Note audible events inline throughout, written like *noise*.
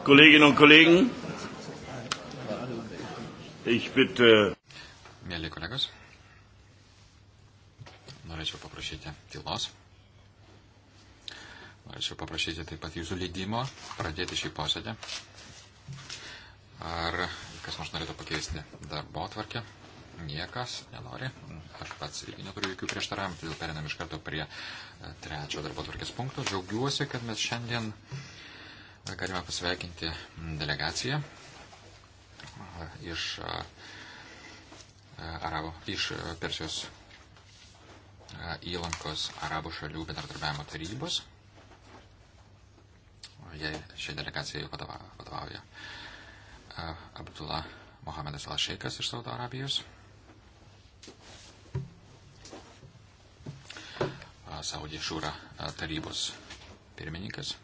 Kolleginnen und Kollegen, ich bitte. Mėly kolegos, norėčiau paprašyti tylos. Norėčiau paprašyti taip pat jūsų leidimo pradėti šį posėdį. Ar kas nors norėtų pakeisti darbo atvarkę? Niekas nenori. Aš pats irgi neturiu jokių prieštaravimų, todėl perinam iš karto prie e, trečio darbo atvarkės punkto. Džiaugiuosi, kad mes šiandien uh, Galime pasveikinti delegaciją iš, Arabo, iš Persijos įlankos Arabų šalių bendradarbiavimo tarybos. Jei šią delegaciją vadovauja Abdullah Mohamedas Alšeikas iš Saudo Arabijos. Saudė Šūra tarybos pirmininkas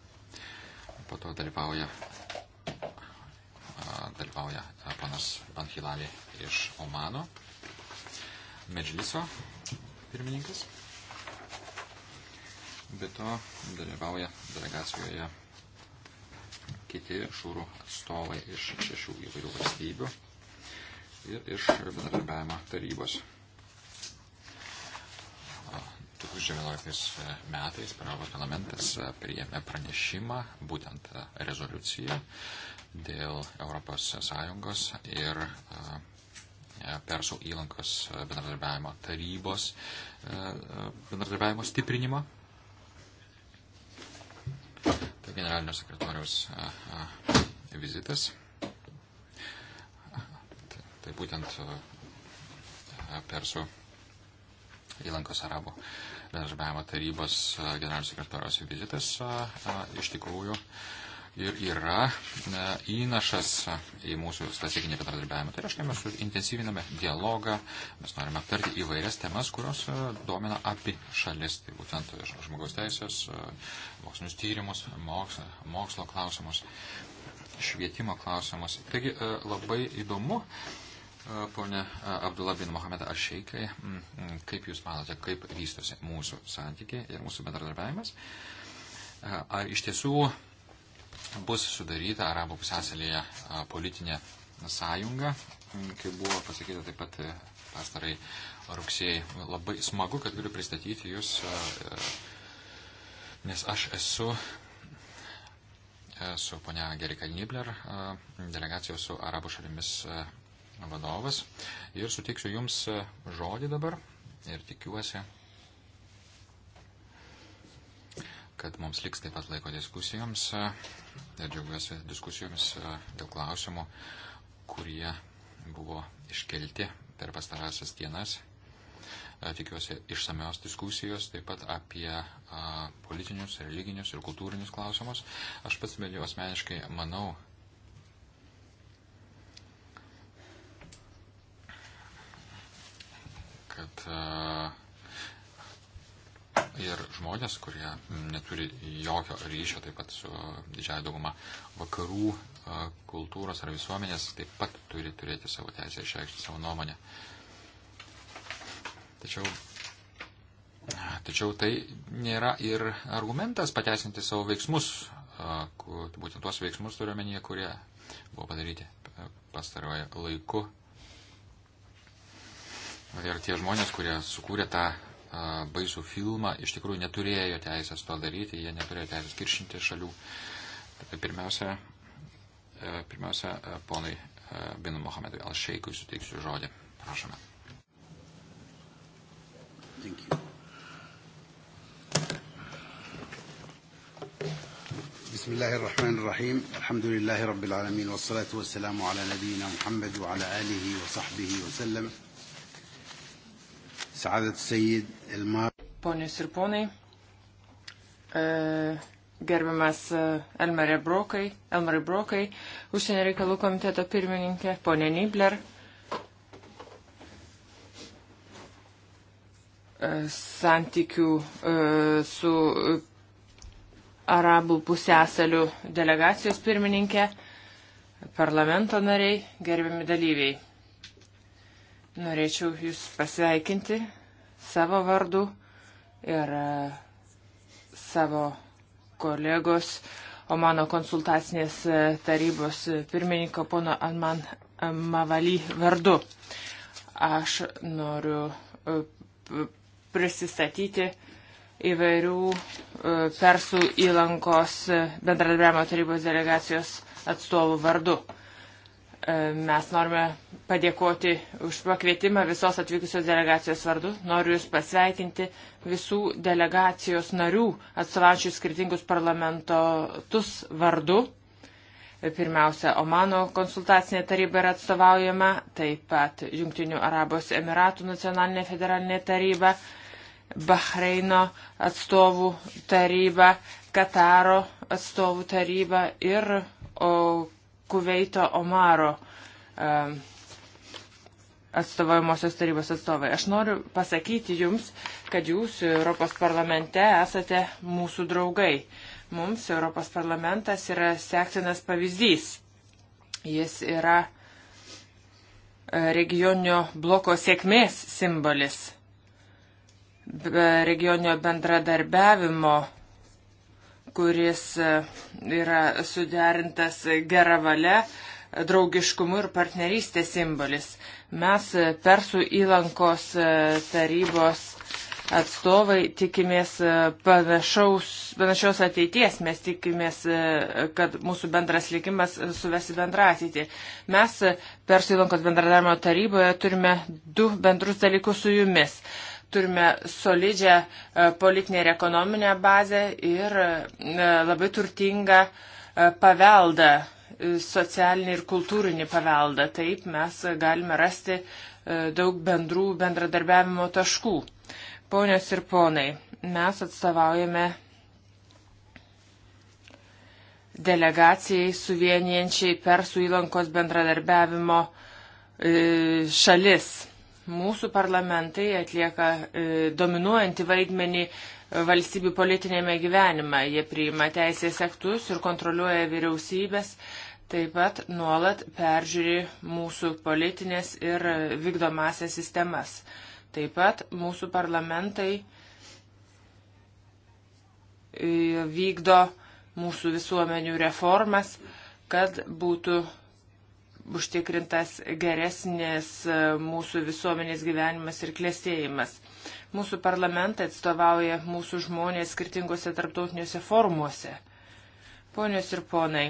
po to dalyvauja, dalyvauja panas Banhilali iš Omano, Medžliso pirmininkas. Be to dalyvauja delegacijoje kiti šūrų atstovai iš šešių įvairių valstybių ir iš bendradarbiavimo tarybos. 2011 e, metais Europos parlamentas e, priėmė pranešimą, būtent e, rezoliuciją dėl ES ir Persų įlankos bendradarbiavimo tarybos bendradarbiavimo stiprinimo. Tai generalinio sekretoriaus vizitas. Tai, tai būtent Persų Įlankos arabų bendradarbiavimo tarybos e, generalinio sekretoriaus vizitas e, e, iš tikrųjų ir yra įnašas į mūsų strateginį bendradarbiavimą. Tai reiškia, mes intensyviname dialogą, mes norime aptarti įvairias temas, kurios domina abi šalis, tai būtent žmogaus teisės, mokslinius tyrimus, mokslo, mokslo klausimus, švietimo klausimus. Taigi labai įdomu Pone Abdullah bin Mohamed Ašeikai, kaip Jūs manote, kaip vystosi mūsų santykiai ir mūsų bendradarbiavimas? Ar iš tiesų bus sudaryta Arabų pusėsalėje politinė sąjunga, kaip buvo pasakyta taip pat e, pastarai rugsėjai. Labai smagu, kad galiu pristatyti Jūs, e, nes aš esu e, su ponia Gerika Nibler, delegacijos su Arabų šalimis vadovas. Ir suteiksiu Jums e, žodį dabar ir tikiuosi, kad mums liks taip pat laiko diskusijoms e, ir džiaugiuosi diskusijomis e, dėl klausimų, kurie buvo iškelti per pastarąsias dienas. Tikiuosi išsamios diskusijos taip pat apie a, politinius, religinius ir kultūrinius klausimus. Aš pats bent jau asmeniškai manau, kad e, ir žmonės, kurie neturi jokio ryšio taip pat su didžiaja dauguma vakarų e, kultūros ar visuomenės, taip pat turi turėti savo teisę išreikšti savo nuomonę. Tačiau, tačiau tai nėra ir argumentas pateisinti savo veiksmus, e, būtent tuos veiksmus turiuomenyje, kurie buvo padaryti pastaruoju laiku Ir tai tie žmonės, kurie sukūrė tą a, baisų filmą, iš tikrųjų neturėjo teisės to daryti, jie neturėjo teisės kiršinti šalių. Pirmiausia, a, pirmiausia a, ponui a, Binu Mohamedui Alšeikui suteiksiu žodį. Prašome. بسم الله الرحمن الرحيم الحمد لله رب العالمين والصلاة والسلام على نبينا محمد وعلى آله وصحبه وسلم Sadat Said Elmar. Ponius ir ponai, e, gerbiamas e, Elmarė Brokai, Elmarė Brokai, užsienio reikalų komiteto pirmininkė, ponė Nibler. E, santykių su arabų pusėsalių delegacijos pirmininkė, parlamento nariai, gerbiami dalyviai. Norėčiau Jūs pasveikinti savo vardu ir e, savo kolegos, o mano konsultacinės e, tarybos pirmininko pono Anman e, Mavaly vardu. Aš noriu prisistatyti įvairių Persų įlankos bendradarbiavimo tarybos delegacijos atstovų vardu. E, mes norime padėkoti už pakvietimą visos atvykusios delegacijos vardu. Noriu Jūs pasveikinti visų delegacijos narių atstovaujančių skirtingus parlamentotus vardu. Pirmiausia, Omano konsultacinė taryba yra atstovaujama, taip pat Junktinių Arabos Emiratų nacionalinė federalinė taryba, Bahreino atstovų taryba, Kataro atstovų taryba ir o, Kuveito Omaro atstovavimosios tarybos atstovai. Aš noriu pasakyti jums, kad jūs Europos parlamente esate mūsų draugai. Mums Europos parlamentas yra sektinas pavyzdys. Jis yra e, regioninio bloko sėkmės simbolis, regioninio bendradarbiavimo kuris e, yra suderintas gera valia, draugiškumu ir partnerystės simbolis. Mes e, Persų įlankos e, tarybos atstovai tikimės panašaus, panašios ateities, mes tikimės, kad mūsų bendras likimas suvesi bendrą ateitį. Mes Persų įlankos bendradarimo taryboje turime du bendrus dalykus su jumis. Uh, Turime solidžią e, politinę ir ekonominę bazę ir e, labai turtingą e, paveldą, socialinį ir kultūrinį paveldą. Taip mes galime rasti daug bendrų bendradarbiavimo taškų. Ponios ir ponai, mes atstovaujame delegacijai suvienijančiai Persų įlankos bendradarbiavimo šalis. Mūsų parlamentai atlieka e, dominuojantį vaidmenį e, valstybių politinėme gyvenime. Jie priima teisės aktus ir kontroliuoja vyriausybės, taip pat nuolat peržiūri mūsų politinės ir vykdomasias sistemas. Taip pat mūsų parlamentai e, vykdo mūsų visuomenių reformas, kad būtų užtikrintas geresnės e, mūsų visuomenės gyvenimas ir klėstėjimas. Mūsų parlamentai atstovauja mūsų žmonės skirtingose tarptautiniuose formuose. Ponios ir ponai,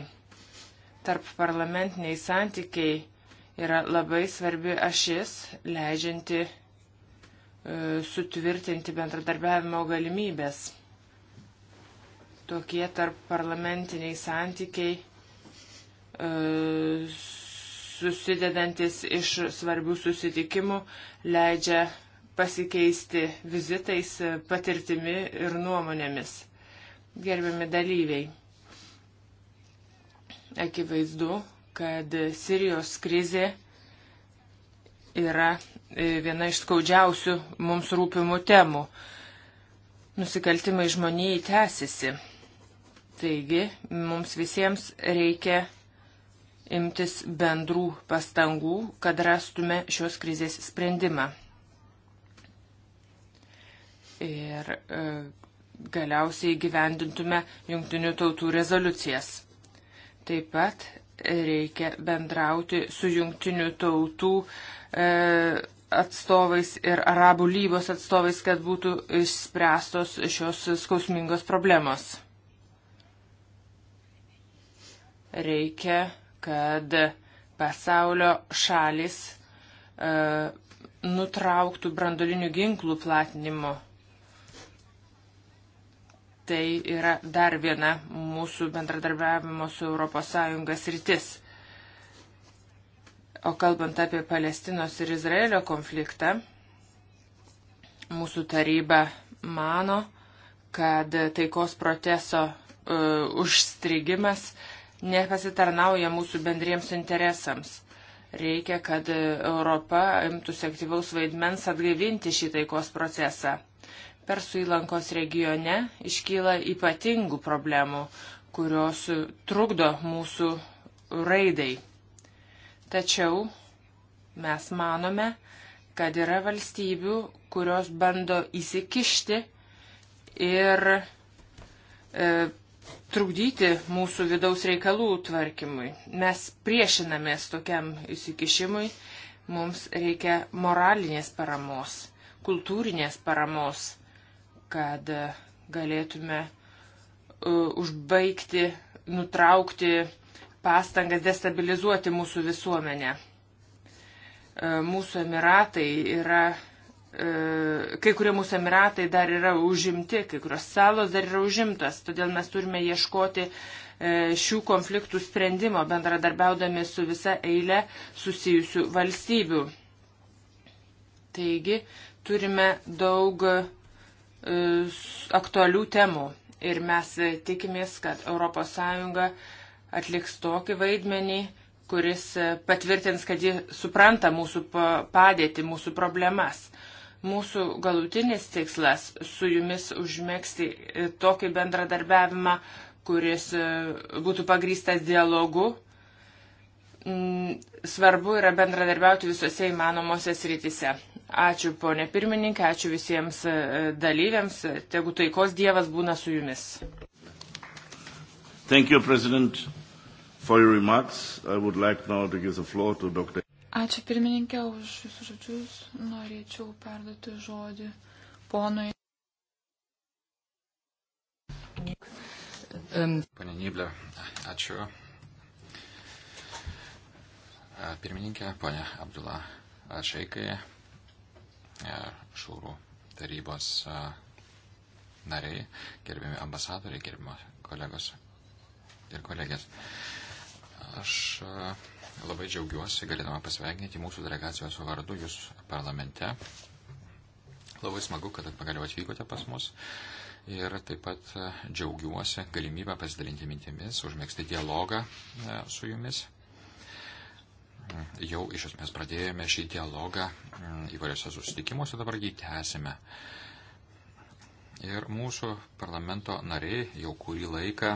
tarp parlamentiniai santykiai yra labai svarbi ašis, leidžianti e, sutvirtinti bendradarbiavimo galimybės. Tokie tarp parlamentiniai santykiai e, susidedantis iš svarbių susitikimų, leidžia pasikeisti vizitais, patirtimi ir nuomonėmis. Gerbiami dalyviai, akivaizdu, kad Sirijos krizė yra e, viena iš skaudžiausių mums rūpimų temų. Nusikaltimai žmonijai tęsiasi. Taigi, mums visiems reikia imtis bendrų pastangų, kad rastume šios krizės sprendimą. Ir e, galiausiai gyvendintume jungtinių tautų rezoliucijas. Taip pat reikia bendrauti su jungtinių tautų e, atstovais ir Arabų lygos atstovais, kad būtų išspręstos šios skausmingos problemos. Reikia kad pasaulio šalis e, nutrauktų brandolinių ginklų platinimo. Tai yra dar viena mūsų bendradarbiavimo su ES rytis. O kalbant apie Palestinos ir Izraelio konfliktą, mūsų taryba mano, kad taikos proceso uh, užstrigimas uh, nepasitarnauja mūsų bendriems interesams. Reikia, kad Europa imtųsi aktyvaus vaidmens atgaivinti šį taikos procesą. Persų įlankos regione iškyla ypatingų problemų, kurios trukdo mūsų raidai. Tačiau mes manome, kad yra valstybių, kurios bando įsikišti ir e, trukdyti mūsų vidaus reikalų tvarkymui. Mes priešinamės tokiam įsikišimui, mums reikia moralinės paramos, kultūrinės paramos, kad e, galėtume uh, užbaigti, nutraukti pastangas destabilizuoti mūsų visuomenę. Uh, mūsų Emiratai yra E, kai kurie mūsų emiratai dar yra užimti, kai kurios salos dar yra užimtas, todėl mes turime ieškoti e, šių konfliktų sprendimo, bendradarbiaudami su visa eile susijusių valstybių. Taigi turime daug e, aktualių temų ir mes tikimės, kad ES atliks tokį vaidmenį, kuris patvirtins, kad ji supranta mūsų padėtį, mūsų problemas mūsų galutinis tikslas su jumis užmėgsti e, tokį bendradarbiavimą, kuris e, būtų pagrystas dialogu. Mm, svarbu yra bendradarbiauti visose įmanomose srityse. Ačiū ponė pirmininkė, ačiū visiems e, dalyviams, tegu taikos Dievas būna su jumis. Thank you, President, for your remarks. I would like now to give the floor to Dr. Ačiū pirmininkė už jūsų žodžius. Norėčiau perduoti žodį ponui. Pane Nyblė, ačiū. Pirmininkė, ponė Abdula Šeikai, šūrų tarybos nariai, gerbiami ambasadoriai, gerbiami kolegos ir kolegės. Aš. A, Labai džiaugiuosi, galėdama pasveikinti mūsų delegacijos vardu jūs parlamente. Labai smagu, kad pagaliau atvykote pas mus. Ir taip pat e, džiaugiuosi galimybę pasidalinti mintimis, užmėgsti dialogą e, su jumis. Jau iš esmės pradėjome šį dialogą įvairiose susitikimuose, dabar jį tęsime. Ir mūsų parlamento nariai jau kurį laiką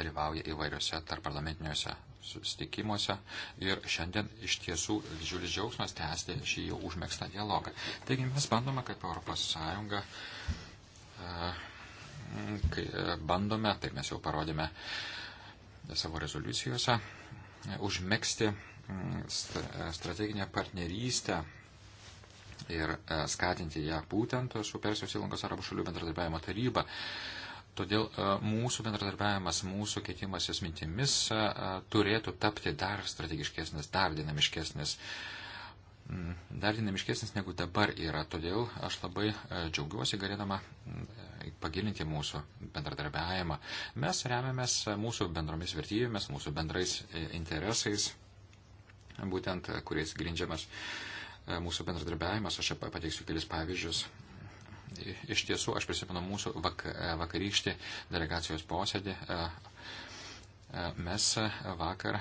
dalyvauja įvairiuose tarp parlamentiniuose susitikimuose ir šiandien iš tiesų didžiulis džiaugsmas tęsti šį jau užmėgstą dialogą. Taigi mes bandome kaip Europos Sąjunga, e, kai e, bandome, tai mes jau parodėme savo rezoliucijose, užmėgsti e, strateginę partnerystę ir skatinti ją būtent su Persijos įlankos arabų šalių bendradarbiavimo taryba. Todėl e, mūsų bendradarbiavimas, mūsų keitimasis mintimis e, e, turėtų tapti dar strategiškesnis, dar dinamiškesnis, mm, dar dinamiškesnis negu dabar yra. Todėl aš labai džiaugiuosi galėdama mm, pagilinti mūsų bendradarbiavimą. Mes remiamės mūsų bendromis vertybėmis, mūsų bendrais interesais, būtent kuriais grindžiamas mūsų bendradarbiavimas. Aš pateiksiu kelis pavyzdžius Iš tiesų, aš prisimenu mūsų vak, vakarykštį delegacijos posėdį. E, e, mes vakar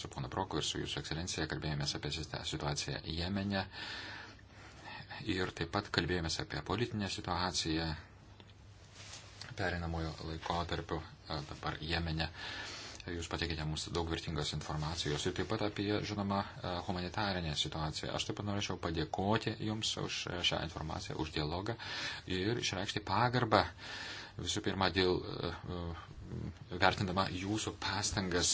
su pono Broku ir su jūsų ekscelencija kalbėjomės apie situaciją Jemene ir taip pat kalbėjomės apie politinę situaciją perinamojo laikotarpiu e, dabar Jemene. Tai jūs patikėte mums daug vertingos informacijos ir taip pat apie, žinoma, e, humanitarinę situaciją. Aš taip pat norėčiau padėkoti Jums už e, šią informaciją, už dialogą ir išreikšti pagarbą visų pirma dėl e, vertindama Jūsų pastangas.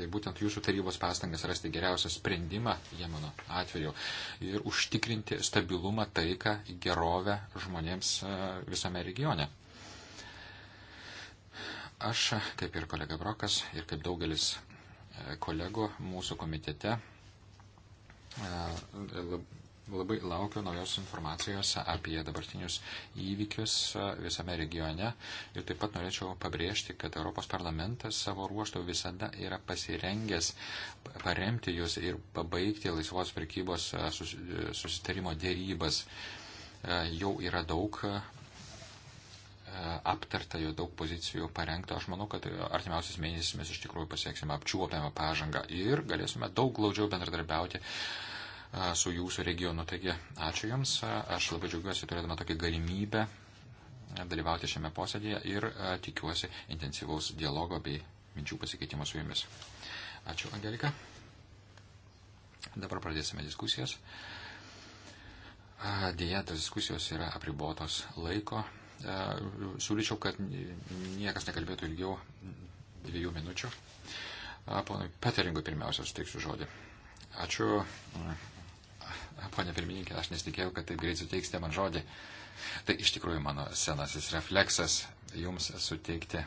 Tai būtent jūsų tarybos pastangas rasti geriausią sprendimą Jemeno atveju ir užtikrinti stabilumą, taiką, gerovę žmonėms visame regione. Aš, kaip ir kolega Brokas, ir kaip daugelis e, kolegų mūsų komitete, e, labai laukiu naujos informacijos apie dabartinius įvykius e, visame regione. Ir taip pat norėčiau pabrėžti, kad Europos parlamentas savo ruoštų visada yra pasirengęs paremti jūs ir pabaigti laisvos prekybos susitarimo dėrybas. Jau yra daug aptarta jau daug pozicijų parengta. Aš manau, kad artimiausiais mėnesiais mes iš tikrųjų pasieksime apčiuopiamą pažangą ir galėsime daug glaudžiau bendradarbiauti su jūsų regionu. Taigi, ačiū Jums. Aš labai džiaugiuosi turėdama tokią galimybę dalyvauti šiame posėdėje ir tikiuosi intensyvaus dialogo bei minčių pasikeitimo su Jumis. Ačiū, Angelika. Dabar pradėsime diskusijas. Dėja, tos diskusijos yra apribotos laiko. E, siūlyčiau, kad niekas nekalbėtų ilgiau dviejų minučių. E, ponui Peteringui pirmiausia suteiksiu žodį. Ačiū, e, ponė pirmininkė, aš nesitikėjau, kad taip greit suteiksite man žodį. Tai iš tikrųjų mano senasis refleksas jums suteikti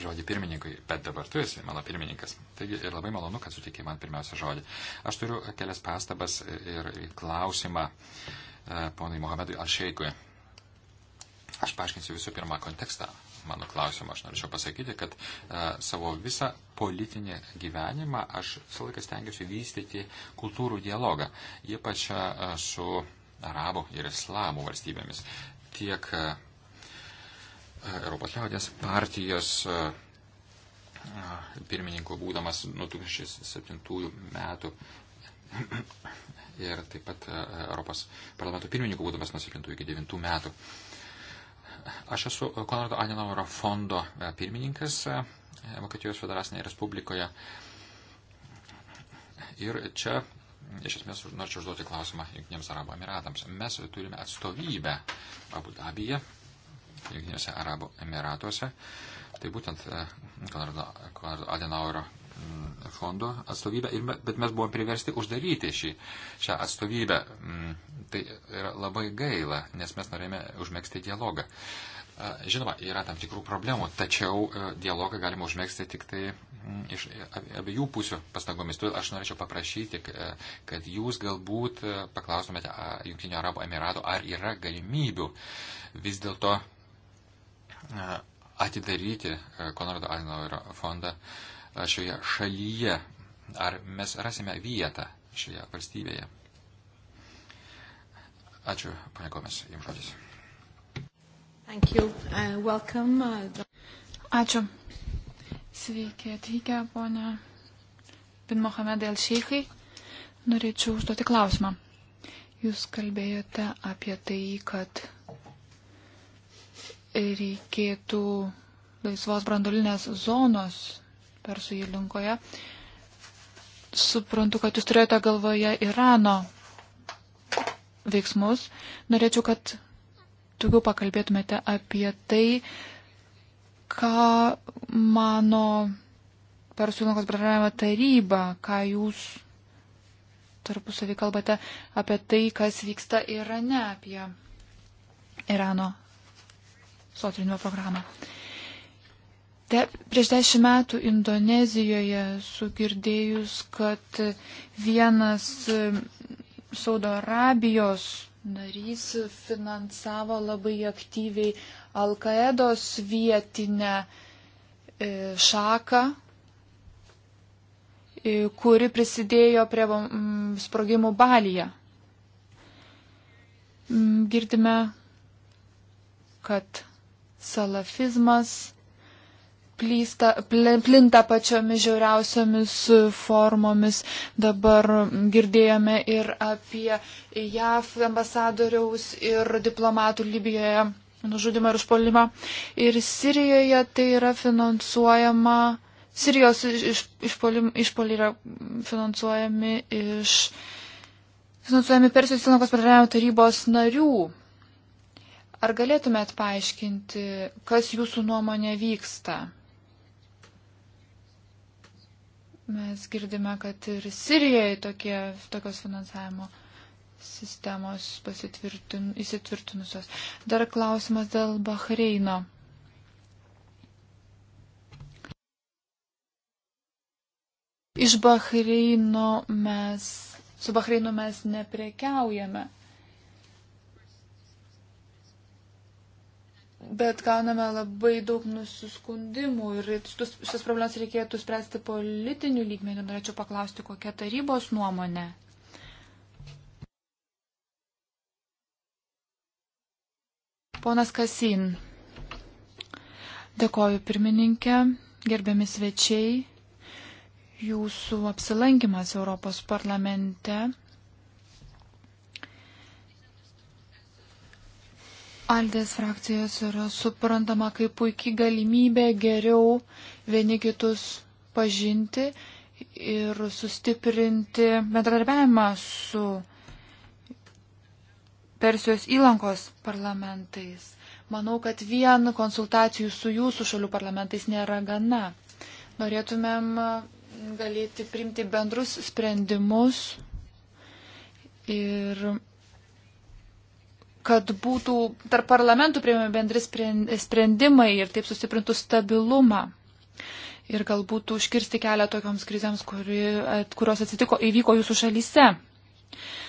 žodį pirmininkui, bet dabar tu esi mano pirmininkas. Taigi ir labai malonu, kad suteikai man pirmiausia žodį. Aš turiu kelias pastabas ir klausimą ponui Mohamedui Alšeikui. Aš paaiškinsiu visų pirma kontekstą mano klausimą. Aš norėčiau pasakyti, kad a, e, savo visą politinį gyvenimą aš visą laiką stengiuosi vystyti kultūrų dialogą, ypač a, e, su arabų ir islamų valstybėmis. Tiek a, e, Europos liaudės partijos a, pirmininku būdamas nuo 2007 metų *coughs* ir taip pat Europos parlamento pirmininku būdamas nuo 7 iki 9 metų. A, Aš esu Konrado Adenauerio fondo e, pirmininkas e, Vokietijos federacinėje respublikoje. Ir čia, iš esmės, norėčiau užduoti klausimą Junktinėms Arabų Emiratams. Mes turime atstovybę Abu Dabyje, Junktinėse Arabų Emiratuose. Tai būtent e, Konrado Adenauerio Mm, fondo atstovybę, bet mes buvom priversti uždaryti šį, šią atstovybę. Mm, tai yra labai gaila, nes mes norėjome užmėgsti dialogą. Žinoma, yra tam tikrų problemų, tačiau e, dialogą galima užmėgsti tik tai mm, iš abiejų pusių pastangomis. Todėl aš norėčiau paprašyti, e, kad jūs galbūt e, paklaustumėte Junktinio Arabų Emirato, ar yra galimybių vis dėlto atidaryti Konrado Adenauerio fondą uh, šioje šalyje. Ar mes rasime vietą šioje valstybėje? Ačiū, pane Gomes, jums žodis. Uh, uh Ačiū. Sveiki atvykę, ponė Bin Mohamedai Alšeikai. Norėčiau užduoti klausimą. Jūs kalbėjote apie tai, kad reikėtų laisvos brandolinės zonos Persų įlinkoje. Suprantu, kad jūs turėjote galvoje Irano veiksmus. Norėčiau, kad daugiau pakalbėtumėte apie tai, ką mano Persų įlankos bendravimo taryba, ką jūs tarpusavį kalbate apie tai, kas vyksta Irane, apie Irano sotrinimo programą. Uh, Te, prieš dešimt metų Indonezijoje sugirdėjus, kad vienas Saudo Arabijos narys finansavo labai aktyviai Alkaedos vietinę e, šaką, e, kuri prisidėjo prie mm, sprogimų balyje. Mm, girdime, kad salafizmas plysta, plinta pačiomis žiauriausiomis formomis. Dabar girdėjome ir apie JAF ambasadoriaus ir diplomatų Libijoje nužudimą ir užpolimą. Ir Sirijoje tai yra finansuojama. Sirijos išpoliai yra finansuojami iš. Finansuojami Persijos įlankos pradėjimo tarybos narių. Ar galėtumėt paaiškinti, kas jūsų nuomonė vyksta? Mes girdime, kad ir Sirijoje tokie, tokios finansavimo sistemos įsitvirtinusios. Dar klausimas dėl Bahreino. Iš Bahreino mes, su Bahreinu mes neprekiaujame. Bet gauname labai daug nusiskundimų ir šitas problemas reikėtų spręsti politiniu lygmeniu. Norėčiau paklausti, kokia tarybos nuomonė. Ponas Kasin. Dėkoju pirmininkė, gerbiami svečiai. Jūsų apsilankimas Europos parlamente Aldės frakcijos yra suprantama kaip puikiai galimybė geriau vieni kitus pažinti ir sustiprinti bendradarbiavimą su Persijos įlankos parlamentais. Manau, kad vien konsultacijų su jūsų šalių parlamentais nėra gana. Norėtumėm galėti primti bendrus sprendimus ir kad būtų tarp parlamentų prieimami bendri sprendimai ir taip sustiprintų stabilumą. Ir galbūt užkirsti kelią tokioms krizėms, kuri, kurios atsitiko, įvyko jūsų šalyse.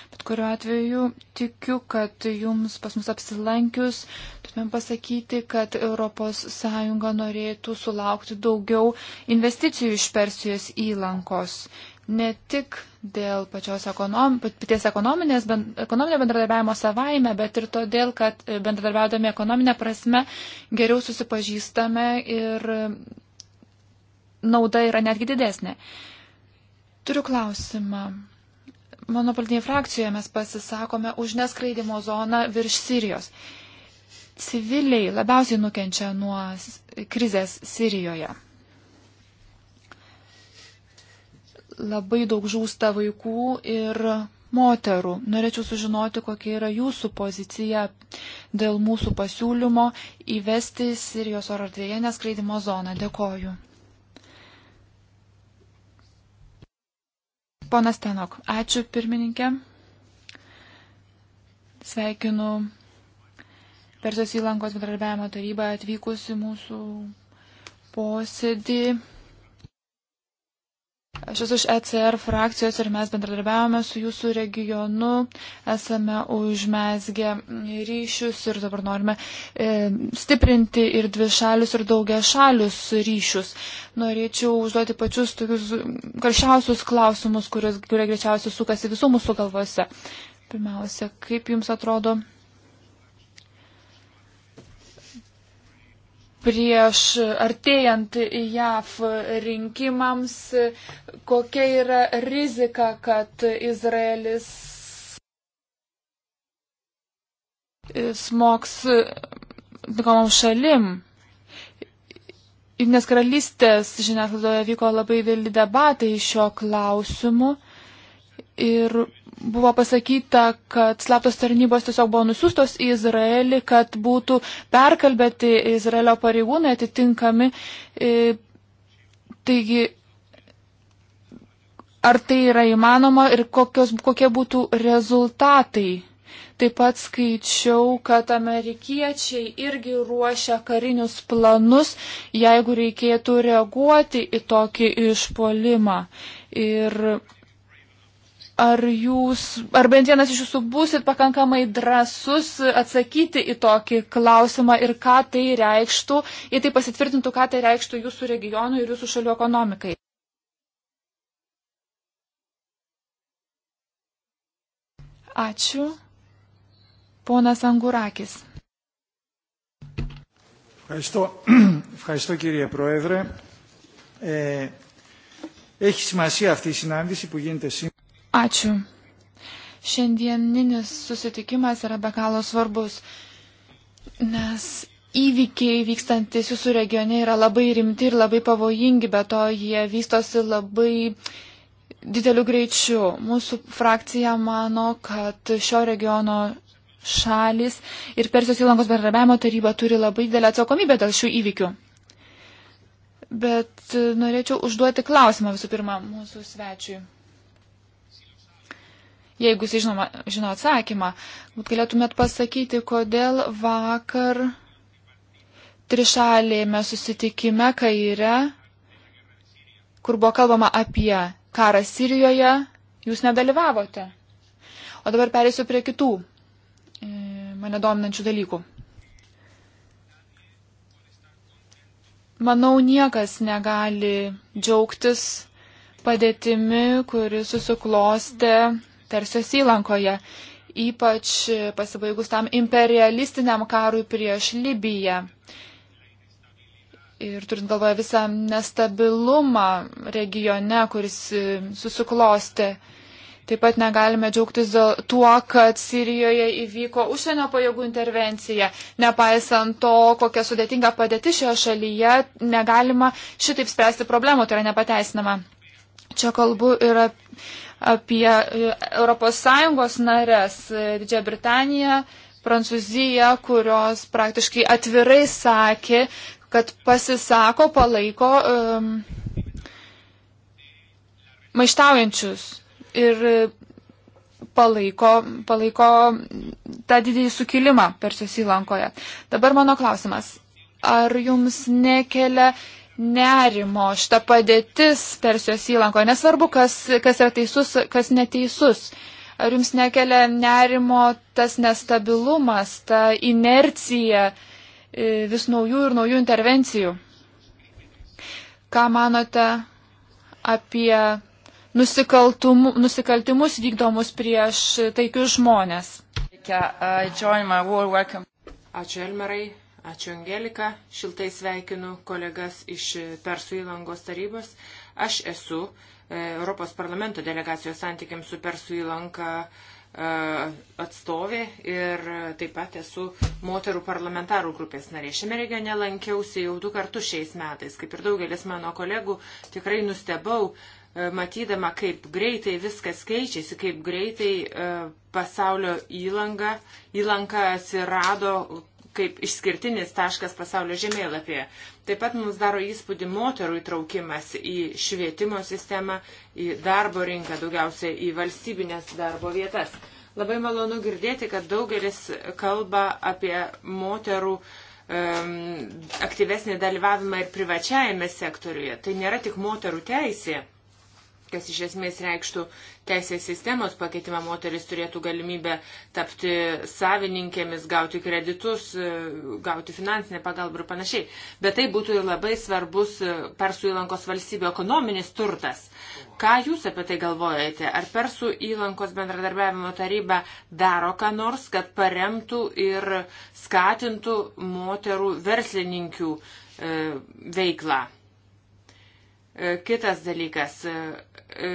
Bet kuriuo atveju tikiu, kad jums pas mus apsilankius, turėtumėm pasakyti, kad ES norėtų sulaukti daugiau investicijų iš Persijos įlankos ne tik dėl pačios ekonom, paties ekonominės, ben, ekonominio bendradarbiavimo savaime, bet ir todėl, kad e, bendradarbiaudami ekonominę prasme geriau susipažįstame ir nauda yra netgi didesnė. Turiu klausimą. Mano politinėje frakcijoje mes pasisakome už neskraidimo zoną virš Sirijos. Civiliai labiausiai nukenčia nuo krizės Sirijoje. labai daug žūsta vaikų ir moterų. Norėčiau sužinoti, kokia yra jūsų pozicija dėl mūsų pasiūlymo įvesti Sirijos oro erdvėje neskraidimo zoną. Dėkoju. Ponas Tenok, ačiū pirmininkė. Sveikinu Persijos įlankos bendradarbiavimo tarybą atvykusi mūsų posėdį. Aš esu iš ECR frakcijos ir mes bendradarbiavome su jūsų regionu, esame užmesgę ryšius ir dabar norime e, stiprinti ir dvi šalius ir daugia šalius ryšius. Norėčiau užduoti pačius tokius karščiausius klausimus, kurie greičiausiai sukasi visų mūsų galvose. Pirmiausia, kaip jums atrodo prieš artėjant JAV rinkimams, kokia yra rizika, kad Izraelis smoks komom šalim. Jungtinės karalystės žiniasklaidoje vyko labai vėli debatai šio klausimu ir buvo pasakyta, kad slaptos tarnybos tiesiog buvo nusiustos į Izraelį, kad būtų perkalbėti Izraelio pareigūnai atitinkami. E, taigi, ar tai yra įmanoma ir kokios, kokie būtų rezultatai? Taip pat skaičiau, kad amerikiečiai irgi ruošia karinius planus, jeigu reikėtų reaguoti į tokį išpolimą. Ir ar jūs, ar bent vienas iš jūsų būsit pakankamai drasus atsakyti į tokį klausimą ir ką tai reikštų, jei tai pasitvirtintų, ką tai reikštų jūsų regionui ir jūsų šalių ekonomikai. Ačiū. Ponas Angurakis. Ευχαριστώ, *clears throat* ευχαριστώ κύριε Πρόεδρε. Ε, έχει σημασία αυτή η συνάντηση που γίνεται σήμερα. Ačiū. Šiandieninis susitikimas yra be galo svarbus, nes įvykiai vykstantis jūsų regione yra labai rimti ir labai pavojingi, bet to jie vystosi labai dideliu greičiu. Mūsų frakcija mano, kad šio regiono šalis ir Persijos įlankos bendradarbiavimo taryba turi labai didelę atsakomybę dėl šių įvykių. Bet norėčiau užduoti klausimą visų pirma mūsų svečiui jeigu jis žinoma, žino atsakymą, bet galėtumėt pasakyti, kodėl vakar trišalėme susitikime kaire, kur buvo kalbama apie karą Sirijoje, jūs nedalyvavote. O dabar perėsiu prie kitų e, mane dominančių dalykų. Manau, niekas negali džiaugtis padėtimi, kuri susiklosti Persijos įlankoje, ypač pasibaigus tam imperialistiniam karui prieš Libiją. Ir turint galvoje visą nestabilumą regione, kuris e, susiklosti. Taip pat negalime džiaugtis tuo, kad Sirijoje įvyko užsienio pajėgų intervencija. Nepaisant to, kokia sudėtinga padėti šioje šalyje, negalima šitaip spręsti problemų, tai yra nepateisinama. Čia kalbu yra apie ES narės e, Didžiąją Britaniją, Prancūziją, kurios praktiškai atvirai sakė, kad pasisako, palaiko um, maištaujančius ir e, palaiko, palaiko tą didįjį sukilimą Persijos įlankoje. Dabar mano klausimas. Ar jums nekelia nerimo šita padėtis Persijos įlanko. Nesvarbu, kas, kas yra teisus, kas neteisus. Ar jums nekelia nerimo tas nestabilumas, ta inercija e, vis naujų ir naujų intervencijų? Ką manote apie nusikaltimus vykdomus prieš taikius žmonės? Ačiū Elmerai. Ačiū Angelika, šiltai sveikinu kolegas iš Persų įlangos tarybos. Aš esu e, Europos parlamento delegacijos santykiams su Persų įlanka e, atstovė ir taip pat esu moterų parlamentarų grupės narė. Šiame regione lankiausi jau du kartus šiais metais. Kaip ir daugelis mano kolegų, tikrai nustebau, e, matydama, kaip greitai viskas keičiasi, kaip greitai pasaulio įlanga, įlanka atsirado kaip išskirtinis taškas pasaulio žemėlapyje. Taip pat mums daro įspūdį moterų įtraukimas į švietimo sistemą, į darbo rinką, daugiausiai į valstybinės darbo vietas. Labai malonu girdėti, kad daugelis kalba apie moterų um, aktyvesnį dalyvavimą ir privačiajame sektoriuje. Tai nėra tik moterų teisė kas iš esmės reikštų teisės sistemos pakeitimą, moteris turėtų galimybę tapti savininkėmis, gauti kreditus, e, gauti finansinę pagalbą ir panašiai. Bet tai būtų ir labai svarbus e, Persų įlankos valstybių ekonominis turtas. Ką Jūs apie tai galvojate? Ar Persų įlankos bendradarbiavimo taryba daro ką nors, kad paremtų ir skatintų moterų verslininkių e, veiklą? Kitas dalykas. E,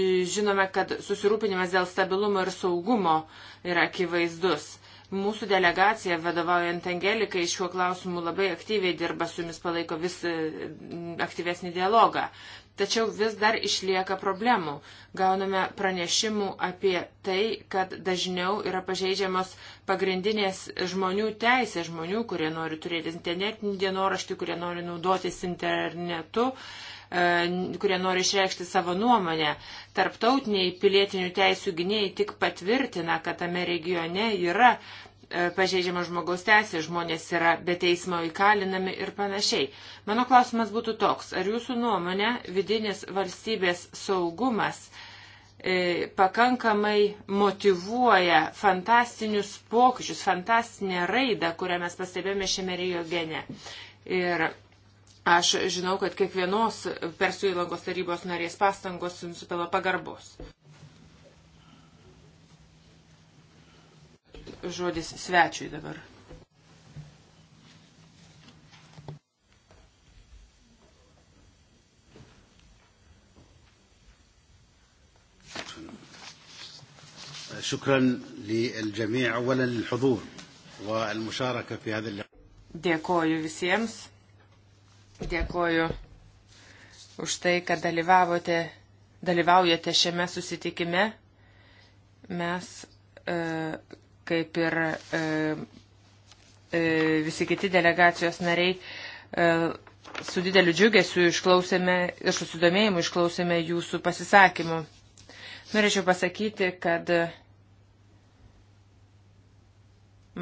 e, žinome, kad susirūpinimas dėl stabilumo ir saugumo yra akivaizdus. Mūsų delegacija, vadovaujant Angelikai, šiuo klausimu labai aktyviai dirba su jumis, palaiko vis e, aktyvesnį dialogą. Tačiau vis dar išlieka problemų. Gauname pranešimų apie tai, kad dažniau yra pažeidžiamos pagrindinės žmonių teisės, žmonių, kurie nori turėti internetinį dienoraštį, kurie nori naudotis internetu e, kurie nori išreikšti savo nuomonę. Tarptautiniai pilietinių teisų gynėjai tik patvirtina, kad tame regione yra E, pažeidžiama žmogaus teisė, žmonės yra be teismo įkalinami ir panašiai. Mano klausimas būtų toks, ar jūsų nuomonė vidinis valstybės saugumas e, pakankamai motivuoja fantastinius pokyčius, fantastinę raidą, kurią mes pastebėjome šiame regione. Ir aš žinau, kad kiekvienos Persų įlankos tarybos narės pastangos jums supila pagarbos. žodis svečiui dabar. شكرا للجميع اولا للحضور والمشاركه في هذا اللقاء. Dėkoju visiems. Dėkoju už tai, kad dalyvavote, dalyvaujate šiame susitikime. Mes e, kaip ir e, e, visi kiti delegacijos nariai, e, su dideliu džiugesiu išklausėme ir susidomėjimu išklausėme jūsų pasisakymų. Norėčiau pasakyti, kad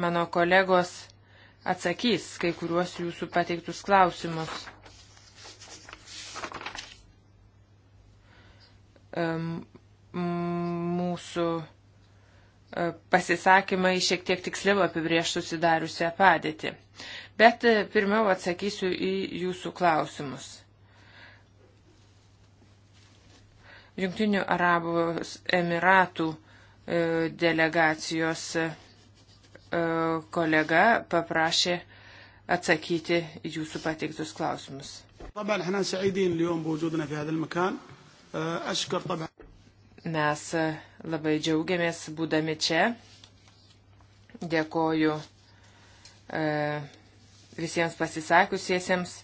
mano kolegos atsakys kai kuriuos jūsų pateiktus klausimus. Mūsų E, pasisakymai šiek tiek tiksliau apibrieš susidariusią padėtį. Bet e, pirmiau atsakysiu į jūsų klausimus. Junktinių Arabų Emiratų e, delegacijos kolega paprašė atsakyti jūsų pateiktus klausimus. Mes Labai džiaugiamės būdami čia. Dėkoju e, visiems pasisakusiesiems.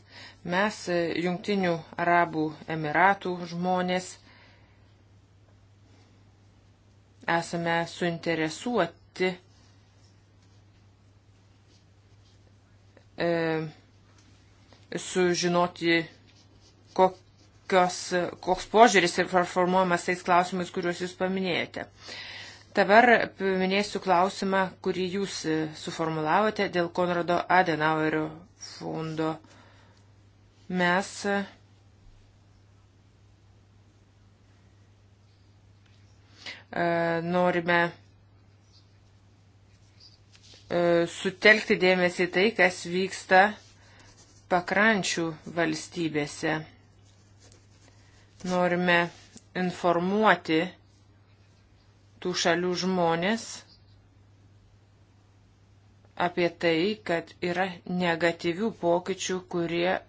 Mes, e, Jungtinių Arabų Emiratų žmonės, esame suinteresuoti e, sužinoti, kokie kokios, koks požiūris ir formuojamas tais klausimais, kuriuos jūs paminėjote. Dabar paminėsiu klausimą, kurį jūs e, suformulavote dėl Konrado Adenauerio fondo. Mes e, norime e, sutelkti dėmesį tai, kas vyksta pakrančių valstybėse. Norime informuoti tų šalių žmonės apie tai, kad yra negatyvių pokyčių, kurie e,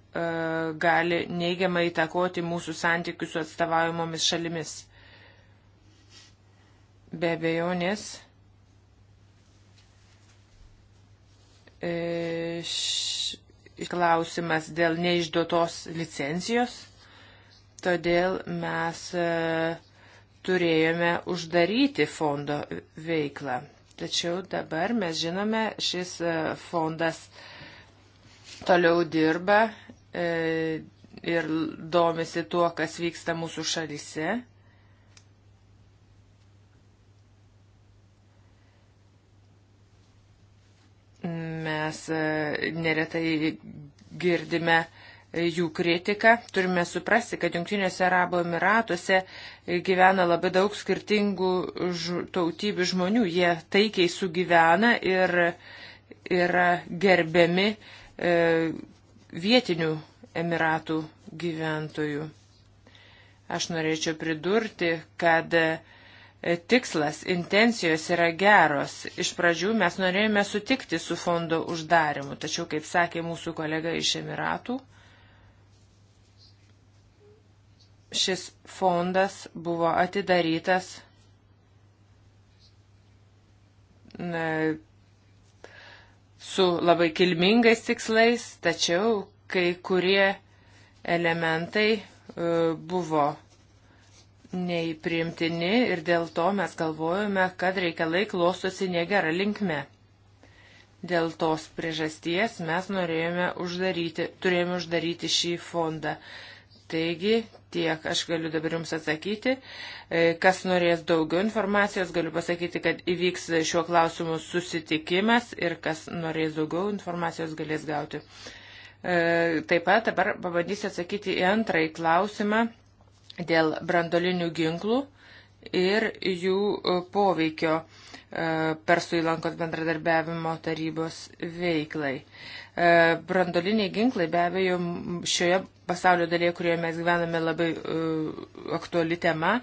gali neigiamai įtakoti mūsų santykius su atstovaujamomis šalimis. Be abejonės, e, š, klausimas dėl neišduotos licencijos Todėl mes e, turėjome uždaryti fondo veiklą. Tačiau dabar mes žinome, šis e, fondas toliau dirba e, ir domisi tuo, kas vyksta mūsų šalyse. Mes neretai girdime jų kritiką. Turime suprasti, kad Junktinėse Arabo Emiratuose gyvena labai daug skirtingų tautybių žmonių. Jie taikiai sugyvena ir yra gerbiami e, vietinių Emiratų gyventojų. Aš norėčiau pridurti, kad e, tikslas, intencijos yra geros. Iš pradžių mes norėjome sutikti su fondo uždarimu, tačiau, kaip sakė mūsų kolega iš Emiratų, šis fondas buvo atidarytas su labai kilmingais tikslais, tačiau kai kurie elementai e, buvo neįprimtini ir dėl to mes galvojame, kad reikalai klostosi negera linkme. Dėl tos priežasties mes norėjome uždaryti, turėjome uždaryti šį fondą. Taigi tiek aš galiu dabar Jums atsakyti. E, kas norės daugiau informacijos, galiu pasakyti, kad įvyks šiuo klausimu susitikimas ir kas norės daugiau informacijos galės gauti. E, taip pat dabar pabandysiu atsakyti į antrąjį klausimą dėl brandolinių ginklų ir jų poveikio e, Persų įlankos bendradarbiavimo tarybos veiklai. Brandoliniai ginklai be abejo šioje pasaulio dalyje, kurioje mes gyvename, labai uh, aktuali tema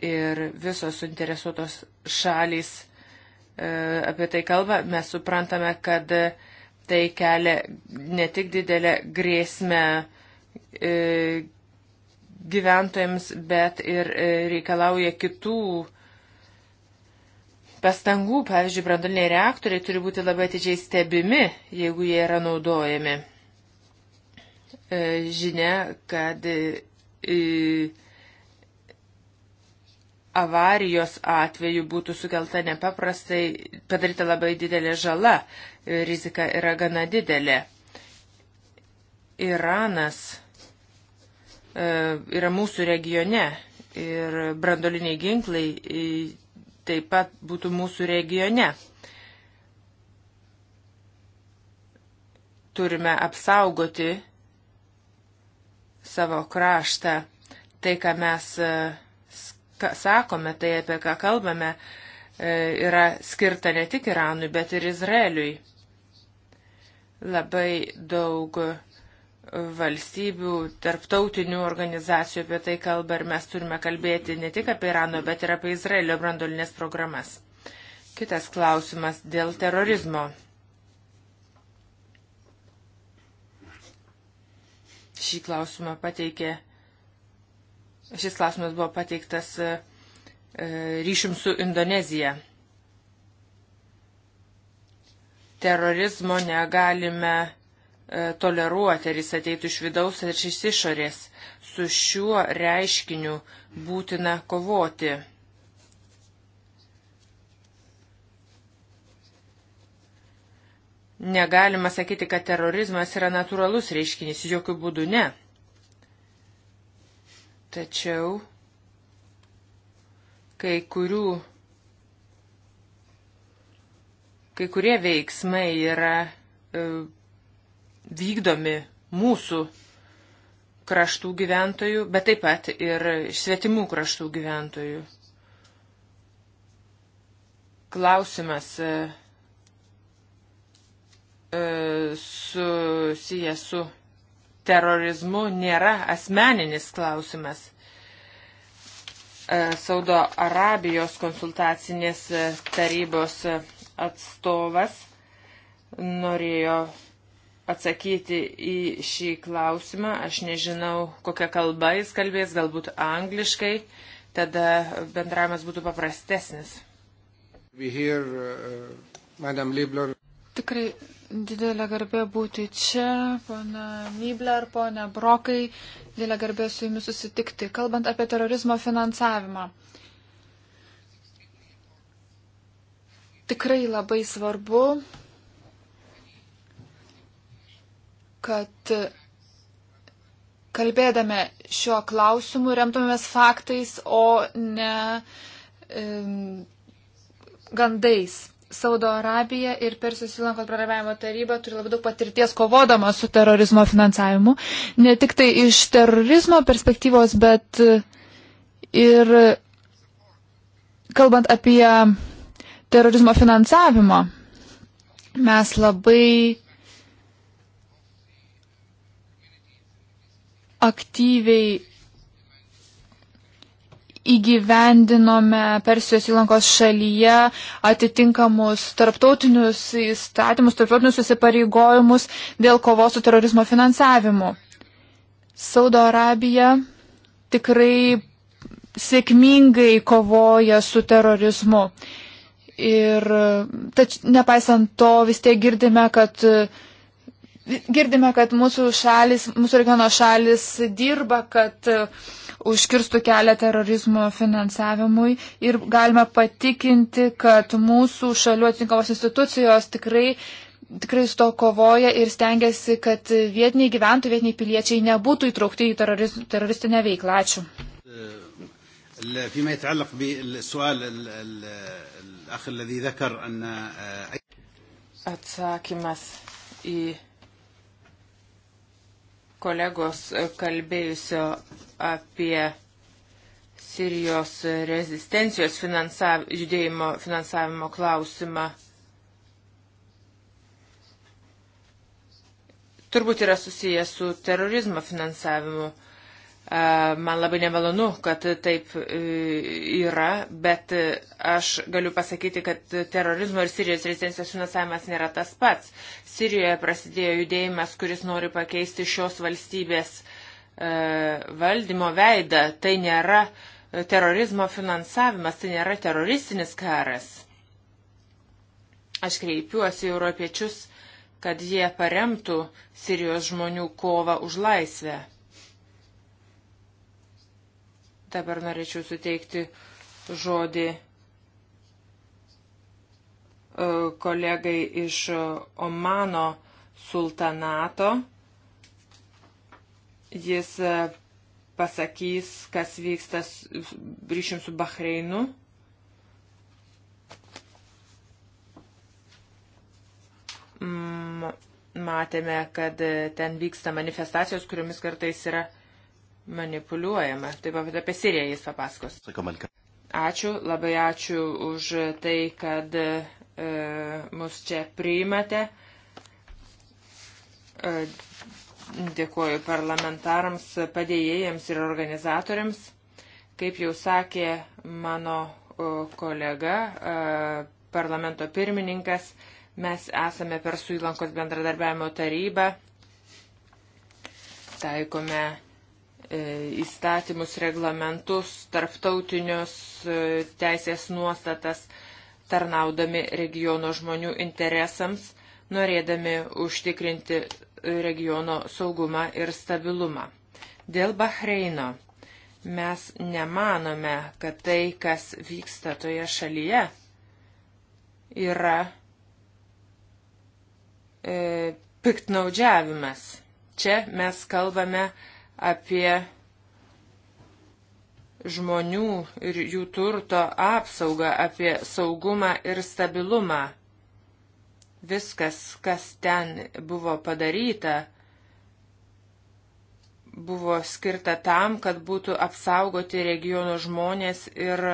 ir visos suinteresuotos šalys uh, apie tai kalba. Mes suprantame, kad uh, tai kelia ne tik didelę grėsmę uh, gyventojams, bet ir uh, reikalauja kitų pastangų. Pavyzdžiui, branduliniai reaktoriai turi būti labai atidžiai stebimi, jeigu jie yra naudojami. E, žinia, kad e, e, avarijos atveju būtų sukelta nepaprastai, padaryta labai didelė žala, rizika yra gana didelė. Iranas yra mūsų regione ir brandoliniai ginklai taip pat būtų mūsų regione. Turime apsaugoti savo kraštą, tai, ką mes e, sakome, tai apie ką kalbame, e, yra skirta ne tik Iranui, bet ir Izraeliui. Labai daug valstybių, tarptautinių organizacijų apie tai kalba ir mes turime kalbėti ne tik apie Irano, bet ir apie Izraelio brandolinės programas. Kitas klausimas dėl terorizmo. Šį klausimą pateikė, šis klausimas buvo pateiktas e, e, ryšim su Indonezija. Terorizmo negalime e, toleruoti, ar jis ateitų iš vidaus ar iš išorės. Su šiuo reiškiniu būtina kovoti. Negalima sakyti, kad terorizmas yra natūralus reiškinys, jokių būdų ne. Tačiau kai kurių, kai kurie veiksmai yra e, vykdomi mūsų kraštų gyventojų, bet taip pat ir svetimų kraštų gyventojų. Klausimas. E, E, susiję su terorizmu nėra asmeninis klausimas. E, Saudo Arabijos konsultacinės tarybos atstovas norėjo atsakyti į šį klausimą. Aš nežinau, kokią kalbą jis kalbės, galbūt angliškai, tada bendravimas būtų paprastesnis. Hear, uh, Tikrai Didelė garbė būti čia, pana Nibler, pana Brokai, didelė garbė su jumis susitikti. Kalbant apie terorizmo finansavimą. Tikrai labai svarbu, kad kalbėdami šiuo klausimu remtumės faktais, o ne um, gandais Saudo Arabija ir Persijos įlankos praravimo taryba turi labai daug patirties kovodama su terorizmo finansavimu. Ne tik tai iš terorizmo perspektyvos, bet e, ir kalbant apie terorizmo finansavimą, mes labai aktyviai įgyvendinome Persijos įlankos šalyje atitinkamus tarptautinius įstatymus, tarptautinius susipareigojimus dėl kovos su terorizmo finansavimu. Saudo Arabija tikrai sėkmingai kovoja su terorizmu. Ir tač, nepaisant to vis tiek girdime, kad uh, Girdime, kad mūsų, šalis, mūsų regiono šalis dirba, kad e, užkirstų kelią terorizmo finansavimui ir galime patikinti, kad mūsų šalių atitinkamos institucijos tikrai, tikrai su to kovoja ir stengiasi, kad vietiniai gyventojai, vietiniai piliečiai nebūtų įtraukti į teroriz, teroristinę veiklą. Ačiū. Atsakymas į kolegos kalbėjusio apie Sirijos rezistencijos finansav, judėjimo finansavimo klausimą. Turbūt yra susijęs su terorizmo finansavimu. Man labai nemalonu, kad taip e, yra, bet aš galiu pasakyti, kad terorizmo ir Sirijos rezidencijos finansavimas nėra tas pats. Sirijoje prasidėjo judėjimas, kuris nori pakeisti šios valstybės e, valdymo veidą. Tai nėra e, terorizmo finansavimas, tai nėra teroristinis karas. Aš kreipiuosi europiečius, kad jie paremtų Sirijos žmonių kovą už laisvę Dabar norėčiau suteikti žodį e, kolegai iš Omano sultanato. Jis e, pasakys, kas vyksta ryšim su Bahreinu. Matėme, kad e, ten vyksta manifestacijos, kuriomis kartais yra manipuliuojama. Taip pat apie Siriją jis papasakos. Ačiū, labai ačiū už tai, kad e, mus čia priimate. E, dėkuoju parlamentarams, padėjėjams ir organizatoriams. Kaip jau sakė mano kolega, e, parlamento pirmininkas, mes esame per Suilankos bendradarbiavimo tarybą, taikome E, įstatymus, reglamentus, tarptautinius e, teisės nuostatas, tarnaudami regiono žmonių interesams, norėdami užtikrinti regiono saugumą ir stabilumą. Dėl Bahreino mes nemanome, kad tai, kas vyksta toje šalyje, yra e, piktnaudžiavimas. Čia mes kalbame apie žmonių ir jų turto apsaugą, apie saugumą ir stabilumą. Viskas, kas ten buvo padaryta, buvo skirta tam, kad būtų apsaugoti regiono žmonės ir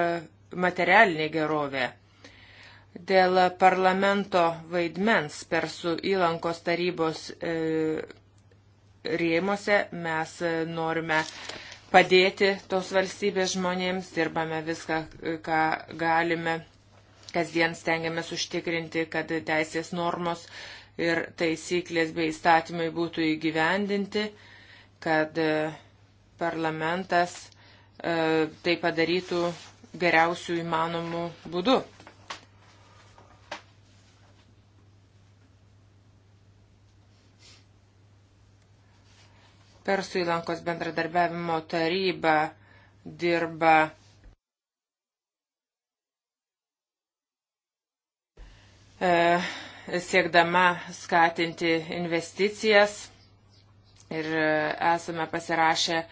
materialinė gerovė. Dėl parlamento vaidmens persų įlankos tarybos e, rėmose mes e, norime padėti tos valstybės žmonėms, dirbame viską, e, ką galime, kasdien stengiamės užtikrinti, kad teisės normos ir taisyklės bei įstatymai būtų įgyvendinti, kad e, parlamentas tai padarytų geriausių įmanomų būdų. Persų įlankos bendradarbiavimo taryba dirba e, siekdama skatinti investicijas ir e, esame pasirašę e,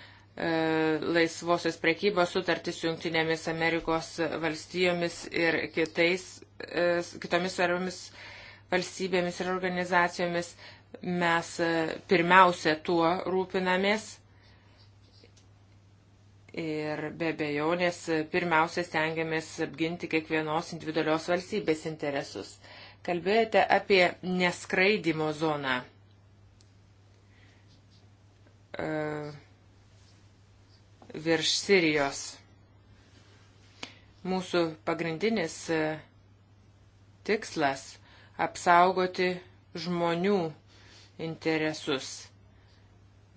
laisvosios prekybos sutartys su Junktinėmis Amerikos valstijomis ir kitais, kitomis svarbiomis valstybėmis ir organizacijomis. Mes e, pirmiausia tuo rūpinamės ir be bejonės e, pirmiausia stengiamės apginti kiekvienos individualios valstybės interesus. Kalbėjote apie neskraidimo zoną. Uh, virš Sirijos. Mūsų pagrindinis tikslas - apsaugoti žmonių interesus.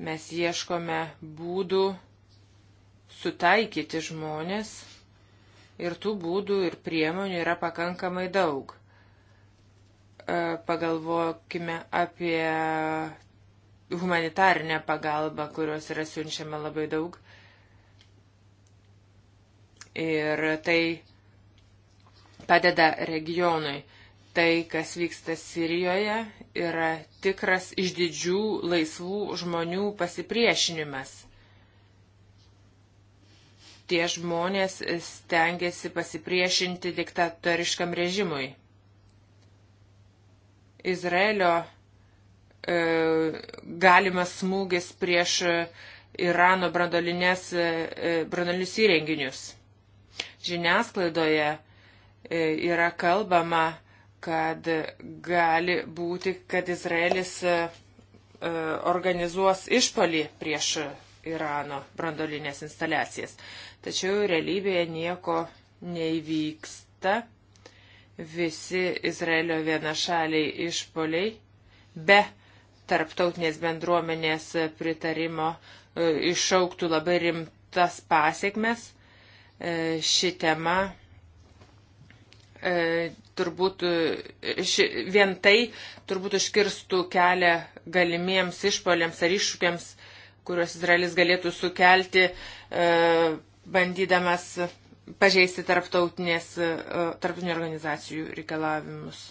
Mes ieškome būdų sutaikyti žmonės ir tų būdų ir priemonių yra pakankamai daug. E, pagalvokime apie humanitarinę pagalbą, kurios yra siunčiama labai daug. Ir tai padeda regionui tai, kas vyksta Sirijoje, yra tikras iš didžių laisvų žmonių pasipriešinimas. Tie žmonės stengiasi pasipriešinti diktatoriškam režimui. Izraelio e, galimas smūgis prieš e, Irano brandolinės, e, e, brandolinius įrenginius. Žiniasklaidoje e, yra kalbama, kad gali būti, kad Izraelis e, e, organizuos išpalį prieš Irano brandolinės instaliacijas. Tačiau realybėje nieko neįvyksta. Visi Izraelio vienašaliai išpoliai be tarptautinės bendruomenės pritarimo e, iššauktų labai rimtas pasiekmes. Ši tema turbūt e, ši, vien tai turbūt užkirstų kelią galimiems išpoliams ar iššūkiams, kuriuos Izraelis galėtų sukelti, e, bandydamas pažeisti tarptautinės, e, tarptautinių organizacijų reikalavimus.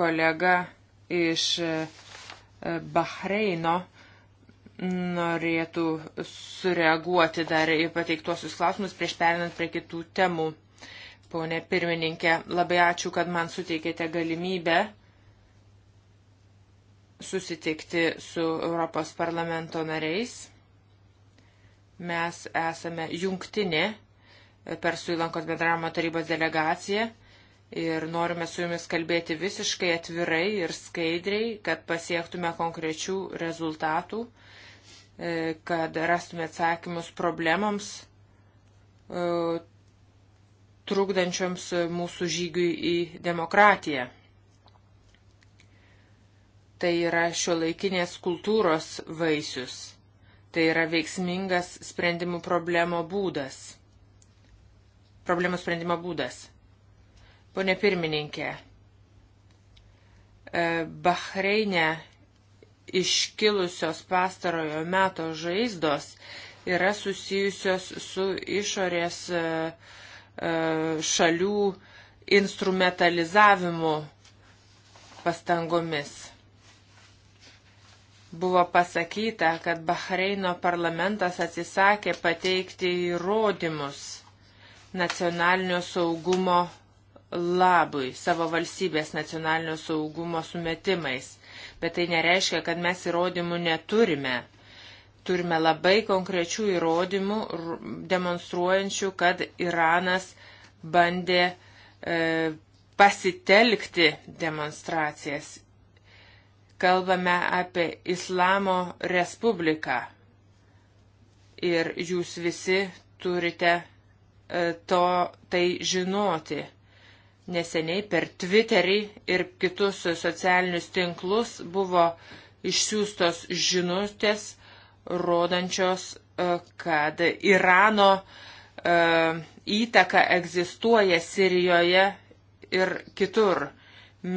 Kolega iš Bahreino norėtų sureaguoti dar į pateiktuosius klausimus prieš perinant prie kitų temų. Pone pirmininkė, labai ačiū, kad man suteikėte galimybę susitikti su Europos parlamento nariais. Mes esame jungtinė Persų įlankos bendravimo tarybos delegacija ir norime su jumis kalbėti visiškai atvirai ir skaidriai, kad pasiektume konkrečių rezultatų E, kad rastume atsakymus problemams e, trukdančioms mūsų žygiui į demokratiją. Tai yra šio laikinės kultūros vaisius. Tai yra veiksmingas sprendimų problemo būdas. Problemų sprendimo būdas. Pone pirmininkė, e, Bahreinė iškilusios pastarojo meto žaizdos yra susijusios su išorės e, e, šalių instrumentalizavimu pastangomis. Buvo pasakyta, kad Bahreino parlamentas atsisakė pateikti įrodymus nacionalinio saugumo labui, savo valstybės nacionalinio saugumo sumetimais bet tai nereiškia, kad mes įrodymų neturime. Turime labai konkrečių įrodymų demonstruojančių, kad Iranas bandė e, pasitelkti demonstracijas. Kalbame apie Islamo Respubliką. Ir jūs visi turite e, to tai žinoti. Neseniai per Twitterį ir kitus socialinius tinklus buvo išsiųstos žinutės, rodančios, e, kad Irano e, įtaka egzistuoja Sirijoje ir kitur.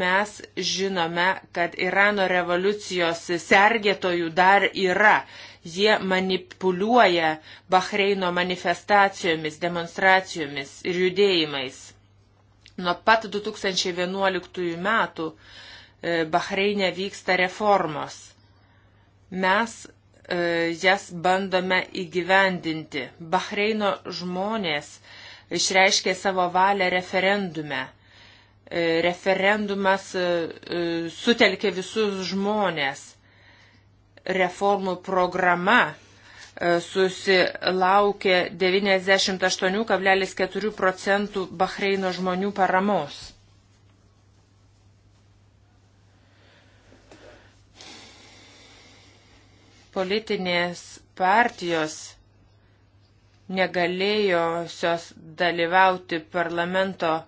Mes žinome, kad Irano revoliucijos sergėtojų dar yra. Jie manipuliuoja Bahreino manifestacijomis, demonstracijomis ir judėjimais. Nuo pat 2011 metų e, Bahreinė vyksta reformos. Mes e, jas bandome įgyvendinti. Bahreino žmonės išreiškė savo valią referendume. E, referendumas sutelkė visus žmonės reformų programa E, susilaukė 98,4 procentų Bahreino žmonių paramos. Politinės partijos negalėjosios dalyvauti parlamento e,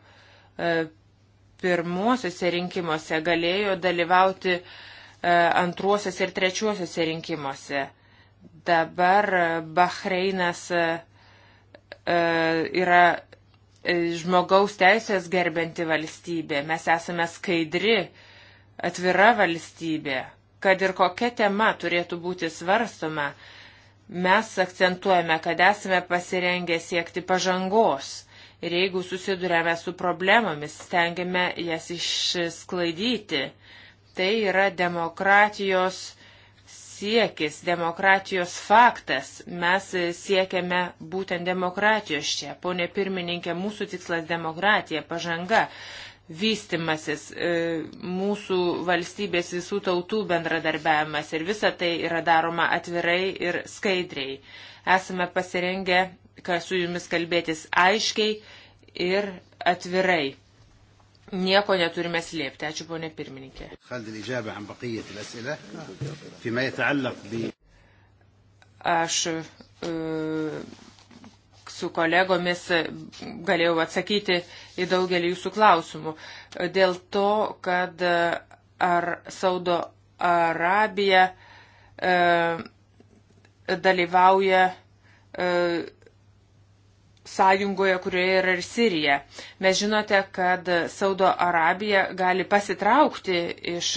pirmuosiuose rinkimuose, galėjo dalyvauti e, antruosiuose ir trečiuosiuose rinkimuose. Dabar Bahreinas e, e, yra e, žmogaus teisės gerbinti valstybė. Mes esame skaidri, atvira valstybė. Kad ir kokia tema turėtų būti svarstoma, mes akcentuojame, kad esame pasirengę siekti pažangos. Ir jeigu susidurėme su problemomis, stengiame jas išsklaidyti. Tai yra demokratijos siekis, demokratijos faktas. Mes siekiame būtent demokratijos čia. Pone pirmininkė, mūsų tikslas demokratija, pažanga, vystimasis, e, mūsų valstybės visų tautų bendradarbiavimas ir visa tai yra daroma atvirai ir skaidriai. Esame pasirengę, kad su jumis kalbėtis aiškiai ir atvirai. Nieko neturime slėpti. Ačiū, ponė pirmininkė. Aš su kolegomis galėjau atsakyti į daugelį jūsų klausimų. Dėl to, kad ar Saudo Arabija dalyvauja sąjungoje, kurioje yra ir Sirija. Mes žinote, kad Saudo Arabija gali pasitraukti iš.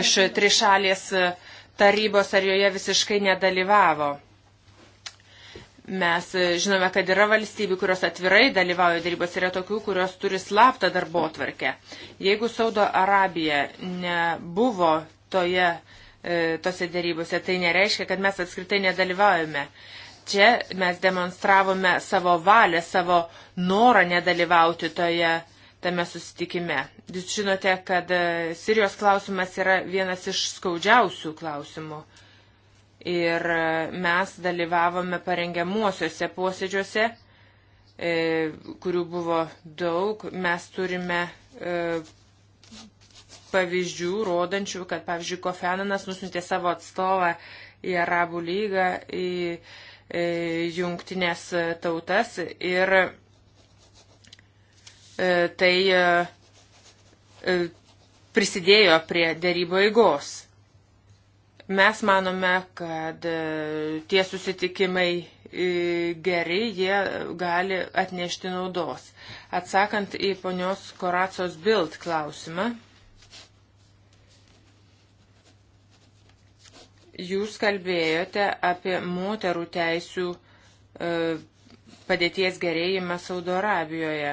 Iš trišalės tarybos ar joje visiškai nedalyvavo. Mes žinome, kad yra valstybių, kurios atvirai dalyvauja darybos, yra tokių, kurios turi slaptą darbo tvarkę. Jeigu Saudo Arabija nebuvo toje uh, E, tose dėrybose, tai nereiškia, kad mes apskritai nedalyvaujame. Čia mes demonstravome savo valią, savo norą nedalyvauti toje tame susitikime. Jūs žinote, kad e, Sirijos klausimas yra vienas iš skaudžiausių klausimų. Ir e, mes dalyvavome parengiamuosiuose posėdžiuose, kurių buvo daug. Mes turime pavyzdžių, rodančių, kad, pavyzdžiui, Kofenanas nusintė savo atstovą į Arabų lygą, į, į e, jungtinės tautas ir e, tai e, e prisidėjo prie dėrybo eigos. Mes manome, kad e, tie susitikimai geri, jie gali atnešti naudos. Atsakant į ponios Koracos Bild klausimą, Jūs kalbėjote apie moterų teisų e, padėties gerėjimą Saudo Arabijoje.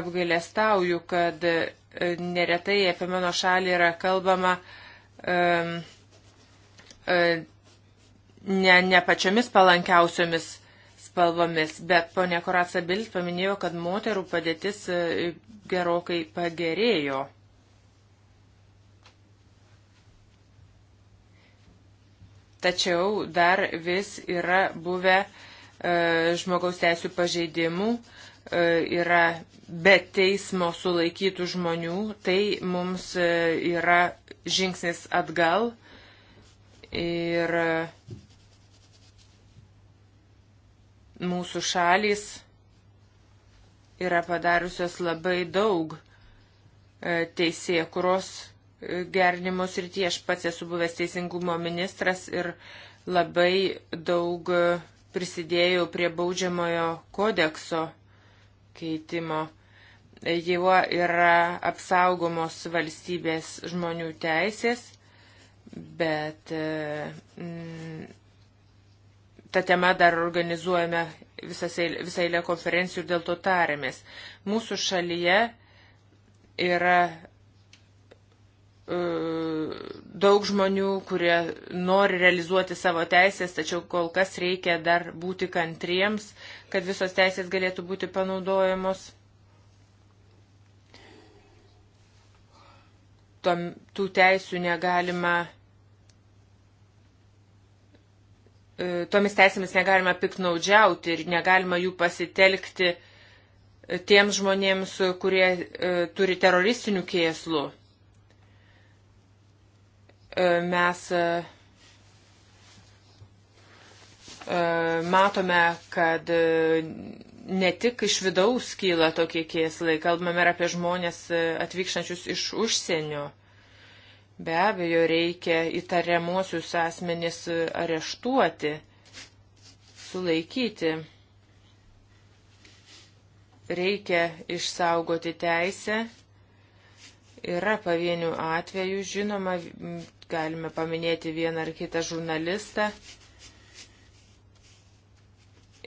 Apgailestauju, kad e, neretai apie mano šalį yra kalbama um, ne, ne pačiomis palankiausiomis spalvomis, bet ponė Koraca Bild paminėjo, kad moterų padėtis gerokai pagerėjo. tačiau dar vis yra buvę e, žmogaus teisų pažeidimų, e, yra be teismo sulaikytų žmonių, tai mums e, yra žingsnis atgal ir e, mūsų šalis yra padariusios labai daug e, teisėkuros gerinimo srityje. Aš pats esu buvęs teisingumo ministras ir labai daug prisidėjau prie baudžiamojo kodekso keitimo. Jau yra apsaugomos valstybės žmonių teisės, bet mm, ta tema dar organizuojame visą eilę konferencijų ir dėl to tarėmės. Mūsų šalyje yra E, daug žmonių, kurie nori realizuoti savo teisės, tačiau kol kas reikia dar būti kantriems, kad visos teisės galėtų būti panaudojamos. Tom, tų teisų negalima, e, tomis teisėmis negalima piknaudžiauti ir negalima jų pasitelkti e, tiems žmonėms, kurie e, turi teroristinių kėslų E, mes e, e, matome, kad ne tik iš vidaus kyla tokie kėslai, kalbame ir apie žmonės atvykstančius iš užsienio. Be abejo, reikia įtariamuosius asmenis areštuoti, sulaikyti. Reikia išsaugoti teisę. Yra pavienių atvejų, žinoma, Galime paminėti vieną ar kitą žurnalistą.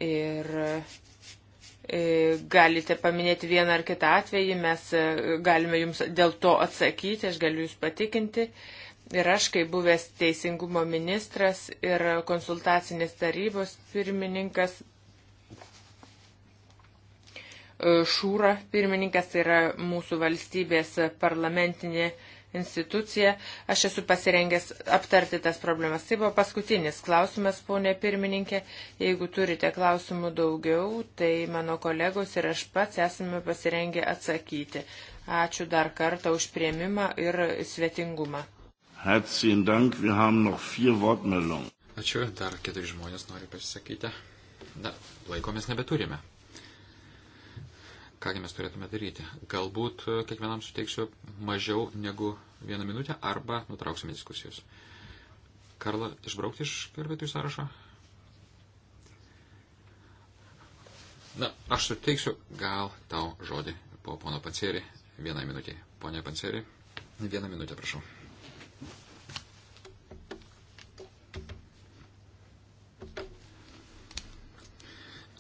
Ir e, galite paminėti vieną ar kitą atvejį, mes e, galime jums dėl to atsakyti, aš galiu jūs patikinti. Ir aš, kaip buvęs teisingumo ministras ir konsultacinės tarybos pirmininkas, e, Šūra pirmininkas tai yra mūsų valstybės parlamentinė instituciją. Aš esu pasirengęs aptarti tas problemas. Tai buvo paskutinis klausimas, ponė pirmininkė. Jeigu turite klausimų daugiau, tai mano kolegos ir aš pats esame pasirengę atsakyti. Ačiū dar kartą už prieimimą ir svetingumą. Ačiū, dar keturi žmonės nori pasisakyti. Na, laiko mes nebeturime. Kągi mes turėtume daryti? Galbūt e, kiekvienam suteiksiu mažiau negu vieną minutę arba nutrauksime diskusijos. Karla, išbraukti iš kalbėtojų sąrašo? Na, aš suteiksiu gal tau žodį po pono Pancerį vienai minutiai. Pone Pancerį, vieną minutę prašau.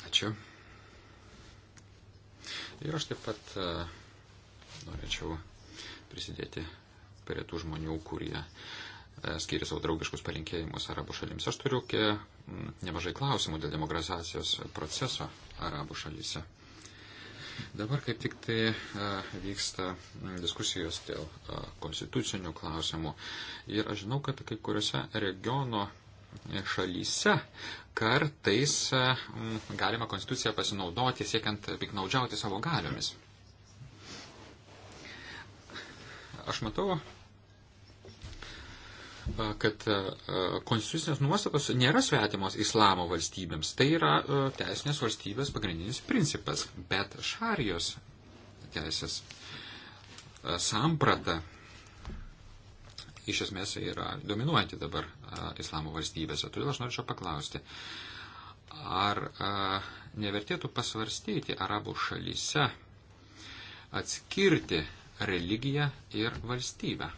Ačiū. Ir aš taip pat e, norėčiau prisidėti prie tų žmonių, kurie e, skiria savo draugiškus palinkėjimus arabų šalims. Aš turiu kie, nemažai klausimų dėl demokratizacijos proceso arabų šalyse. Dabar kaip tik tai e, vyksta diskusijos dėl konstitucinių klausimų. Ir aš žinau, kad kai kuriuose regiono šalyse kartais mm, galima konstituciją pasinaudoti siekiant piknaudžiauti savo galiomis. Aš matau, kad e, konstitucinės nuostatos nėra svetimos islamo valstybėms. Tai yra e, teisinės valstybės pagrindinis principas. Bet šarijos teisės e, samprata iš esmės yra dominuojanti dabar a, islamo valstybėse. Todėl aš norėčiau paklausti, ar a, nevertėtų pasvarstyti arabų šalyse atskirti religiją ir valstybę.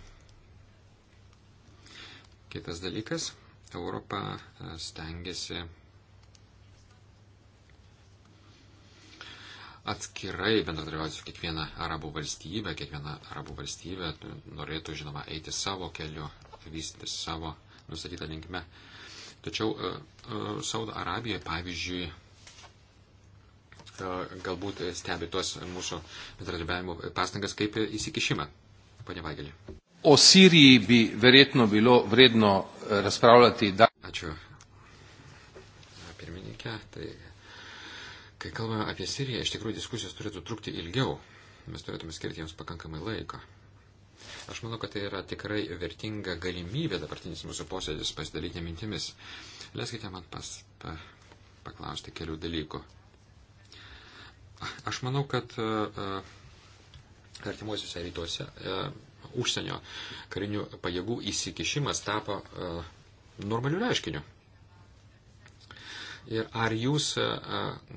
Kitas dalykas, Europa stengiasi atskirai bendradarbiauti su kiekviena arabų valstybė, kiekviena arabų valstybė norėtų, žinoma, eiti savo keliu, vystyti savo nustatytą linkme. Tačiau e, e, Saudo Arabija, pavyzdžiui, e, galbūt stebi tuos mūsų bendradarbiavimo pastangas kaip įsikišimą. Pane Vagelį. O Sirijai bi verjetno bilo vredno razpravljati. Da... Ačiū. Pirmininkė, tai Kai kalbame apie Siriją, iš tikrųjų diskusijos turėtų trukti ilgiau. Mes turėtume skirti jiems pakankamai laiko. Aš manau, kad tai yra tikrai vertinga galimybė dabartinis mūsų posėdis pasidalyti mintimis. Leiskite man pas, pa, paklausti kelių dalykų. Aš manau, kad uh, artimuosiuose rytuose uh, užsienio karinių pajėgų įsikišimas tapo uh, normalių reiškinių. Ir ar jūs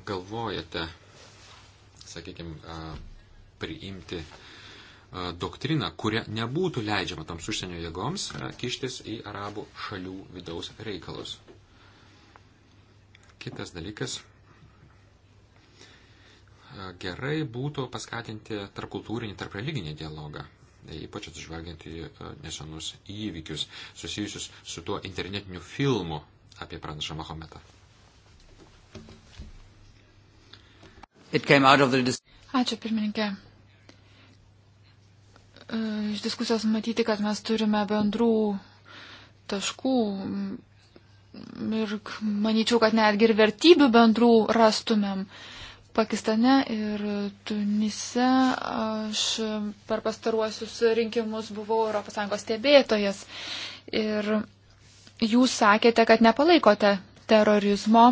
galvojate, sakykime, priimti doktriną, kuria nebūtų leidžiama toms užsienio jėgoms kištis į arabų šalių vidaus reikalus? Kitas dalykas. Gerai būtų paskatinti tarpkultūrinį, tarpreliginį dialogą ypač atsižvelgiant į nesenus įvykius susijusius su tuo internetiniu filmu apie pranašą Mahometą. the... Ačiū pirmininkė. E, iš diskusijos matyti, kad mes turime bendrų taškų ir manyčiau, kad netgi ir vertybių bendrų rastumėm. Pakistane ir Tunise aš per pastaruosius rinkimus buvau ES stebėtojas ir jūs sakėte, kad nepalaikote terorizmo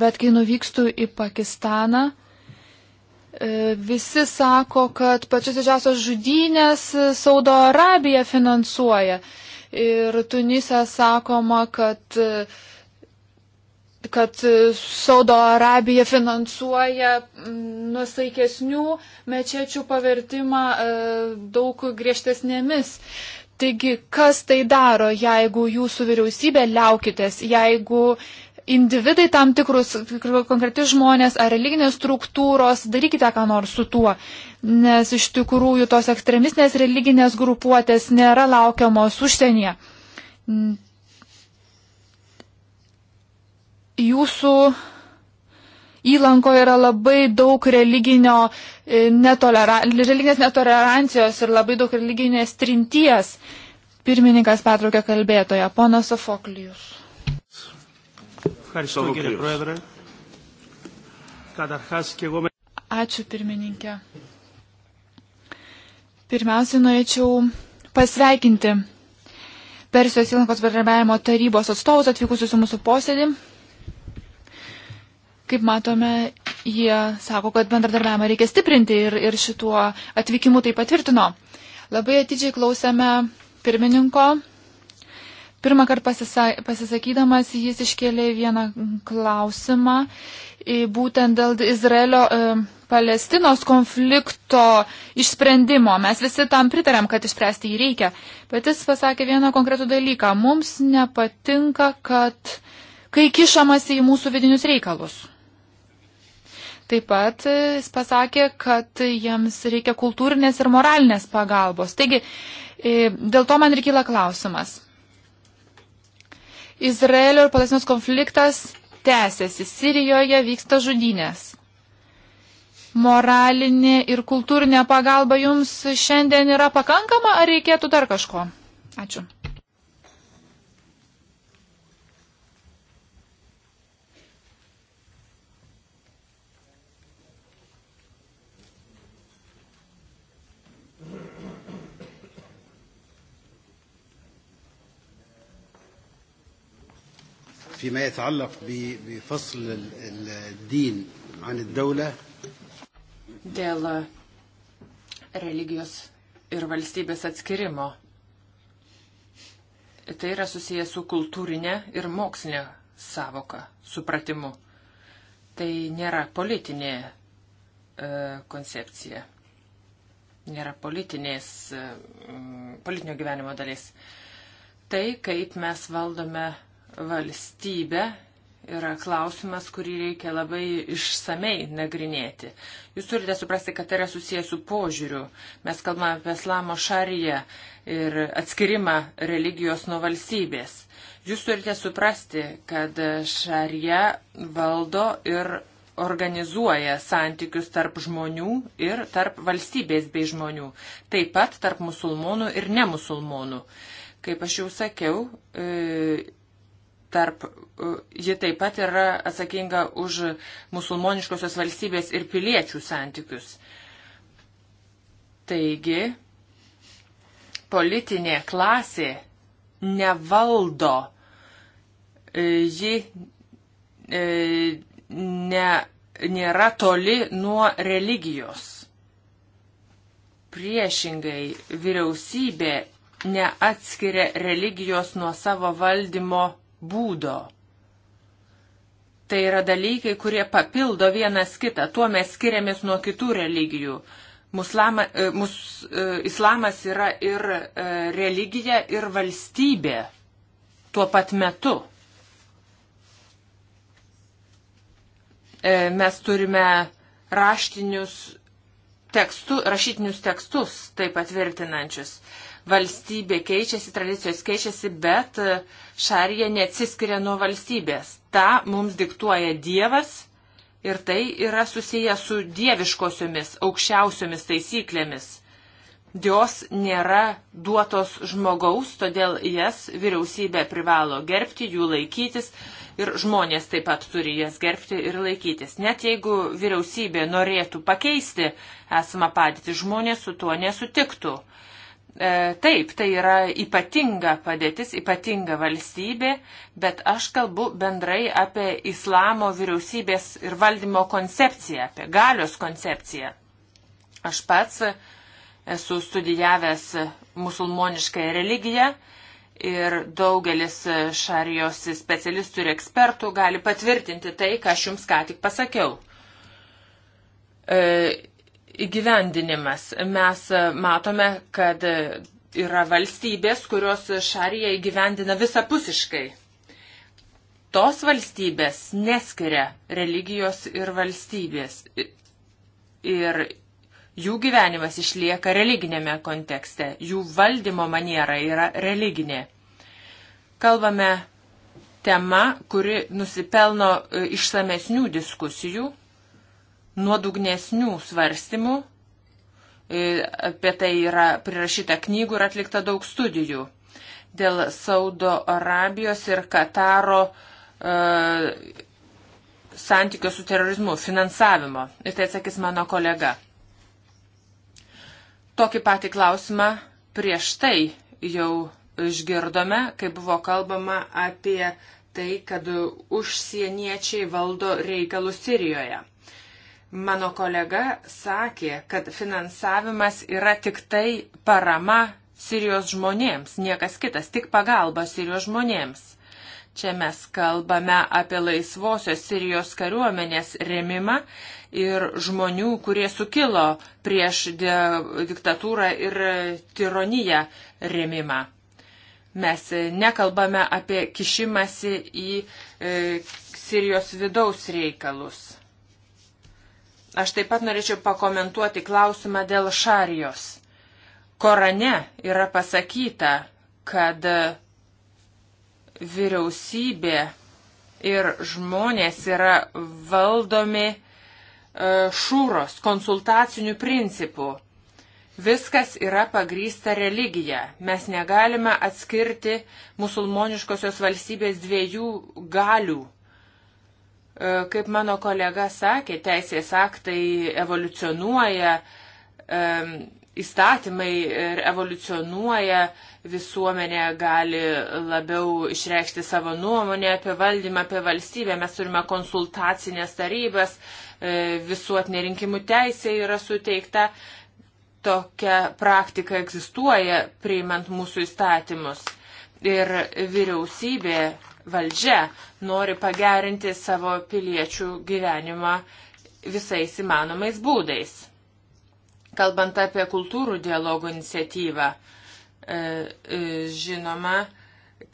Bet kai nuvykstu į Pakistaną, e, visi sako, kad pačias didžiausias žudynės e, Saudo Arabija finansuoja. Ir Tunise sakoma, kad, e, kad Saudo Arabija finansuoja nusaikesnių mečečių pavertimą daug griežtesnėmis. Taigi, kas tai daro, jeigu jūsų vyriausybė liaukitės, jeigu individai tam tikrus, konkretis žmonės ar religinės struktūros, darykite ką nors su tuo. Nes iš tikrųjų tos ekstremistinės religinės grupuotės nėra laukiamos užsienyje. Jūsų įlankoje yra labai daug religinio e, netolera, religinės netolerancijos ir labai daug religinės trinties. Pirmininkas patraukė kalbėtoją, ponas Sofoklijus. Ευχαριστώ κύριε Πρόεδρε. Καταρχάς και εγώ με... Ačiū pirmininkė. Pirmiausia, norėčiau pasveikinti Persijos įlankos bendradarbiavimo tarybos atstovus atvykusius į mūsų posėdį. Kaip matome, jie sako, kad bendradarbiavimą reikia stiprinti ir, ir šituo atvykimu tai patvirtino. Labai atidžiai klausėme pirmininko Pirmą kartą pasisakydamas jis iškėlė vieną klausimą, būtent dėl Izraelio e, Palestinos konflikto išsprendimo. Mes visi tam pritarėm, kad išspręsti jį reikia. Bet jis pasakė vieną konkretų dalyką. Mums nepatinka, kad kai kišamasi į mūsų vidinius reikalus. Taip pat e, jis pasakė, kad jiems reikia kultūrinės ir moralinės pagalbos. Taigi, e, dėl to man ir kyla klausimas. Izraelio ir Palestinos konfliktas tęsiasi. Sirijoje vyksta žudynės. Moralinė ir kultūrinė pagalba jums šiandien yra pakankama, ar reikėtų dar kažko? Ačiū. فيما يتعلق بفصل الدين عن الدولة dėl religijos ir valstybės atskirimo. Tai yra susijęs su kultūrinė ir mokslinė savoka, supratimu. Tai nėra politinė e, koncepcija, nėra politinės, e, politinio gyvenimo dalis. Tai, kaip mes valdome valstybę yra klausimas, kurį reikia labai išsamei nagrinėti. Jūs turite suprasti, kad tai yra susijęs su požiūriu. Mes kalbame apie islamo šariją ir atskirimą religijos nuo valstybės. Jūs turite suprasti, kad šarija valdo ir organizuoja santykius tarp žmonių ir tarp valstybės bei žmonių, taip pat tarp musulmonų ir nemusulmonų. Kaip aš jau sakiau, e tarp, e, ji taip pat yra atsakinga už musulmoniškosios valstybės ir piliečių santykius. Taigi, politinė klasė nevaldo, e, ji e, ne, nėra toli nuo religijos. Priešingai, vyriausybė neatskiria religijos nuo savo valdymo būdo. Tai yra dalykai, kurie papildo vienas kitą. Tuo mes skiriamės nuo kitų religijų. Muslama, e, mus, e, islamas yra ir e, religija, ir valstybė tuo pat metu. Mes turime raštinius tekstu, rašytinius tekstus taip patvirtinančius. Valstybė keičiasi, tradicijos keičiasi, bet uh, šarija neatsiskiria nuo valstybės. Ta mums diktuoja Dievas ir tai yra susiję su dieviškosiomis, aukščiausiomis taisyklėmis. Jos nėra duotos žmogaus, todėl jas vyriausybė privalo gerbti, jų laikytis ir žmonės taip pat turi jas gerbti ir laikytis. Net jeigu vyriausybė norėtų pakeisti esamą padėtį, žmonės su tuo nesutiktų. E, taip, tai yra ypatinga padėtis, ypatinga valstybė, bet aš kalbu bendrai apie islamo vyriausybės ir valdymo koncepciją, apie galios koncepciją. Aš pats esu studijavęs musulmoniškąją religiją ir daugelis šarijos specialistų ir ekspertų gali patvirtinti tai, ką aš jums ką tik pasakiau. E, Įgyvendinimas. Mes matome, kad yra valstybės, kurios šariją įgyvendina visapusiškai. Tos valstybės neskiria religijos ir valstybės. Ir jų gyvenimas išlieka religinėme kontekste. Jų valdymo maniera yra religinė. Kalbame tema, kuri nusipelno e, išsamesnių diskusijų nuodugnesnių svarstymų, e, apie tai yra prirašyta knygų ir atlikta daug studijų dėl Saudo Arabijos ir Kataro e, santykio su terorizmu finansavimo. Ir tai atsakys mano kolega. Tokį patį klausimą prieš tai jau išgirdome, kai buvo kalbama apie tai, kad užsieniečiai valdo reikalus Sirijoje. Mano kolega sakė, kad finansavimas yra tik tai parama Sirijos žmonėms, niekas kitas, tik pagalba Sirijos žmonėms. Čia mes kalbame apie laisvosios Sirijos kariuomenės remimą ir žmonių, kurie sukilo prieš diktatūrą ir tyroniją remimą. Mes nekalbame apie kišimasi į e, Sirijos vidaus reikalus Aš taip pat norėčiau pakomentuoti klausimą dėl šarijos. Korane yra pasakyta, kad vyriausybė ir žmonės yra valdomi e, šūros, konsultacinių principų. Viskas yra pagrysta religija. Mes negalime atskirti musulmoniškosios valstybės dviejų galių E, kaip mano kolega sakė, teisės aktai evoliucionuoja, e, įstatymai evoliucionuoja, visuomenė gali labiau išreikšti savo nuomonę apie valdymą, apie valstybę. Mes turime konsultacinės tarybas, e, visuotinė rinkimų teisė yra suteikta. Tokia praktika egzistuoja priimant mūsų įstatymus. Ir vyriausybė valdžia nori pagerinti savo piliečių gyvenimą visais įmanomais būdais. Kalbant apie kultūrų dialogų iniciatyvą, e, e, žinoma,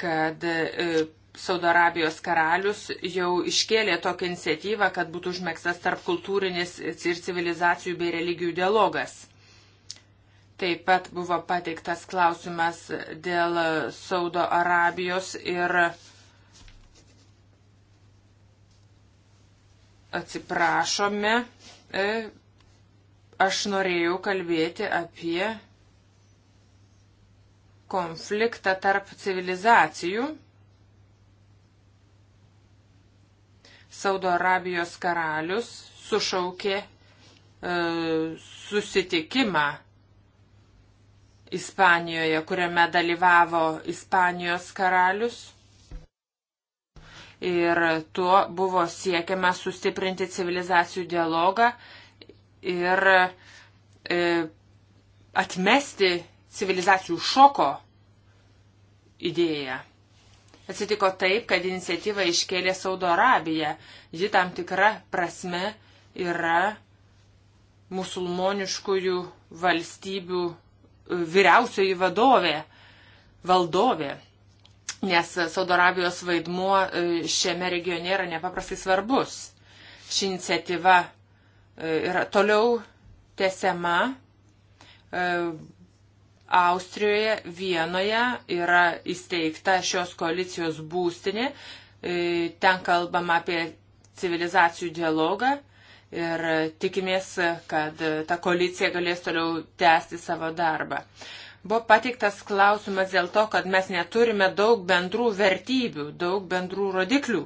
kad e, Saudo Arabijos karalius jau iškėlė tokią iniciatyvą, kad būtų užmėgstas tarp kultūrinis ir civilizacijų bei religijų dialogas. Taip pat buvo pateiktas klausimas dėl Saudo Arabijos ir uh, Atsiprašome, e, aš norėjau kalbėti apie konfliktą tarp civilizacijų. Saudo Arabijos karalius sušaukė e, susitikimą Ispanijoje, kuriame dalyvavo Ispanijos karalius Ir tuo buvo siekiama sustiprinti civilizacijų dialogą ir e, atmesti civilizacijų šoko idėją. Atsitiko taip, kad iniciatyvą iškėlė Saudo Arabija. Ji tam tikra prasme yra musulmoniškųjų valstybių e, vyriausioji vadovė, valdovė nes Saudo Arabijos vaidmuo e, šiame regione yra nepaprastai svarbus. Ši iniciatyva e, yra toliau tesiama. E, Austrijoje vienoje yra įsteigta šios koalicijos būstinė. Ten kalbam apie civilizacijų dialogą ir tikimės, kad ta koalicija galės toliau tęsti savo darbą. Buvo pateiktas klausimas dėl to, kad mes neturime daug bendrų vertybių, daug bendrų rodiklių.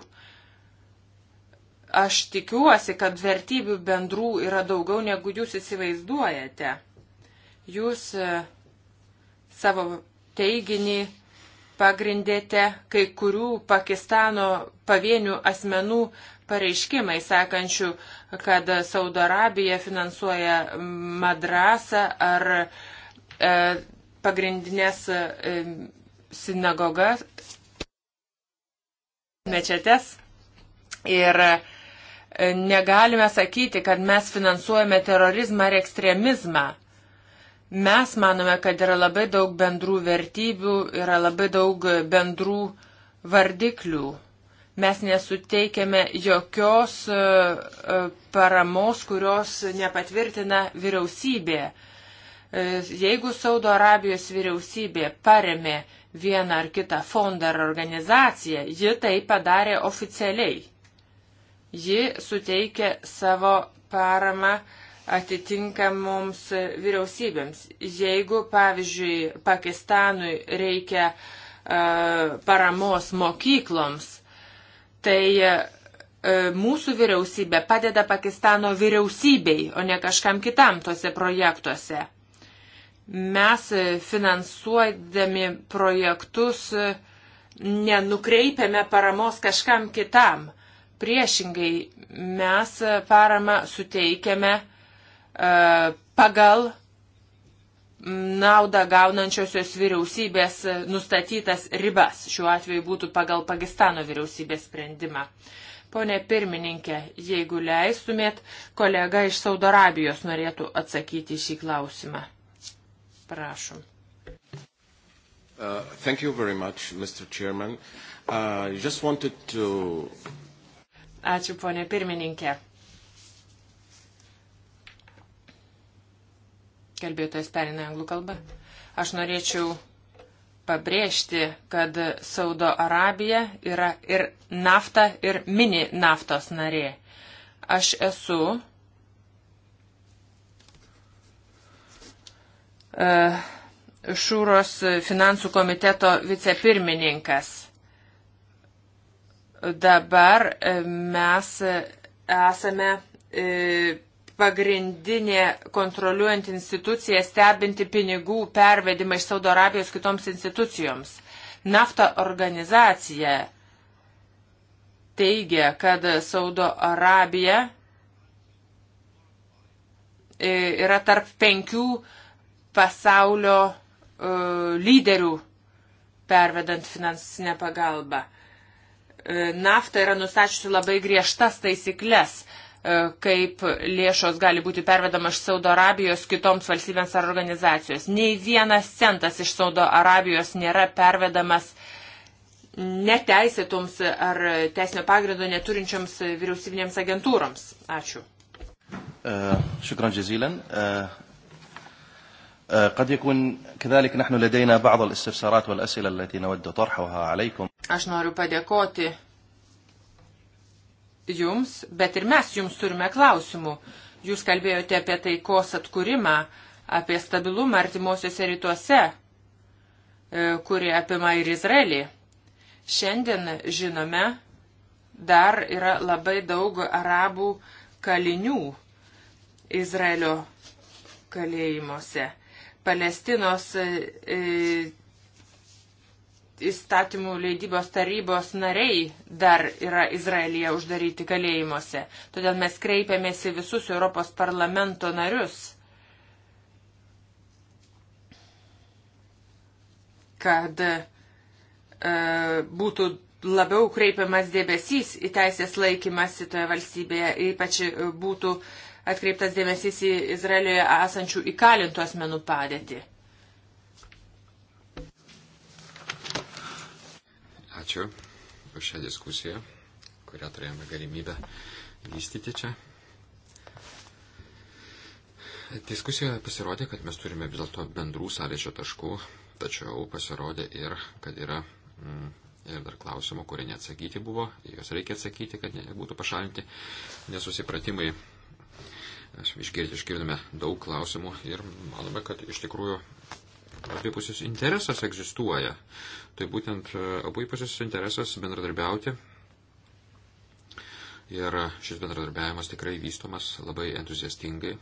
Aš tikiuosi, kad vertybių bendrų yra daugiau, negu jūs įsivaizduojate. Jūs e, savo teiginį pagrindėte kai kurių Pakistano pavienių asmenų pareiškimai, sakančių, kad Saudo Arabija finansuoja madrasą ar e, pagrindinės sinagogas, mečetes ir e, negalime sakyti, kad mes finansuojame terorizmą ar ekstremizmą. Mes manome, kad yra labai daug bendrų vertybių, yra labai daug bendrų vardiklių. Mes nesuteikėme jokios e, e, paramos, kurios nepatvirtina vyriausybė. E, jeigu Saudo Arabijos vyriausybė paremė vieną ar kitą fondą ar organizaciją, ji tai padarė oficialiai. Ji suteikė savo paramą atitinkamoms vyriausybėms. Jeigu, pavyzdžiui, Pakistanui reikia uh, paramos mokykloms, tai uh, mūsų vyriausybė padeda Pakistano vyriausybei, o ne kažkam kitam tose projektuose. Mes e, finansuodami projektus e, nenukreipiame paramos kažkam kitam. Priešingai mes e, paramą suteikiame pagal naudą gaunančiosios vyriausybės nustatytas ribas. Šiuo atveju būtų pagal Pakistano vyriausybės sprendimą. Pone pirmininkė, jeigu leistumėt, kolega iš Saudarabijos norėtų atsakyti šį klausimą. Prašom. Uh, thank you very much, Mr. Chairman. Uh, just wanted to... Ačiū, ponė pirmininkė. Kalbėtojas perina anglų kalbą. Aš norėčiau pabrėžti, kad Saudo Arabija yra ir nafta, ir mini naftos narė. Aš esu E, Šūros finansų komiteto vicepirmininkas. Dabar e, mes esame e, pagrindinė kontroliuojant institucija stebinti pinigų pervedimą iš Saudo Arabijos kitoms institucijoms. Nafta organizacija teigia, kad Saudo Arabija yra tarp penkių uh, pasaulio e, lyderių pervedant finansinę pagalbą. E, nafta yra nustačiusi labai griežtas taisyklės, e, kaip lėšos gali būti pervedama iš Saudo Arabijos kitoms valstybėms ar organizacijos. Nei vienas centas iš Saudo Arabijos nėra pervedamas neteisėtoms ar teisinio pagrindo neturinčioms vyriausybinėms agentūroms. Ačiū. Uh, قد يكون كذلك نحن لدينا بعض الاستفسارات والأسئلة التي نود طرحها عليكم. Aš noriu padėkoti jums, bet ir mes jums turime klausimų. Jūs kalbėjote apie taikos atkūrimą, apie stabilumą artimuosiuose rytuose, e, kurie apima ir Izraelį. Šiandien žinome, dar yra labai daug arabų kalinių Izraelio kalėjimuose. Palestinos e, e, įstatymų leidybos tarybos nariai dar yra Izraelyje uždaryti kalėjimuose. Todėl mes kreipiamės į visus Europos parlamento narius, kad e, būtų labiau kreipiamas dėmesys į teisės laikymasi toje valstybėje, ypač būtų e, atkreiptas dėmesys į Izraelioje esančių įkalintų asmenų padėtį. Ačiū už šią diskusiją, kurią turėjome galimybę vystyti čia. Diskusijoje pasirodė, kad mes turime vis dėlto bendrų sąlyčio taškų, tačiau pasirodė ir, kad yra mm, ir dar klausimų, kurie neatsakyti buvo, juos reikia atsakyti, kad nebūtų pašalinti nesusipratimai Išgirdome daug klausimų ir manome, kad iš tikrųjų abipusis interesas egzistuoja. Tai būtent e, abipusis interesas bendradarbiauti. Ir šis bendradarbiavimas tikrai vystomas labai entuziastingai.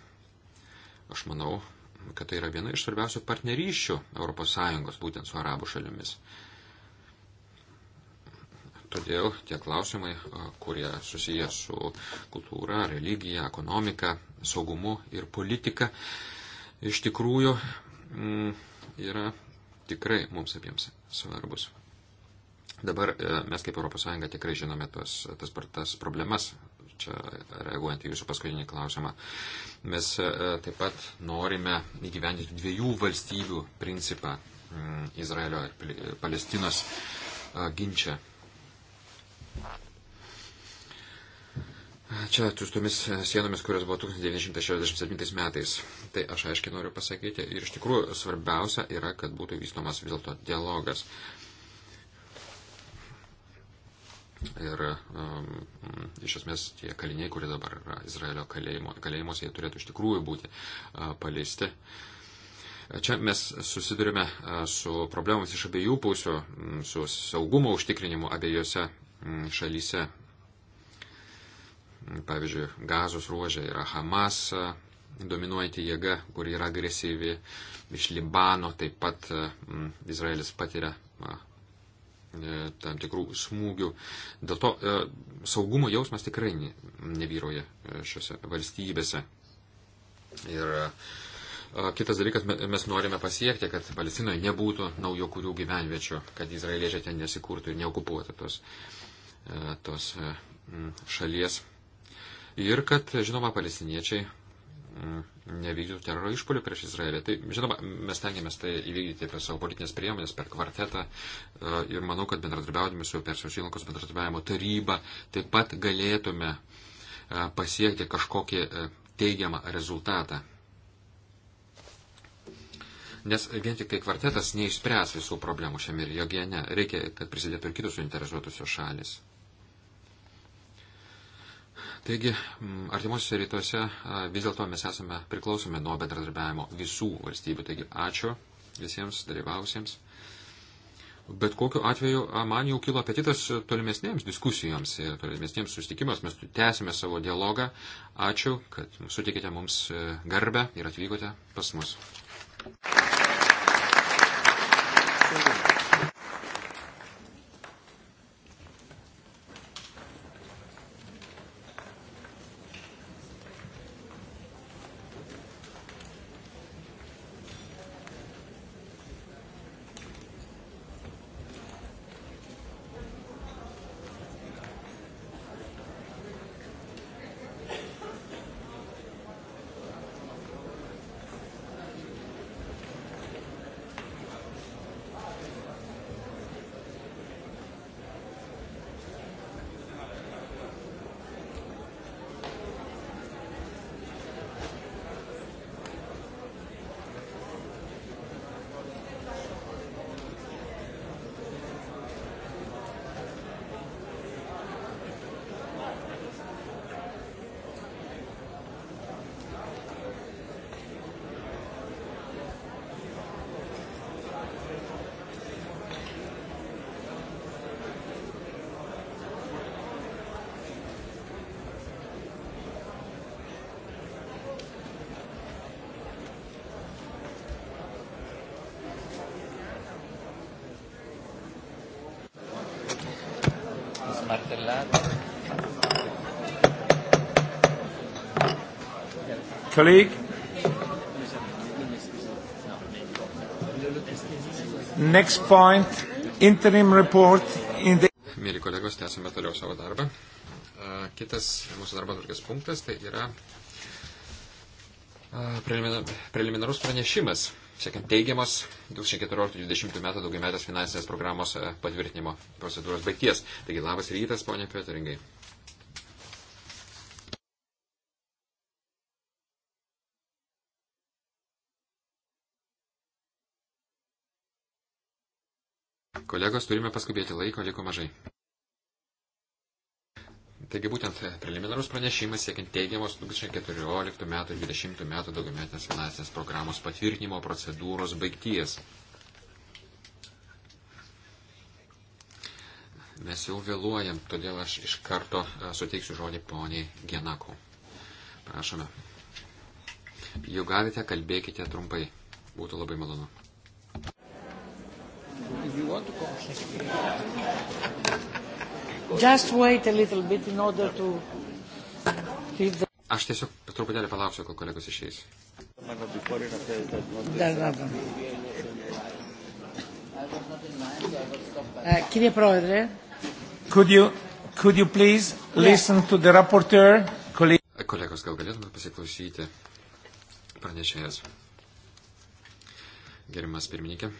Aš manau, kad tai yra viena iš svarbiausių partnerysčių ES būtent su arabų šalimis. Uh, Todėl tie klausimai, kurie susiję su kultūra, religija, ekonomika, saugumu ir politika, iš tikrųjų mm, yra tikrai mums abiems svarbus. Dabar e, mes kaip ES tikrai žinome tos, tas, tas problemas, čia reaguojant į jūsų paskutinį klausimą. Mes e, taip pat norime įgyvendinti dviejų valstybių principą mm, Izraelio ir Palestinos ginčia Čia tuštomis sienomis, kurios buvo 1967 metais. Tai aš aiškiai noriu pasakyti. Ir iš tikrųjų svarbiausia yra, kad būtų vystomas vis dėlto dialogas. Ir um, iš esmės tie kaliniai, kurie dabar yra Izraelio kalėjimo, kalėjimuose, jie turėtų iš tikrųjų būti uh, paleisti. Čia mes susidurime uh, su problemomis iš abiejų pusių, um, su saugumo užtikrinimu abiejose Mm, šalyse. Mm, pavyzdžiui, gazos ruožė yra Hamas mm, dominuojanti jėga, kuri yra agresyvi. Iš Libano taip pat Izraelis patiria e, tam tikrų smūgių. Dėl to e, saugumo jausmas tikrai nevyroja e, šiuose valstybėse. Ir Kitas dalykas, mes norime pasiekti, kad Palestinoje nebūtų naujo kurių gyvenviečių, kad izraeliečiai ten nesikurtų ir neokupuotų tos E, tos e, šalies. Ir kad, žinoma, palestiniečiai nevykdytų teroro išpolių prieš Izraelį. Tai, žinoma, mes tengiamės tai įvykdyti per savo politinės priemonės, per kvartetą e, ir manau, kad bendradarbiaudami su Persijos įlankos bendradarbiavimo taryba taip pat galėtume pasiekti kažkokį teigiamą rezultatą. Nes vien tik tai kvartetas neišspręs visų problemų šiame regione. Reikia, kad prisidėtų ir kitos suinteresuotusios šalis. Taigi, mm, artimuosiuose rytuose vis dėlto mes esame priklausomi nuo bendradarbiavimo visų valstybių. Taigi, ačiū visiems dalyvausiems. Bet kokiu atveju man jau kilo apetitas tolimesnėms diskusijoms ir tolimesnėms susitikimams. Mes tęsime savo dialogą. Ačiū, kad sutikite mums e, garbę ir atvykote pas mus. Thank you. colleague. Next point, interim report in the... Mėly kolegos, tęsime toliau savo darbą. Kitas mūsų darbo tvarkės punktas tai yra preliminarus pranešimas, siekiant teigiamos 2014-2020 metų daugiametės finansinės programos patvirtinimo procedūros baigties. Taigi labas rytas, ponė Pietaringai. Kolegos, turime paskubėti laiko, liko mažai. Taigi būtent preliminarus pranešimas siekiant teigiamos 2014 m. 2020 m. daugiametinės finansinės programos patvirtinimo procedūros baigties. Mes jau vėluojam, todėl aš iš karto e, suteiksiu žodį poniai Genakų. Prašome. Jau galite, kalbėkite trumpai. Būtų labai malonu. You want to come? Just wait a little bit in order to leave the... Aš tiesiog truputėlį palauksiu, kol kolegos išeis. Κύριε Πρόεδρε, eh, could you, could you please listen to the rapporteur? Eh, kolegos, gal galėtumėte pasiklausyti pranešėjas? Gerimas pirmininkė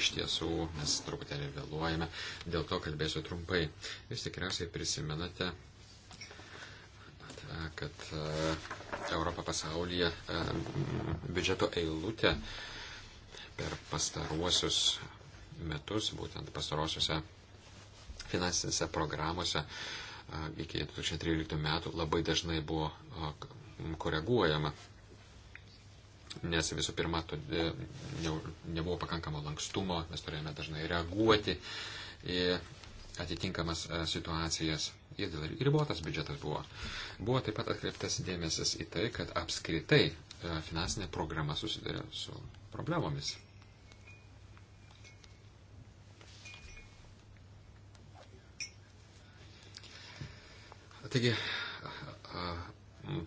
iš tiesų mes truputėlį vėluojame, dėl to kalbėsiu trumpai. Jūs tikriausiai prisimenate, kad Europą pasaulyje biudžeto eilutė per pastaruosius metus, būtent pastarosiuose finansinėse programuose iki 2013 metų labai dažnai buvo koreguojama nes visų pirma, todėl, e, ne, nebuvo pakankamo lankstumo, mes turėjome dažnai reaguoti į atitinkamas e, situacijas ir dėl ribotas biudžetas buvo. Buvo taip pat atkreiptas dėmesys į tai, kad apskritai e, finansinė programa susidarė su problemomis. Taigi,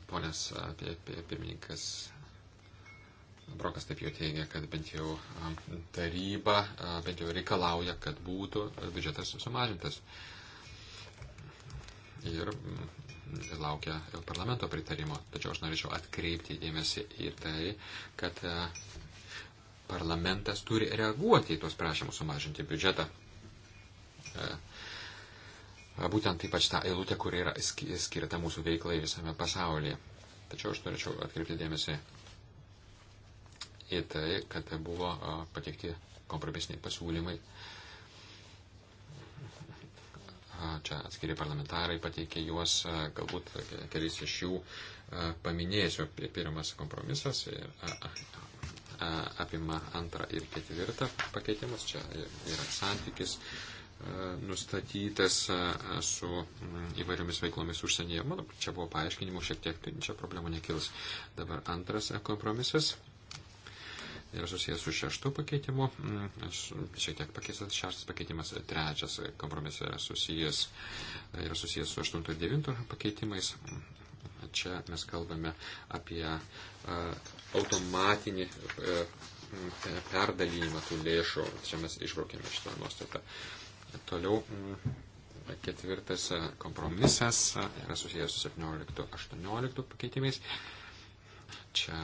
ponės pirmininkas Brokas taip jau teigia, kad bent jau taryba bent jau reikalauja, kad būtų biudžetas sumažintas. Ir mm, laukia parlamento pritarimo. Tačiau aš norėčiau atkreipti dėmesį į tai, kad parlamentas turi reaguoti į tuos prašymus sumažinti biudžetą. Būtent ypač tą eilutę, kuri yra skirta mūsų veiklai visame pasaulyje. Tačiau aš norėčiau atkreipti dėmesį į tai, kad tai buvo pateikti kompromisiniai pasiūlymai. Čia atskiri parlamentarai pateikė juos, galbūt kelis iš jų paminėsiu. Pirmas kompromisas apima antrą ir ketvirtą pakeitimus. Čia yra santykis nustatytas su įvairiomis veiklomis užsienyje. Manau, čia buvo paaiškinimų, šiek tiek čia problemų nekils. Dabar antras kompromisas yra susijęs su šeštu pakeitimu. Mm, šiek tiek pakeistas šeštas pakeitimas, trečias kompromisas yra susijęs, yra susijęs su aštuntu ir devintu pakeitimais. Čia mes kalbame apie a, e, automatinį a, e, e, perdalinimą tų lėšų. Čia mes išbraukėme šitą nuostatą. Toliau mm, ketvirtas kompromisas yra susijęs su 17-18 pakeitimais. Čia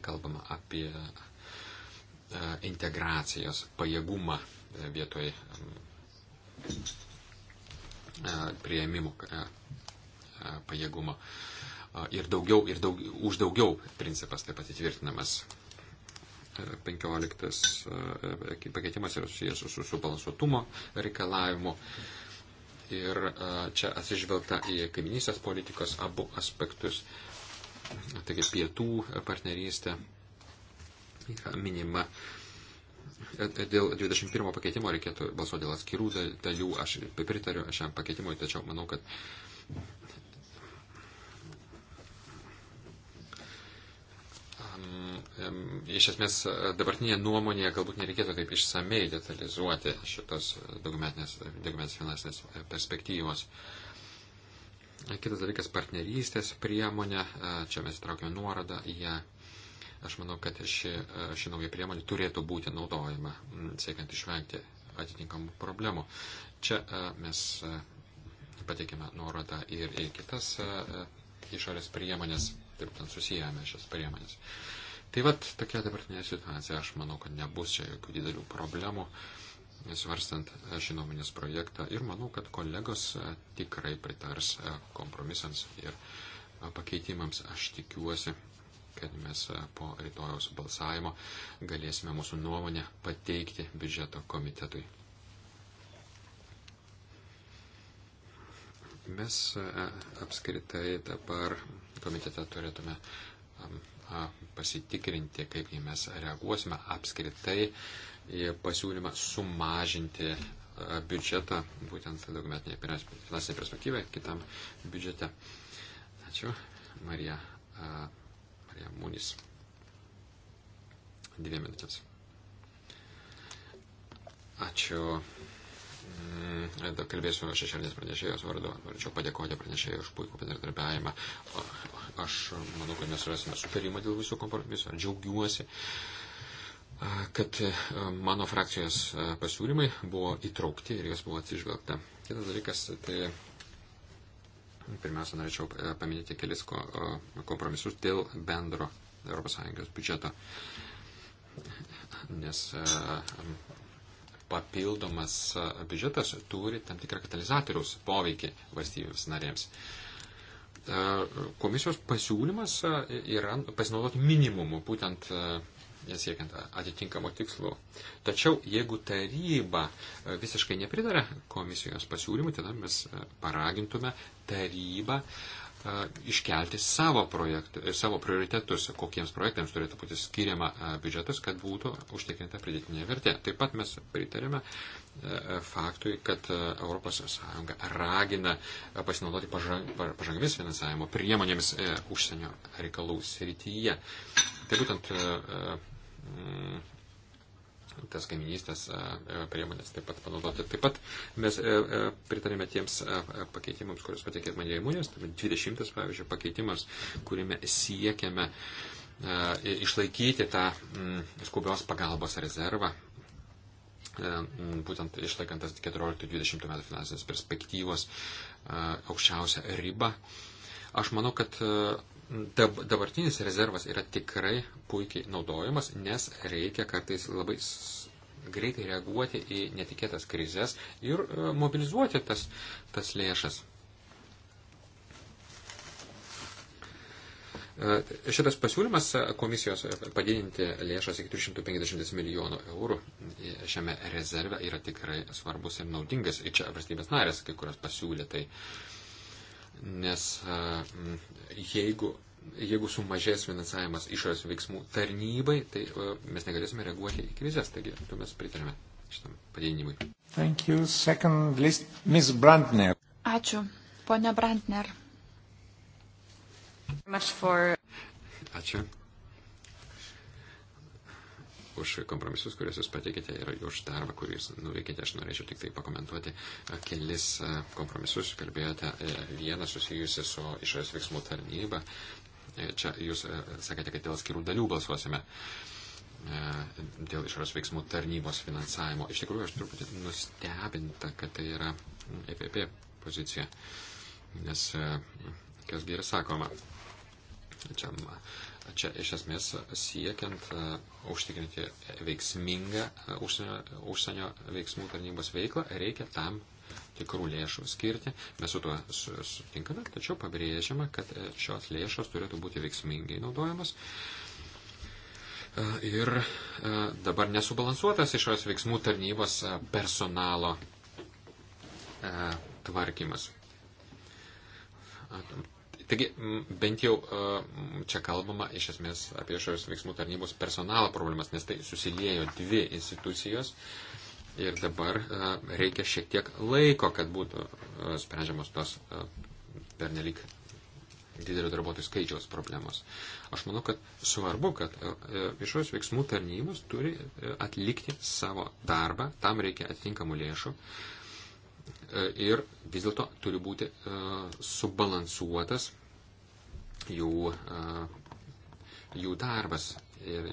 kalbama apie e, integracijos pajėgumą e, vietoj e, prieimimo pajėgumo. Ir, daugiau, ir daug, už daugiau principas taip pat įtvirtinamas. 15 pakeitimas yra susijęs su, su subalansuotumo reikalavimu. Ir čia atsižvelgta į kaiminysės politikos abu aspektus taigi pietų partnerystė minima. Dėl 21 pakeitimo reikėtų balsuoti dėl atskirų dalių. Aš pritariu šiam pakeitimui, tačiau manau, kad iš esmės dabartinėje nuomonėje galbūt nereikėtų taip išsamei detalizuoti šitos dokumentinės finansinės perspektyvos. Um, Kitas dalykas - partnerystės priemonė. Čia mes traukėme nuorodą į ją. Aš manau, kad ši, ši nauja priemonė turėtų būti naudojama, siekiant išvengti atitinkamų problemų. Čia mes pateikėme nuorodą ir į kitas išorės priemonės, taip ten susijęme šias priemonės. Tai vad tokia dabartinė situacija, aš manau, kad nebus čia jokių didelių problemų. Uh, svarstant šį nuomonės projektą ir manau, kad kolegos e, tikrai pritars e, kompromisams ir e, pakeitimams. Aš tikiuosi, kad mes po rytojaus balsavimo galėsime mūsų nuomonę pateikti biudžeto komitetui. Mes apskritai dabar komitete turėtume pasitikrinti, kaip mes reaguosime apskritai pasiūlymą sumažinti e, biudžetą, būtent dokumentinėje finansinėje perspektyvoje, kitam biudžete. Ačiū, Marija, e, Marija Mūnis. Dviem minutėms. Ačiū. Mm, Dar kalbėsiu šešėlinės pranešėjos vardu. Norėčiau padėkoti pranešėjai už puikų bendradarbiavimą. Aš manau, kad mes rasime sutarimą dėl visų kompromisų. Džiaugiuosi. Uh, kad e, mano frakcijos e, pasiūlymai buvo įtraukti ir jos buvo atsižvelgta. Kitas dalykas, tai pirmiausia, norėčiau e, paminėti kelis kompromisus dėl bendro ES biudžeto, nes papildomas biudžetas turi tam tikrą katalizatoriaus poveikį valstybėms narėms komisijos pasiūlymas yra pasinaudoti minimumu, būtent siekiant atitinkamų tikslų. Tačiau jeigu taryba e, visiškai nepritarė komisijos pasiūlymui, tada mes e, paragintume tarybą e, iškelti savo, projekt, savo prioritetus, kokiems projektams turėtų būti skiriama biudžetas, kad būtų užtikrinta pridėtinė vertė. Taip pat mes pritarėme faktui, kad ES ragina pasinaudoti pažangomis finansavimo priemonėmis užsienio reikalų srityje. Tai būtent Mm. tas kaiminystės e, e, priemonės taip pat panaudoti. Taip pat mes e, pritarėme tiems pakeitimams, kuriuos patikė mane įmonės, 20 pavyzdžiui pakeitimas, kuriame siekiame išlaikyti tą mm, skubios pagalbos rezervą, mm, būtent išlaikant tas 14-20 metų finansinės perspektyvos aukščiausią ribą. Aš manau, kad Dabartinis rezervas yra tikrai puikiai naudojamas, nes reikia kartais labai greitai reaguoti į netikėtas krizės ir e, mobilizuoti tas, tas lėšas. E, šitas pasiūlymas komisijos padidinti lėšas iki 350 milijonų eurų šiame rezerve yra tikrai svarbus ir naudingas. Ir čia valstybės narės kai kurios pasiūlė tai. Uh, nes e, jeigu, jeigu sumažės finansavimas išorės veiksmų tarnybai, tai e, mes negalėsime reaguoti į krizės, taigi tu mes pritarėme šitam padidinimui. Ačiū, ponia Brandner. For... Ačiū už kompromisus, kuriuos jūs pateikėte ir už darbą, kurį jūs nuveikėte. Aš norėčiau tik tai pakomentuoti e, kelis e, kompromisus. Kalbėjote e, vieną susijusią su išorės veiksmų tarnyba. Čia jūs sakėte, kad dėl skirų dalių balsuosime dėl išorės veiksmų tarnybos finansavimo. Iš tikrųjų, aš truputį nustebinta, kad tai yra EPP pozicija, nes kasgi ir sakoma, čia Čia iš esmės siekiant uh, užtikrinti veiksmingą e, užsienio, užsienio veiksmų tarnybos veiklą, reikia tam tikrų lėšų skirti. Mes su tuo sutinkame, tačiau pabrėžiama, kad e, šios lėšos turėtų būti veiksmingai naudojamos. Uh, ir uh, dabar nesubalansuotas iš šios veiksmų tarnybos personalo tvarkymas Taigi, bent jau e, čia kalbama iš esmės apie išorės veiksmų tarnybos personalo problemas, nes tai susiliejo dvi institucijos ir dabar e, reikia šiek tiek laiko, kad būtų e, sprendžiamos tos pernelik didelio darbuotojų skaičiaus problemos. Aš manau, kad svarbu, kad išorės veiksmų tarnybos turi atlikti savo darbą, tam reikia atitinkamų lėšų E, ir vis dėlto turi būti e, subalansuotas jų, e, jų darbas ir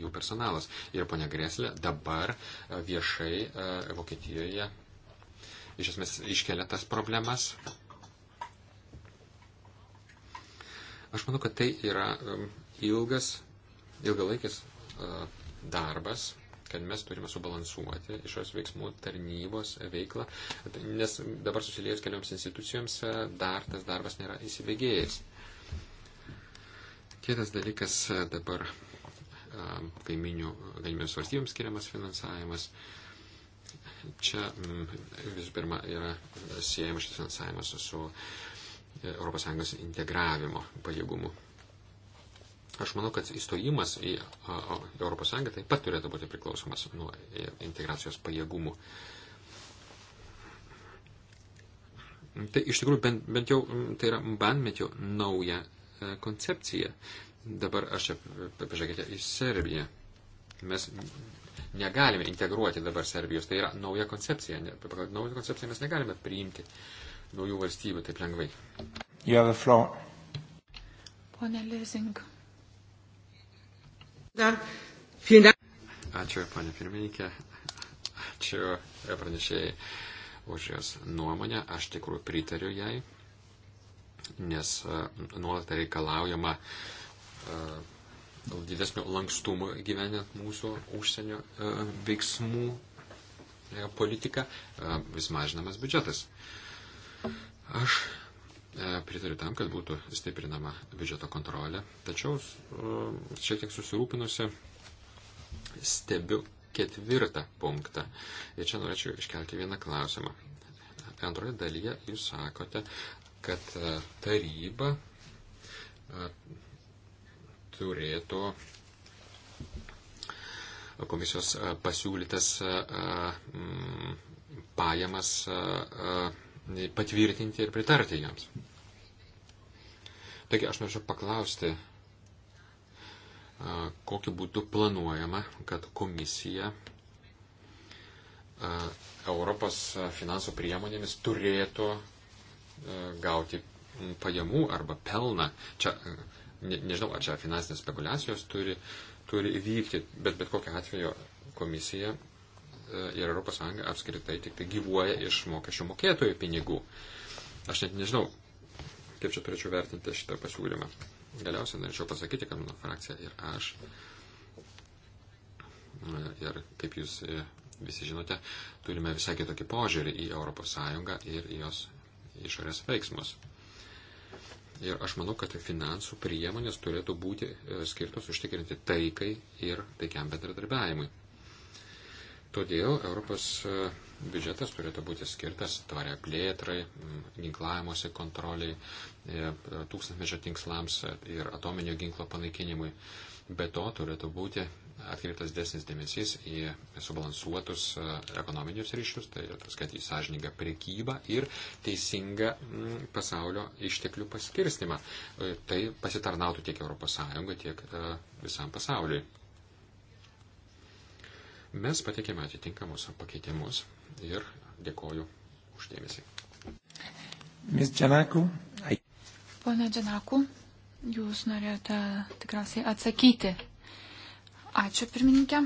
jų personalas. Ir ponia Greslė dabar viešai Vokietijoje iš esmės iškelia tas problemas. Aš manau, kad tai yra ilgas, ilgalaikis darbas kad mes turime subalansuoti išorės veiksmų tarnybos veiklą, nes dabar susiliejus kelioms institucijoms e, dar tas darbas nėra įsibėgėjęs. Kitas dalykas e, dabar e, kaiminių galimybės valstybėms skiriamas finansavimas. Čia mm, visų pirma yra siejamas šis finansavimas su ES integravimo pajėgumu Aš manau, kad įstojimas į ES taip pat turėtų būti priklausomas nuo integracijos pajėgumų. Tai iš tikrųjų bent, bent jau tai yra bandmetio nauja e, koncepcija. Dabar aš čia, pažiūrėkite, į Serbiją. Mes negalime integruoti dabar Serbijos. Tai yra nauja koncepcija. Pagal naują koncepciją mes negalime priimti naujų valstybių taip lengvai. Pone Lezing. Ačiū, panė pirmininkė. Ačiū e, pranešėjai už jos nuomonę. Aš tikrųjų pritariu jai, nes e, nuolat reikalaujama e, didesnio lankstumo gyvenant mūsų užsienio veiksmų politiką, vis mažinamas biudžetas. Aš E, pritariu tam, kad būtų stiprinama biudžeto kontrolė, tačiau e, šiek tiek susirūpinusi stebiu ketvirtą punktą. Ir čia norėčiau iškelti vieną klausimą. Antroje dalyje jūs sakote, kad e, taryba turėtų komisijos pasiūlytas pajamas patvirtinti ir pritarti jiems. Taigi aš norėčiau paklausti, kokiu būdu planuojama, kad komisija Europos finansų priemonėmis turėtų gauti pajamų arba pelną. Čia, ne, nežinau, ar čia finansinės spekulacijos turi, turi vykti, bet bet kokiu atveju komisija ir ES apskritai tik tai gyvuoja iš mokesčių mokėtojų pinigų. Aš net nežinau, kaip čia turėčiau vertinti šitą pasiūlymą. Galiausiai norėčiau pasakyti, kad mano frakcija ir aš, ir kaip jūs visi žinote, turime visai kitokį požiūrį į ES ir jos išorės veiksmus. Ir aš manau, kad finansų priemonės turėtų būti e, skirtos užtikrinti taikai ir taikiam bendradarbiavimui. Todėl Europos e, biudžetas turėtų būti skirtas tvariai plėtrai, ginklavimuose kontroliai, e, tūkstantmečio tinkslams e, ir atominio ginklo panaikinimui. Be to turėtų būti atkreiptas desnis dėmesys į subalansuotus ekonominius ryšius, tai tas, kad į sąžiningą priekybą ir teisingą pasaulio išteklių paskirstimą. Tai pasitarnautų tiek ES, tiek visam pasauliui. Mes patikėme atitinkamus pakeitimus ir dėkoju uždėmesį. Ms. Džanaku. I... Pone Džanaku, jūs norėjote tikriausiai atsakyti. Ačiū pirmininkė.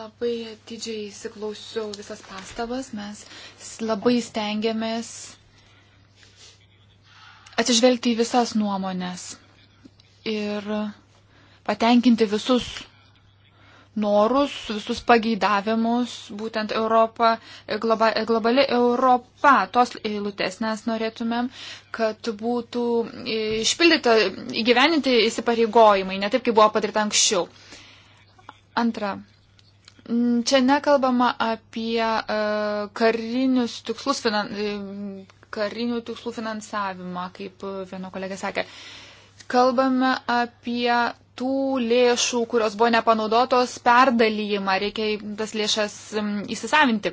Labai didžiai įsiklausiau visas pastabas. Mes labai stengiamės atsižvelgti į visas nuomonės ir patenkinti visus norus, visus pageidavimus, būtent Europa, globa, globali Europa, tos eilutės, nes norėtumėm, kad būtų išpildyta, įgyveninti įsipareigojimai, ne taip, kaip buvo padaryta anksčiau. Antra, čia nekalbama apie e, karinius tikslus, e, karinių tikslų finansavimą, kaip vieno kolegė sakė. Uh, kalbame apie tų lėšų, kurios buvo nepanaudotos, perdalyjimą. Reikia tas lėšas įsisavinti.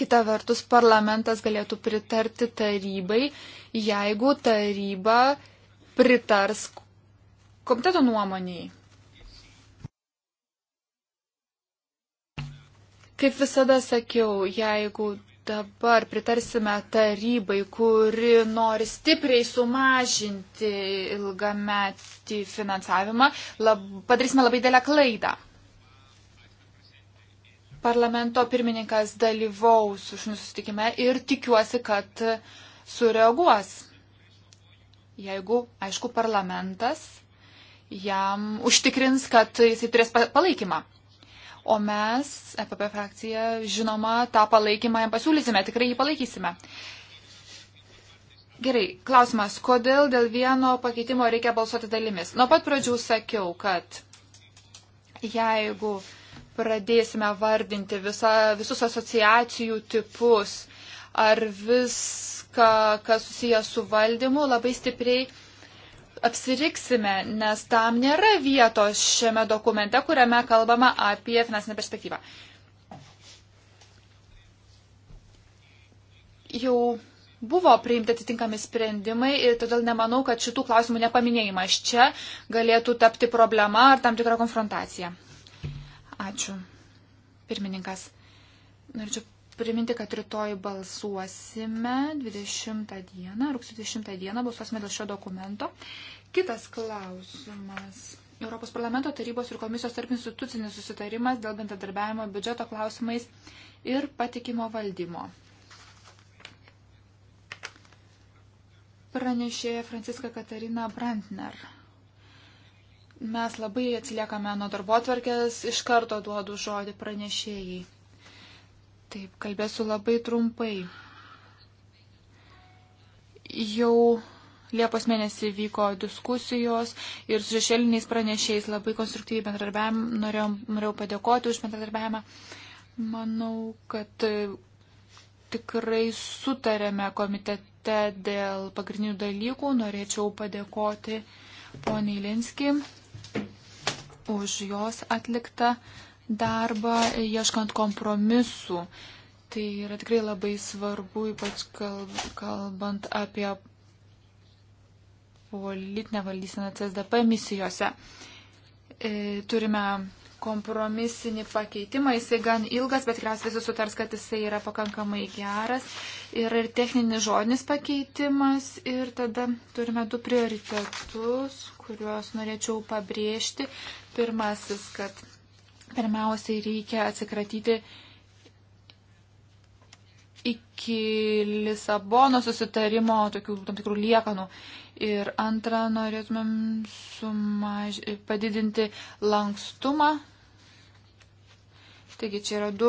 Kita vertus, parlamentas galėtų pritarti tarybai, jeigu taryba pritars komiteto nuomoniai. Kaip visada sakiau, jeigu dabar pritarsime tarybai, kuri nori stipriai sumažinti ilgametį finansavimą, lab, padarysime labai dėlę klaidą. Parlamento pirmininkas dalyvaus už susitikime ir tikiuosi, kad sureaguos. Jeigu, aišku, parlamentas jam užtikrins, kad jisai turės palaikymą. O mes, EPP frakcija, žinoma, tą palaikymą jam pasiūlysime, tikrai jį palaikysime. Gerai, klausimas, kodėl dėl vieno pakeitimo reikia balsuoti dalimis? Nuo pat pradžių sakiau, kad jeigu pradėsime vardinti visa, visus asociacijų tipus ar viską, kas susijęs su valdymu, labai stipriai apsiriksime, nes tam nėra vietos šiame dokumente, kuriame kalbama apie finansinę perspektyvą. Jau buvo priimti atitinkami sprendimai ir todėl nemanau, kad šitų klausimų nepaminėjimas čia galėtų tapti problema ar tam tikra konfrontacija. Ačiū. Pirmininkas. Norėčiau priminti, kad rytoj balsuosime 20 dieną, rugsėjo 20 dieną balsuosime dėl šio dokumento. Kitas klausimas. Europos parlamento tarybos ir komisijos tarp institucinis susitarimas dėl bendradarbiavimo biudžeto klausimais ir patikimo valdymo. Pranešėja Franciska Katarina Brandner. Mes labai atsiliekame nuo darbo tvarkės, iš karto duodu žodį pranešėjai. Taip, kalbėsiu labai trumpai. Jau Liepos mėnesį vyko diskusijos ir su šešėliniais pranešėjais labai konstruktyviai bendradarbiavim, norėjau, norėjau padėkoti už bendradarbiavimą. Manau, kad tikrai sutarėme komitete dėl pagrindinių dalykų. Norėčiau padėkoti poniai Linski už jos atliktą darbą, ieškant kompromisų. Tai yra tikrai labai svarbu, ypač kalbant apie politinę valdyseną CSDP misijose. E, turime kompromisinį pakeitimą, jisai gan ilgas, bet tikriausiai visi sutars, kad jisai yra pakankamai geras. Ir, ir techninis žodinis pakeitimas ir tada turime du prioritetus, kuriuos norėčiau pabrėžti. Pirmasis, kad pirmiausiai reikia atsikratyti iki Lisabono susitarimo tokių tam tikrų liekanų. Ir antra, norėtumėm sumaž... padidinti lankstumą. Taigi čia yra du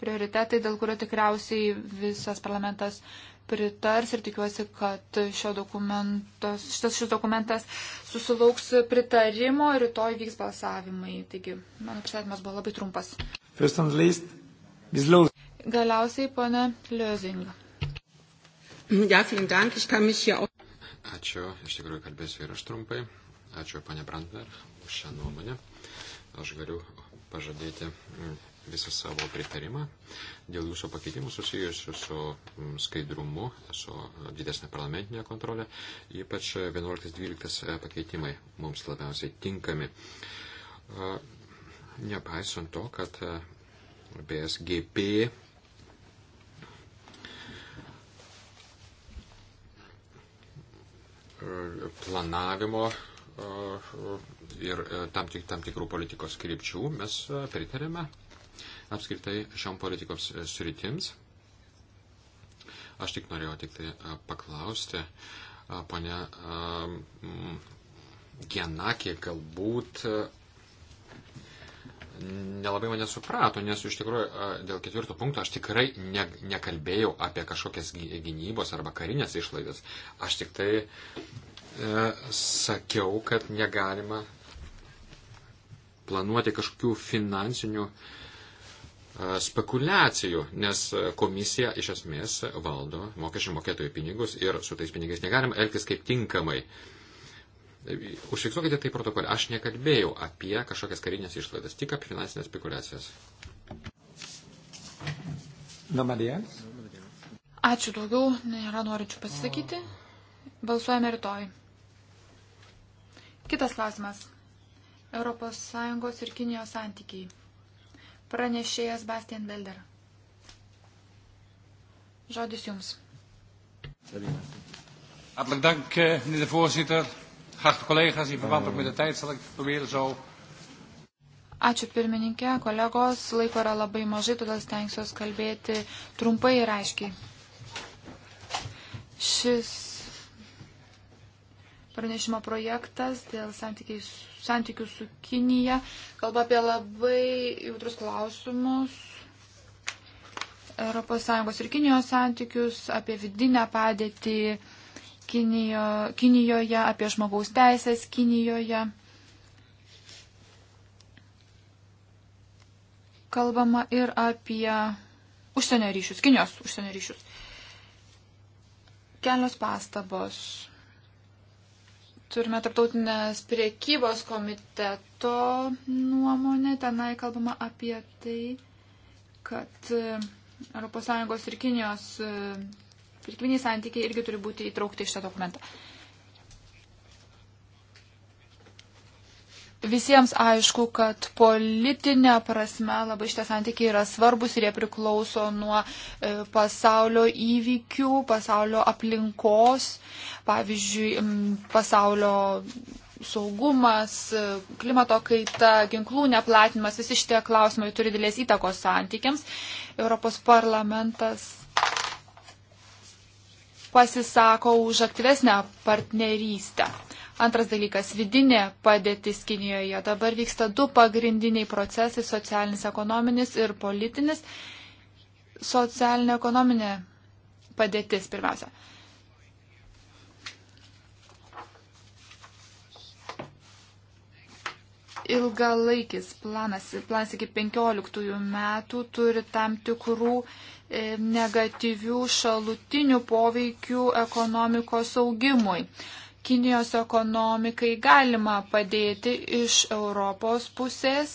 prioritetai, dėl kurio tikriausiai visas parlamentas pritars ir tikiuosi, kad šio dokumentas, šitas šis dokumentas susilauks pritarimo ir rytoj vyks balsavimai. Taigi, mano pristatymas buvo labai trumpas. Least, Galiausiai, ponė Liozing. Ja, dank, auch... Ačiū, iš tikrųjų kalbėsiu ir aš trumpai. Ačiū, ponė Brandner, už šią nuomonę. Aš galiu pažadėti visą savo pritarimą dėl jūsų pakeitimų susijusių su mm, skaidrumu, su didesnė parlamentinė kontrolė. Ypač 11-12 e, pakeitimai mums labiausiai tinkami. Nepaisant to, kad e, BSGP e, planavimo ir tam, tik, tam tikrų politikos krypčių mes pritarėme apskritai šiom politikos e, sritims. Aš tik norėjau tik tai e, paklausti, e, ponia Gienakė galbūt nelabai mane suprato, nes iš tikrųjų dėl ketvirto punkto aš tikrai ne, nekalbėjau apie kažkokias gynybos arba karinės išlaidas. Aš tik tai e, sakiau, kad negalima planuoti kažkokių finansinių e, spekulacijų, nes komisija iš esmės valdo mokesčių mokėtojų pinigus ir su tais pinigais negalima elgtis kaip tinkamai. Užfiksuokite tai protokolį. Aš nekalbėjau apie kažkokias karinės išlaidas, tik apie finansinės spekulacijas. Ačiū daugiau, nėra norinčių pasisakyti. Balsuojame rytoj. Kitas klausimas. ES ir Kinijos santykiai. Pranešėjas Bastian Belder. Žodis jums. Hartelijk dank, eh, meneer de voorzitter. Geachte collega's, in verband ook met de tijd zal ik proberen zo. Ačiū pirmininkė, kolegos, laiko yra labai mažai, todėl stengsiuos kalbėti trumpai ir aiškiai. Šis pranešimo projektas dėl santykiai santykių su Kinija, kalba apie labai jautrus klausimus ES ir Kinijos santykius, apie vidinę padėtį Kinijo, Kinijoje, apie žmogaus teisės Kinijoje. Kalbama ir apie užsienio ryšius, Kinijos užsienio ryšius. Kelios pastabos turime tarptautinės priekybos komiteto nuomonę. Tenai kalbama apie tai, kad ES ir Kinijos e, pirkiminiai santykiai irgi turi būti įtraukti į šitą dokumentą. visiems aišku, kad politinė prasme labai šitie santykiai yra svarbus ir jie priklauso nuo e, pasaulio įvykių, pasaulio aplinkos, pavyzdžiui, pasaulio saugumas, e, klimato kaita, ginklų neplatinimas, visi šitie klausimai turi dėlės įtakos santykiams. Europos parlamentas pasisako už aktyvesnę partnerystę. Antras dalykas - vidinė padėtis Kinijoje. Dabar vyksta du pagrindiniai procesai - socialinis, ekonominis ir politinis. Socialinė ekonominė padėtis pirmiausia. Ilgalaikis planas, planas iki 15 metų turi tam tikrų e, negatyvių šalutinių poveikių ekonomikos augimui. Kinijos ekonomikai galima padėti iš Europos pusės,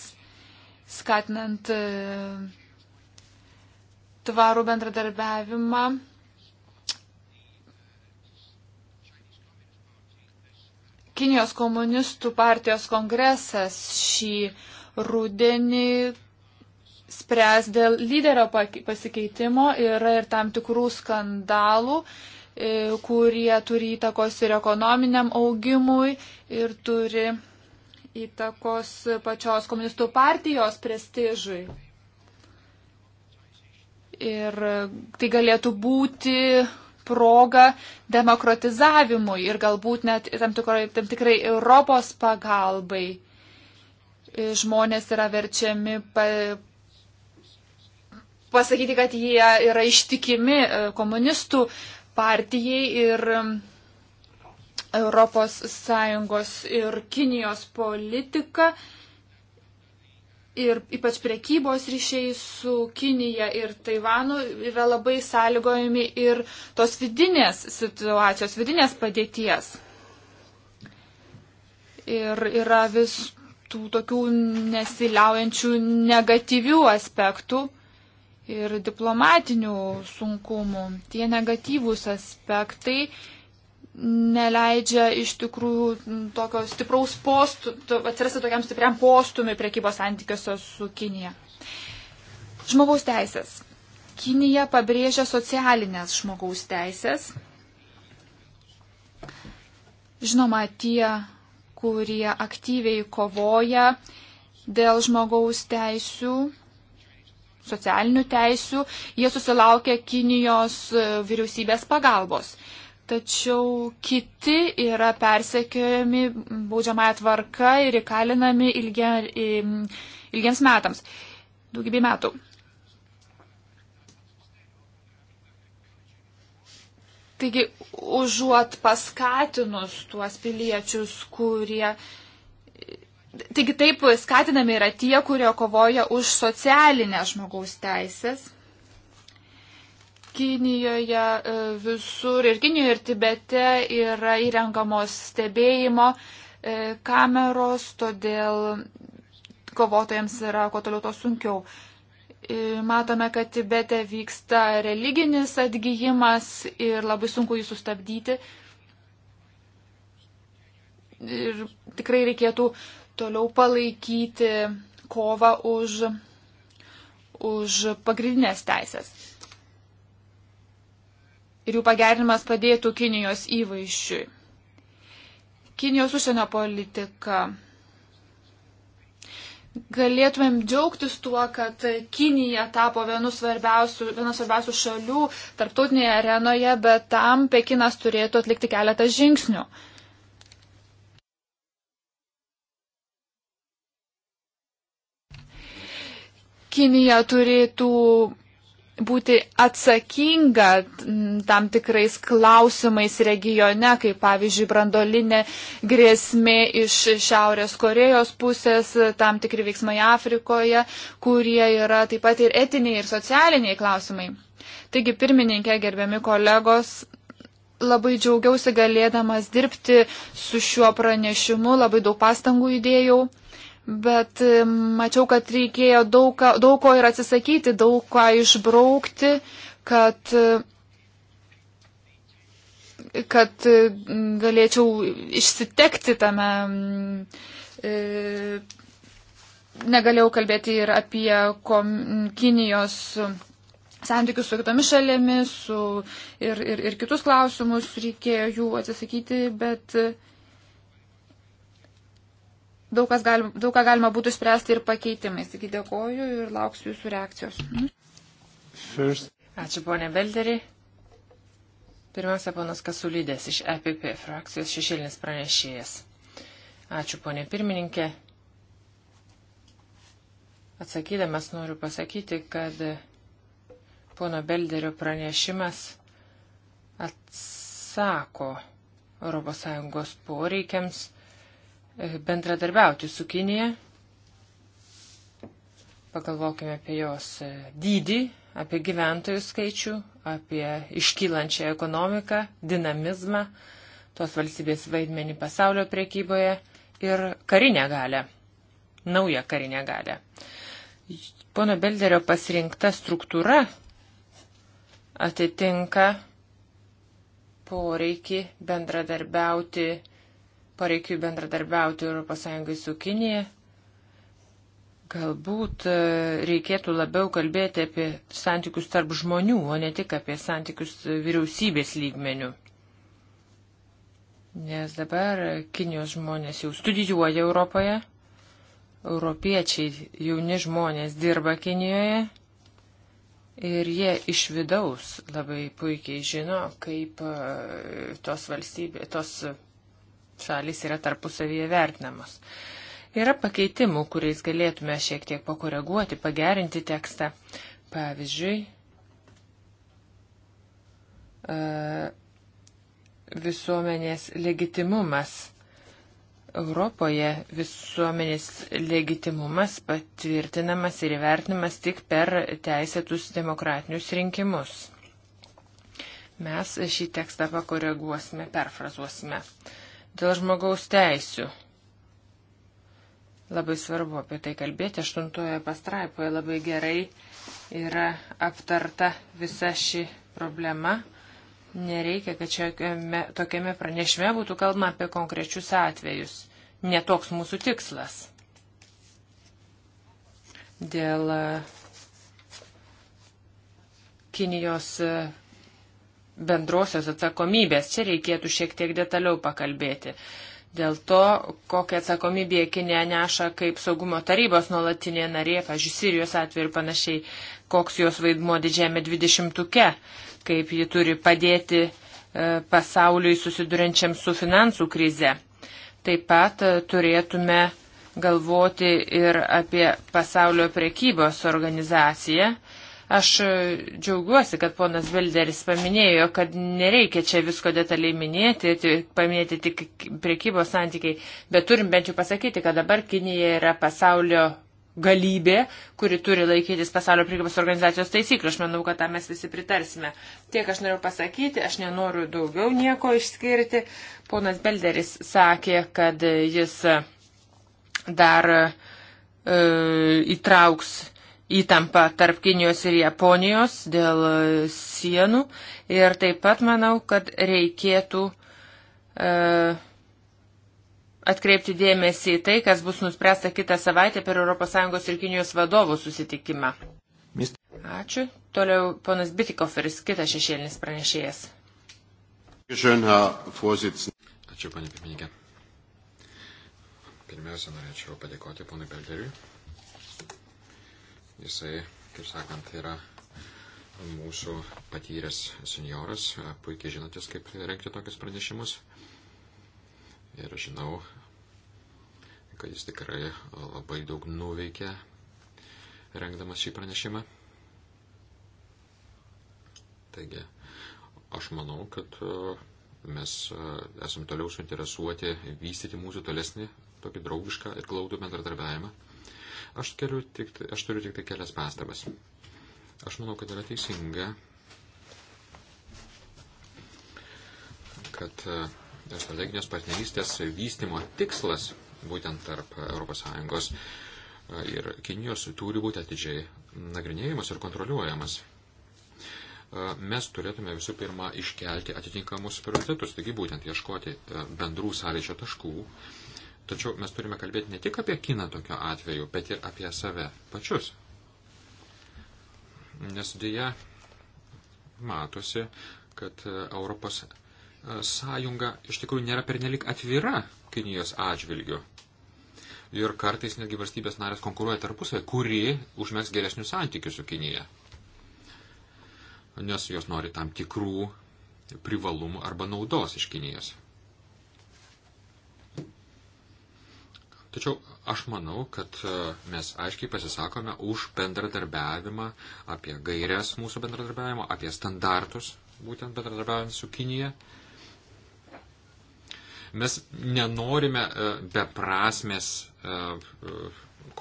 skatinant e, tvarų bendradarbiavimą. Kinijos komunistų partijos kongresas šį rudenį spręs dėl lyderio pasikeitimo, yra ir tam tikrų skandalų, E, kurie turi įtakos ir ekonominiam augimui ir turi įtakos pačios komunistų partijos prestižui. Ir tai galėtų būti proga demokratizavimui ir galbūt net tam, tikrai, tam tikrai Europos pagalbai. E, žmonės yra verčiami pa, pasakyti, kad jie yra ištikimi e, komunistų partijai ir um, ES ir Kinijos politika ir ypač priekybos ryšiai su Kinija ir Taivanu yra labai sąlygojami ir tos vidinės situacijos, vidinės padėties. Ir yra vis tų tokių nesiliaujančių negatyvių aspektų ir diplomatinių sunkumų. Tie negatyvūs aspektai neleidžia iš tikrųjų tokio stipraus postų, atsirasti tokiam stipriam postumiui priekybos santykiuose su Kinija. Žmogaus teisės. Kinija pabrėžia socialinės žmogaus teisės. Žinoma, tie, kurie aktyviai kovoja dėl žmogaus teisių, socialinių teisių, jie susilaukia Kinijos e, vyriausybės pagalbos. Tačiau kiti yra persekiojami baudžiamąją tvarką ir įkalinami ilgia, ilgiems metams, daugybį metų. Taigi, užuot paskatinus tuos piliečius, kurie uh, Taigi taip skatinami yra tie, kurie kovoja už socialinę žmogaus teisės. Kinijoje e, visur ir Kinijoje ir Tibete yra įrengamos stebėjimo e, kameros, todėl kovotojams yra kuo toliau to sunkiau. E, matome, kad Tibete vyksta religinis atgyjimas ir labai sunku jį sustabdyti. Ir tikrai reikėtų uh, toliau palaikyti kovą už, už pagrindinės teisės. Ir jų pagerinimas padėtų Kinijos įvaizdžiui. Kinijos užsienio politika. Galėtumėm džiaugtis tuo, kad Kinija tapo vienu svarbiausių, viena svarbiausių šalių tarptautinėje arenoje, bet tam Pekinas turėtų atlikti keletą žingsnių. Kinija turėtų būti atsakinga tam tikrais klausimais regione, kaip pavyzdžiui brandolinė grėsmė iš Šiaurės Korejos pusės, tam tikri veiksmai Afrikoje, kurie yra taip pat ir etiniai ir socialiniai klausimai. Taigi, pirmininkė, gerbiami kolegos, labai džiaugiausi galėdamas dirbti su šiuo pranešimu, labai daug pastangų įdėjau bet mačiau, kad reikėjo daug, daug ko ir atsisakyti, daug ką išbraukti, kad, kad galėčiau išsitekti tame. E, negalėjau kalbėti ir apie Kinijos santykius su kitomis šalėmis su, ir, ir, ir kitus klausimus reikėjo jų atsisakyti, bet uh, daug, galima, daug ką galima būtų spręsti ir pakeitimais. Taigi dėkoju ir lauksiu jūsų reakcijos. Mhm. First. Ačiū ponė Belderį. Pirmiausia, ponas Kasulydės iš EPP frakcijos šešėlinis pranešėjas. Ačiū ponė pirmininkė. Atsakydamas noriu pasakyti, kad pono Belderio pranešimas atsako ES poreikiams bendradarbiauti su Kinija. Pagalvokime apie jos e, dydį, apie gyventojų skaičių, apie iškylančią ekonomiką, dinamizmą, tos valstybės vaidmenį pasaulio priekyboje ir karinę galę, naują karinę galę. Pono Belderio pasirinkta struktūra atitinka poreikį bendradarbiauti Pareikiu bendradarbiauti ES su Kinija. Galbūt e, reikėtų labiau kalbėti apie santykius tarp žmonių, o ne tik apie santykius vyriausybės lygmenių. Nes dabar Kinijos žmonės jau studijuoja Europoje, europiečiai jauni žmonės dirba Kinijoje Ir jie iš vidaus labai puikiai žino, kaip e, tos valstybės, tos šalis yra tarpusavyje vertinamos. Yra pakeitimų, kuriais galėtume šiek tiek pakoreguoti, pagerinti tekstą. Pavyzdžiui, e, visuomenės legitimumas. Europoje visuomenės legitimumas patvirtinamas ir įvertinamas tik per teisėtus demokratinius rinkimus. Mes šį tekstą pakoreguosime, perfrazuosime. Uh, Dėl žmogaus teisių. Labai svarbu apie tai kalbėti. Aštuntoje pastraipoje labai gerai yra aptarta visa ši problema. Nereikia, kad šiame, tokiame pranešime būtų kalbama apie konkrečius atvejus. Netoks mūsų tikslas. Dėl e, Kinijos e, bendrosios atsakomybės. Čia reikėtų šiek tiek detaliau pakalbėti. Dėl to, kokią atsakomybę Kinė neša kaip saugumo tarybos nuolatinė narė, pažiūrėjus, Sirijos atveju ir panašiai, koks jos vaidmuo didžiame dvidešimtuke, kaip ji turi padėti e, pasauliui susiduriančiam su finansų krize. Taip pat e, turėtume galvoti ir apie pasaulio prekybos organizaciją, Aš e, džiaugiuosi, kad ponas Bilderis paminėjo, kad nereikia čia visko detaliai minėti, paminėti tik priekybos santykiai, bet turim bent jau pasakyti, kad dabar Kinija yra pasaulio galybė, kuri turi laikytis pasaulio priekybos organizacijos taisyklių. Aš manau, kad tą mes visi pritarsime. Tiek aš noriu pasakyti, aš nenoriu daugiau nieko išskirti. Ponas Belderis sakė, kad jis dar e, įtrauks įtampa tarp Kinijos ir Japonijos dėl e, sienų ir taip pat manau, kad reikėtų e, atkreipti dėmesį į tai, kas bus nuspręsta kitą savaitę per ES ir Kinijos vadovų susitikimą. Ačiū. Toliau ponas Bitikoferis, kitas šešėlinis pranešėjas. Ačiū, panė pirmininkė. Pirmiausia, norėčiau padėkoti ponui Belderiui Jisai, kaip sakant, yra mūsų patyręs senioras, puikiai žinotės, kaip renkti tokius pranešimus. Ir žinau, kad jis tikrai labai daug nuveikė rengdamas šį pranešimą. Taigi, aš manau, kad e, mes e, esam toliau suinteresuoti vystyti mūsų tolesnį tokį draugišką ir glaudų bendradarbiavimą. Aš, tik, tai, aš turiu tik tai kelias pastabas. Aš manau, kad yra teisinga, kad e, strateginės partnerystės vystimo tikslas būtent tarp ES e, ir Kinijos turi būti atidžiai nagrinėjimas ir kontroliuojamas. E, mes turėtume visų pirma iškelti atitinkamus prioritetus, taigi būtent ieškoti bendrų sąlyčio taškų, Tačiau mes turime kalbėti ne tik apie kiną tokiu atveju, bet ir apie save pačius. Nes dėja matosi, kad e, Europos e, sąjunga iš tikrųjų nėra pernelik atvira Kinijos atžvilgiu. Ir kartais netgi valstybės narės konkuruoja tarpusavę, kuri užmės geresnių santykių su Kinija. Nes jos nori tam tikrų privalumų arba naudos iš Kinijos. Tačiau aš manau, kad e, mes aiškiai pasisakome už bendradarbiavimą, apie gairias mūsų bendradarbiavimo, apie standartus, būtent bendradarbiavant su Kinija. Mes nenorime e, beprasmės e,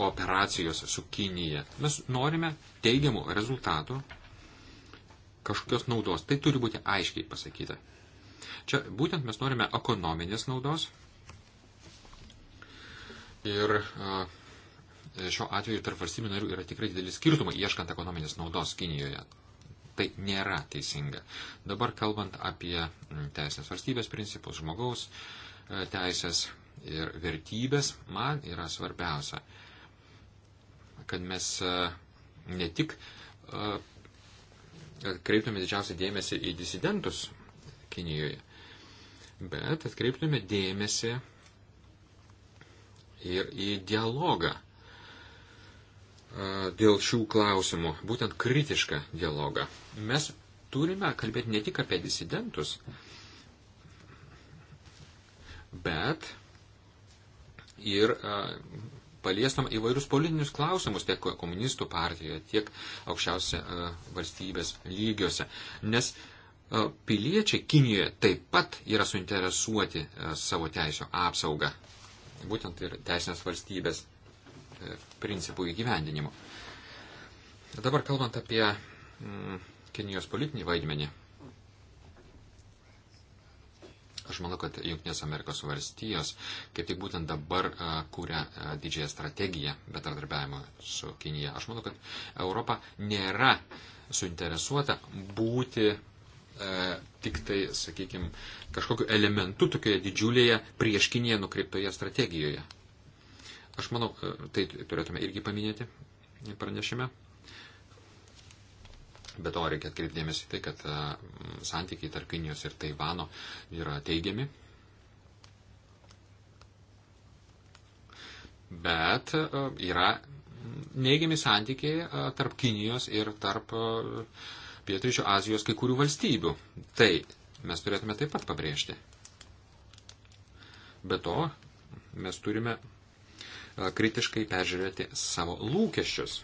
kooperacijos su Kinija. Mes norime teigiamų rezultatų, kažkokios naudos. Tai turi būti aiškiai pasakyta. Čia būtent mes norime ekonominės naudos, Ir e, šiuo atveju tarp valstybių narių yra tikrai dideli skirtumai ieškant ekonominės naudos Kinijoje. Tai nėra teisinga. Dabar kalbant apie teisinės valstybės principus, žmogaus e, teisės ir vertybės, man yra svarbiausia, kad mes e, ne tik atkreiptume didžiausią dėmesį į disidentus Kinijoje, bet atkreiptume dėmesį ir į dialogą dėl šių klausimų, būtent kritišką dialogą. Mes turime kalbėti ne tik apie disidentus, bet ir paliestam įvairius politinius klausimus tiek komunistų partijoje, tiek aukščiausia valstybės lygiuose. Nes piliečiai Kinijoje taip pat yra suinteresuoti savo teisų apsaugą būtent ir teisinės valstybės e, principų įgyvendinimu. Dabar kalbant apie mm, Kinijos politinį vaidmenį, aš manau, kad Junktinės Amerikos valstijos kaip tik būtent dabar a, kūrė a, didžiąją strategiją bendradarbiavimo su Kinija. Aš manau, kad Europa nėra suinteresuota būti E, tik tai, sakykime, kažkokiu elementu tokioje didžiulėje prieškinėje nukreiptoje strategijoje. Aš manau, tai turėtume irgi paminėti pranešime. Bet to reikia atkreipdėmėsi tai, kad e, santykiai tarp Kinijos ir Taivano yra teigiami. Bet e, yra neigiami santykiai tarp Kinijos ir tarp uh, Pietryčių Azijos kai kurių valstybių. Tai mes turėtume taip pat pabrėžti. Be to, mes turime e, kritiškai peržiūrėti savo lūkesčius.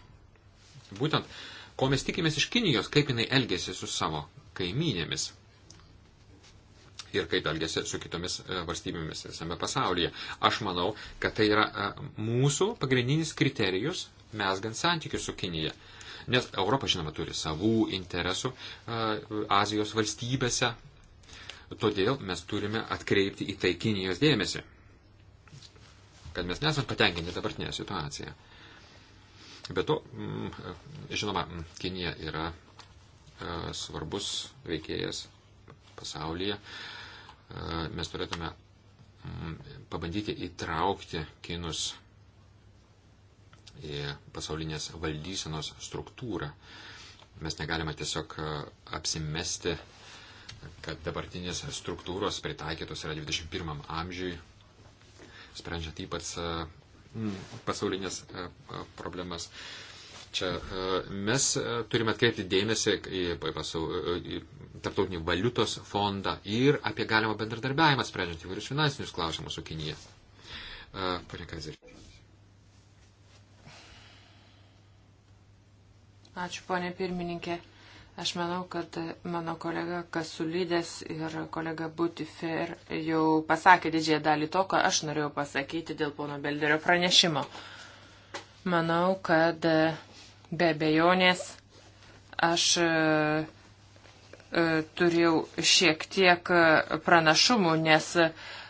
Būtent, ko mes tikimės iš Kinijos, kaip jinai elgėsi su savo kaimynėmis ir kaip elgėsi su kitomis e, valstybėmis visame pasaulyje. Aš manau, kad tai yra e, mūsų pagrindinis kriterijus mesgant santykius su Kinija. Nes Europa, žinoma, turi savų interesų e, Azijos valstybėse, todėl mes turime atkreipti į tai Kinijos dėmesį, kad mes nesame patenkinti dabartinę situaciją. Be to, žinoma, Kinija yra e, svarbus veikėjas pasaulyje. E, mes turėtume pabandyti įtraukti kinus į pasaulinės valdysenos struktūrą. Mes negalime tiesiog e, apsimesti, kad dabartinės struktūros pritaikytos yra 21 amžiui, sprendžiant ypač e, pasaulinės e, problemas. Čia mes turime atkreipti dėmesį į, pasau, į tarptautinį valiutos fondą ir apie galimą bendradarbiavimą sprendžiant įvairius finansinius klausimus su Kinija. Pane Kazirė. Ačiū, ponė pirmininkė. Aš manau, kad mano kolega Kasulydės ir kolega Butifer jau pasakė didžiąją dalį to, ką aš norėjau pasakyti dėl pono Belderio pranešimo. Manau, kad be bejonės aš e, turėjau šiek tiek pranašumų, nes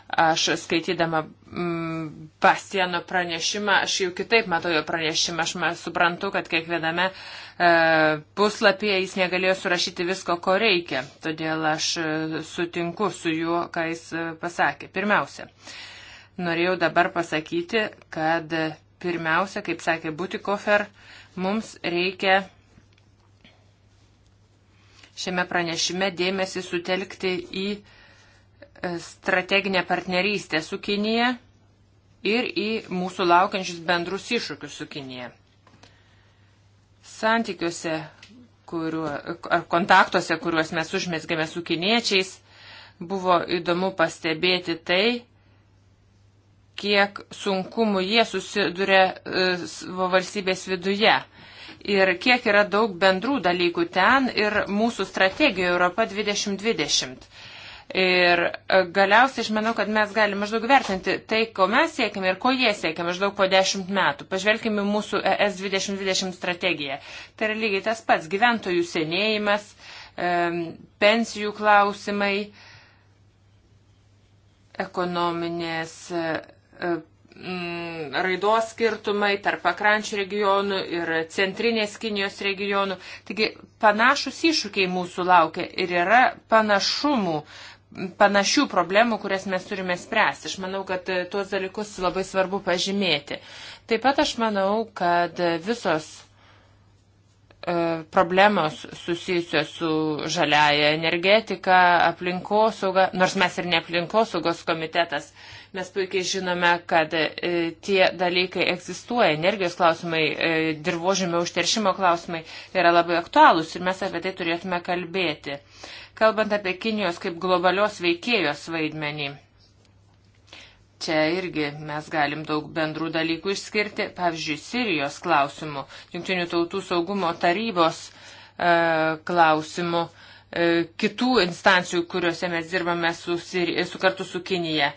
aš skaitydama mm, Bastiano pranešimą, aš jau kitaip matau jo pranešimą, aš suprantu, kad kiekviename uh, E, puslapyje jis negalėjo surašyti visko, ko reikia. Todėl aš e, sutinku su juo, ką jis e, pasakė. Pirmiausia, norėjau dabar pasakyti, kad pirmiausia, kaip sakė Butikofer, mums reikia šiame pranešime dėmesį sutelkti į strateginę partnerystę su Kinija ir į mūsų laukiančius bendrus iššūkius su Kinija santykiuose, kuriuo, ar kontaktuose, kuriuos mes užmėsgėme su kiniečiais, buvo įdomu pastebėti tai, kiek sunkumų jie susiduria e, valstybės viduje. Ir kiek yra daug bendrų dalykų ten ir mūsų strategija Europa 2020. Ir e, galiausiai aš manau, kad mes galime maždaug vertinti tai, ko mes siekime ir ko jie siekia maždaug po dešimt metų. Pažvelkime mūsų ES 2020 strategiją. Tai yra lygiai tas pats gyventojų senėjimas, pensijų klausimai, ekonominės e, e, raidos skirtumai tarp pakrančių regionų ir centrinės Kinijos regionų. Taigi panašus iššūkiai mūsų laukia ir yra panašumų, panašių problemų, kurias mes turime spręsti. Aš manau, kad e, tuos dalykus labai svarbu pažymėti. Taip pat aš manau, kad visos E, problemos susijusios su žaliaja energetika, aplinkosauga, nors mes ir ne aplinkosaugos komitetas, mes puikiai žinome, kad e, tie dalykai egzistuoja, energijos klausimai, e, dirbožėmio užteršimo klausimai yra labai aktualūs ir mes apie tai turėtume kalbėti. Kalbant apie Kinijos kaip globalios veikėjos vaidmenį Čia irgi mes galim daug bendrų dalykų išskirti. Pavyzdžiui, Sirijos klausimų, Junktinių tautų saugumo tarybos e, klausimų, e, kitų instancijų, kuriuose mes dirbame su, su kartu su Kinija.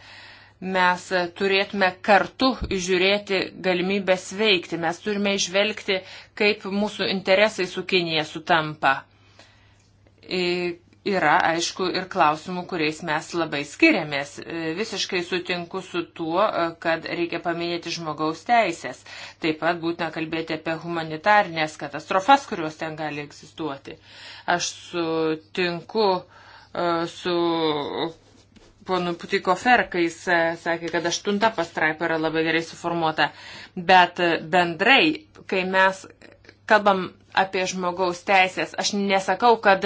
Mes turėtume kartu žiūrėti galimybės veikti. Mes turime išvelgti, kaip mūsų interesai su Kinija sutampa. E, yra, aišku, ir klausimų, kuriais mes labai skiriamės. E, visiškai sutinku su tuo, e, kad reikia paminėti žmogaus teisės. Taip pat būtina kalbėti apie humanitarnės katastrofas, kurios ten gali egzistuoti. Aš sutinku e, su ponu Putikofer, kai jis sakė, kad aštunta pastraipa yra labai gerai suformuota. Bet bendrai, kai mes kalbam apie žmogaus teisės, aš nesakau, kad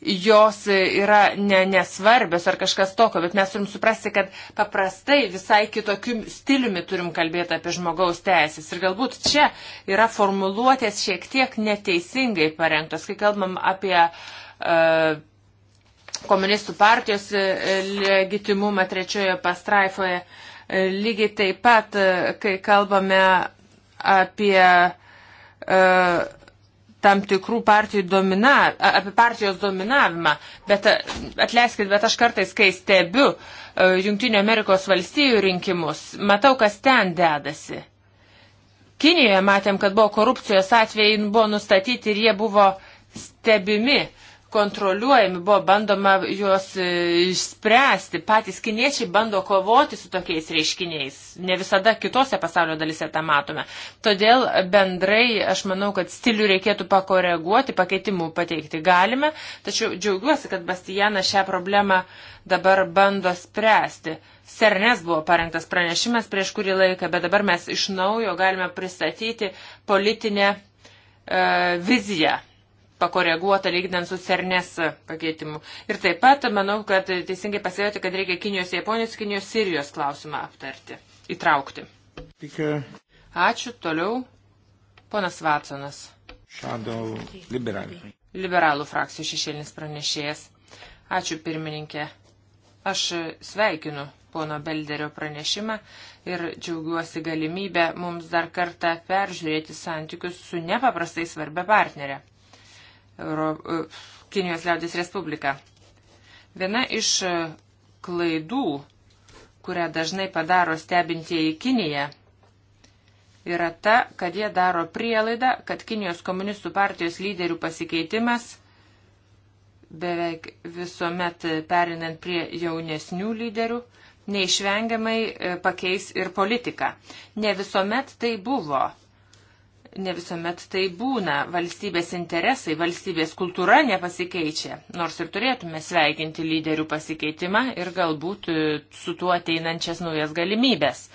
jos yra ne, nesvarbios ar kažkas tokio, bet mes turim suprasti, kad paprastai visai kitokiu stiliumi turim kalbėti apie žmogaus teisės. Ir galbūt čia yra formuluotės šiek tiek neteisingai parengtos, kai kalbam apie uh, komunistų partijos e, legitimumą trečiojo pastraifoje. E, lygiai taip pat, kai kalbame apie uh, tam tikrų partijų domina, apie partijos dominavimą, bet atleiskit, bet aš kartais, kai stebiu Junktinio Amerikos valstijų rinkimus, matau, kas ten dedasi. Kinijoje matėm, kad buvo korupcijos atvejai, buvo nustatyti ir jie buvo stebimi. Uh, kontroliuojami, buvo bandoma juos e, išspręsti. Patys kiniečiai bando kovoti su tokiais reiškiniais. Ne visada kitose pasaulio dalise tą matome. Todėl bendrai aš manau, kad stilių reikėtų pakoreguoti, pakeitimų pateikti galime. Tačiau džiaugiuosi, kad Bastijanas šią problemą dabar bando spręsti. Sernes buvo parengtas pranešimas prieš kurį laiką, bet dabar mes iš naujo galime pristatyti politinę e, viziją pakoreguota lygdant su Cernes pakeitimu. Ir taip pat manau, kad teisingai pasijoti, kad reikia Kinijos, Japonijos, Kinijos, Sirijos klausimą aptarti, įtraukti. E, Ačiū, toliau. Ponas Vatsonas. Šadau liberalų. Liberalų frakcijų šešėlinis pranešėjas. Ačiū pirmininkė. Aš sveikinu pono Belderio pranešimą ir džiaugiuosi galimybę mums dar kartą peržiūrėti santykius su nepaprastai svarbia partnerė. Euro, e, Kinijos liaudės Respubliką. Viena iš e, klaidų, kurią dažnai padaro stebintieji Kiniją, yra ta, kad jie daro prielaidą, kad Kinijos komunistų partijos lyderių pasikeitimas beveik visuomet perinant prie jaunesnių lyderių, neišvengiamai e, pakeis ir politiką. Ne visuomet tai buvo. Ne visuomet tai būna. Valstybės interesai, valstybės kultūra nepasikeičia. Nors ir turėtume sveikinti lyderių pasikeitimą ir galbūt e, su tuo ateinančias naujas galimybės.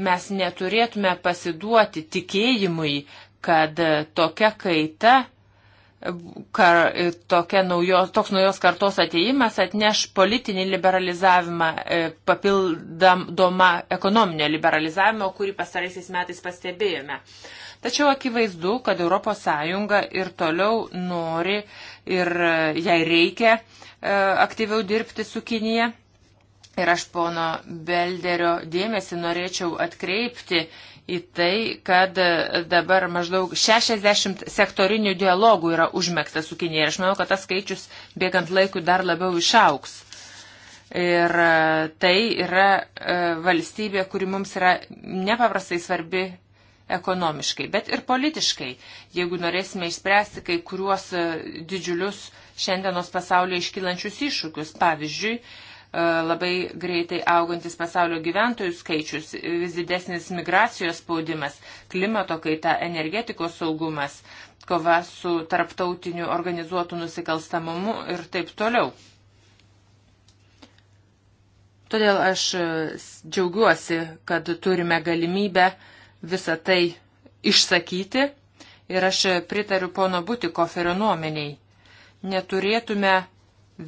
Mes neturėtume pasiduoti tikėjimui, kad e, tokia kaita, kar, e, tokia naujos, toks naujos kartos ateimas atneš politinį liberalizavimą, papildomą ekonominio liberalizavimo, kurį pastaraisiais metais pastebėjome. Tačiau akivaizdu, kad ES ir toliau nori ir e, jai reikia e, aktyviau dirbti su Kinija. Ir aš pono Belderio dėmesį norėčiau atkreipti į tai, kad e, dabar maždaug 60 sektorinių dialogų yra užmėgta su Kinėje. Ir aš manau, kad tas skaičius bėgant laikui dar labiau išauks. Ir tai yra valstybė, kuri mums yra nepaprastai svarbi ekonomiškai, bet ir politiškai, jeigu norėsime išspręsti kai kuriuos e, didžiulius šiandienos pasaulyje iškylančius iššūkius. Pavyzdžiui, e, labai greitai augantis pasaulio gyventojų skaičius, vis didesnis migracijos spaudimas, klimato kaita, energetikos saugumas, kova su tarptautiniu organizuotu nusikalstamumu ir taip toliau. Todėl aš e, džiaugiuosi, kad turime galimybę uh, visą tai išsakyti ir aš pritariu pono Butikoferio nuomeniai. Neturėtume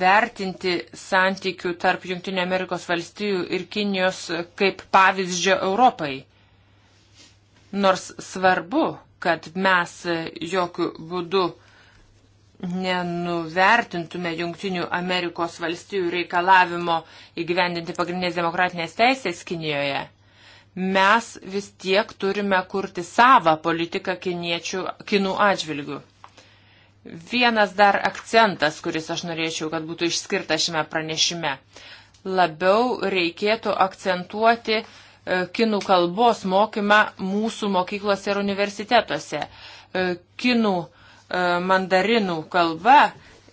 vertinti santykių tarp Junktinio Amerikos valstijų ir Kinijos kaip pavyzdžio Europai. Nors svarbu, kad mes jokių būdų nenuvertintume Junktinių Amerikos valstijų reikalavimo įgyvendinti pagrindinės demokratinės teisės Kinijoje mes vis tiek turime kurti savo politiką kiniečių, kinų atžvilgių. Vienas dar akcentas, kuris aš norėčiau, kad būtų išskirta šiame pranešime. Labiau reikėtų akcentuoti e, kinų kalbos mokymą mūsų mokyklose ir universitetuose. E, kinų e, mandarinų kalba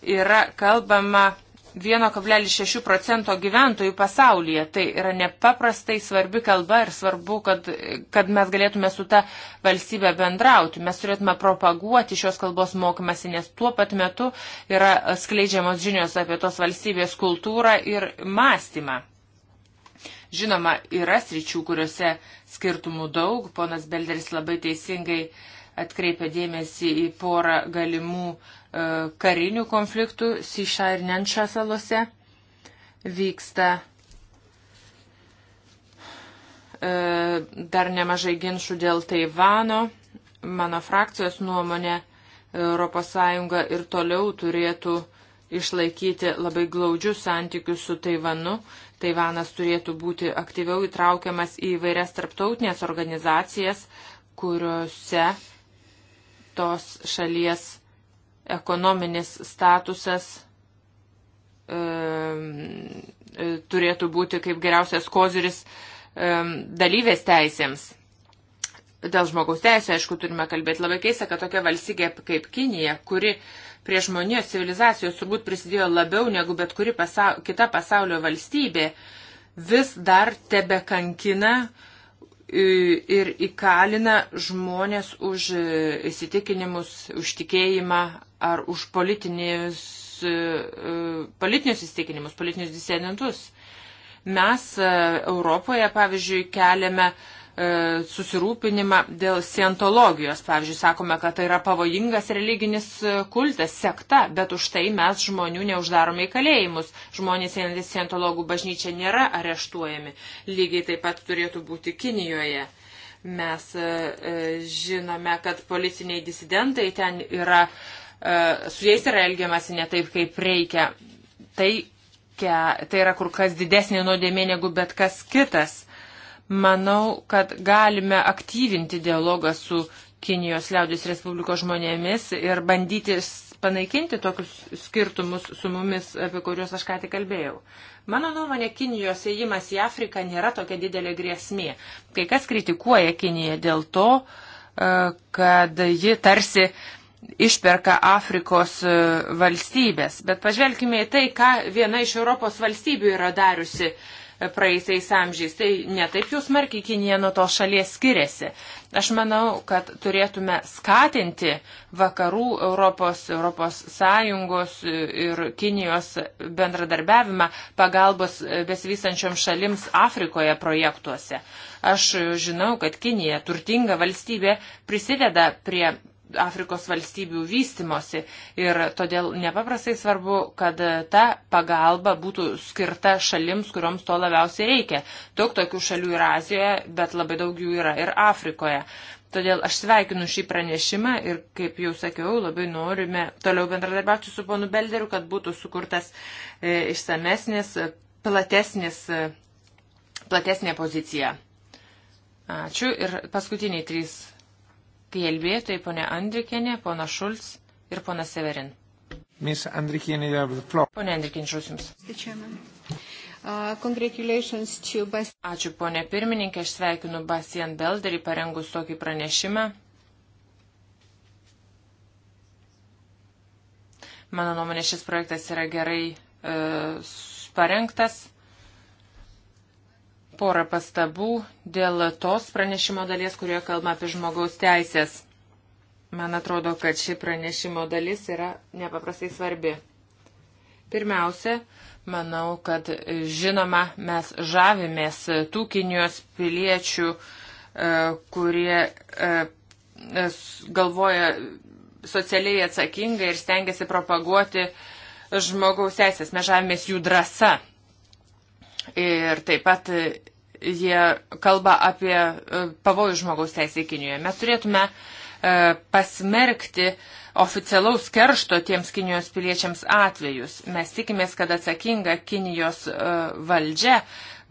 yra kalbama 1,6 procento gyventojų pasaulyje. Tai yra nepaprastai svarbi kalba ir svarbu, kad, kad mes galėtume su ta valstybė bendrauti. Mes turėtume propaguoti šios kalbos mokymasi, nes tuo pat metu yra skleidžiamos žinios apie tos valstybės kultūrą ir mąstymą. Žinoma, yra sričių, kuriuose skirtumų daug. Ponas Belderis labai teisingai uh, atkreipia dėmesį į porą galimų e, karinių konfliktų Siša ir Nenša salose. Vyksta e, dar nemažai ginčių dėl Taivano. Mano frakcijos nuomonė ES ir toliau turėtų išlaikyti labai glaudžius santykius su Taivanu. Taivanas turėtų būti aktyviau įtraukiamas į vairias tarptautinės organizacijas, kuriuose tos šalies ekonominis statusas e, turėtų būti kaip geriausias koziris e, dalyvės teisėms. Dėl žmogaus teisės, aišku, turime kalbėti labai keista, kad tokia valstybė kaip Kinija, kuri prie žmonijos civilizacijos turbūt prisidėjo labiau negu bet kuri pasau kita pasaulio valstybė, vis dar tebe kankina uh, ir įkalina žmonės už įsitikinimus, už tikėjimą ar už politinius, e, politinius įsitikinimus, politinius disidentus. Mes e, Europoje, pavyzdžiui, keliame uh, E, susirūpinimą dėl sientologijos. Pavyzdžiui, sakome, kad tai yra pavojingas religinis e, kultas, sekta, bet už tai mes žmonių neuždarome į kalėjimus. Žmonės einantis sientologų bažnyčia nėra areštuojami. Lygiai taip pat turėtų būti Kinijoje. Mes e, žinome, kad policiniai disidentai ten yra, su jais yra elgiamasi ne taip, kaip reikia. Tai, tai yra kur kas didesnė nuodėmė negu bet kas kitas Manau, kad galime aktyvinti dialogą su Kinijos liaudės Respublikos žmonėmis ir bandyti panaikinti tokius skirtumus su mumis, apie kuriuos aš ką tik kalbėjau. Mano nuomonė, Kinijos ėjimas į Afriką nėra tokia didelė grėsmė. Kai kas kritikuoja Kiniją dėl to, e, kad ji tarsi išperka Afrikos e, valstybės. Bet pažvelkime į tai, ką viena iš Europos valstybių yra dariusi praeisiais amžiais. Tai netaip jūs markiai Kinija nuo to šalies skiriasi. Aš manau, kad turėtume skatinti vakarų Europos, Europos Sąjungos ir Kinijos bendradarbiavimą pagalbos besivysančiom šalims Afrikoje projektuose. Aš žinau, kad Kinija, turtinga valstybė, prisideda prie Afrikos valstybių vystimosi ir todėl nepaprastai svarbu, kad ta pagalba būtų skirta šalims, kuriuoms to labiausiai reikia. Daug tokių šalių yra Azijoje, bet labai daug jų yra ir Afrikoje. Todėl aš sveikinu šį pranešimą ir, kaip jau sakiau, labai norime toliau bendradarbiauti su ponu Belderiu, kad būtų sukurtas e, išsamesnis, platesnis, e, platesnė pozicija. Ačiū ir paskutiniai trys kalbėtojai ponė Andrikienė, pona Šulc ir pona Severin. Miss Andrikienė, you have the floor. Pone Andrikienė, žus jums. Uh, Ačiū ponė pirmininkė, aš sveikinu Basian Belderį parengus tokį pranešimą. Mano nuomonė, šis projektas yra gerai e, parengtas porą pastabų dėl tos pranešimo dalies, kurioje kalba apie žmogaus teisės. Man atrodo, kad ši pranešimo dalis yra nepaprastai svarbi. Pirmiausia, manau, kad žinoma, mes žavimės tų Kinijos piliečių, e, kurie e, e, galvoja socialiai atsakingai ir stengiasi propaguoti žmogaus teisės. Mes žavimės jų drąsa. Ir taip pat jie kalba apie e, pavojų žmogaus teisė Kinijoje. Mes turėtume e, pasmerkti oficialaus keršto tiems Kinijos piliečiams atvejus. Mes tikimės, kad atsakinga Kinijos e, valdžia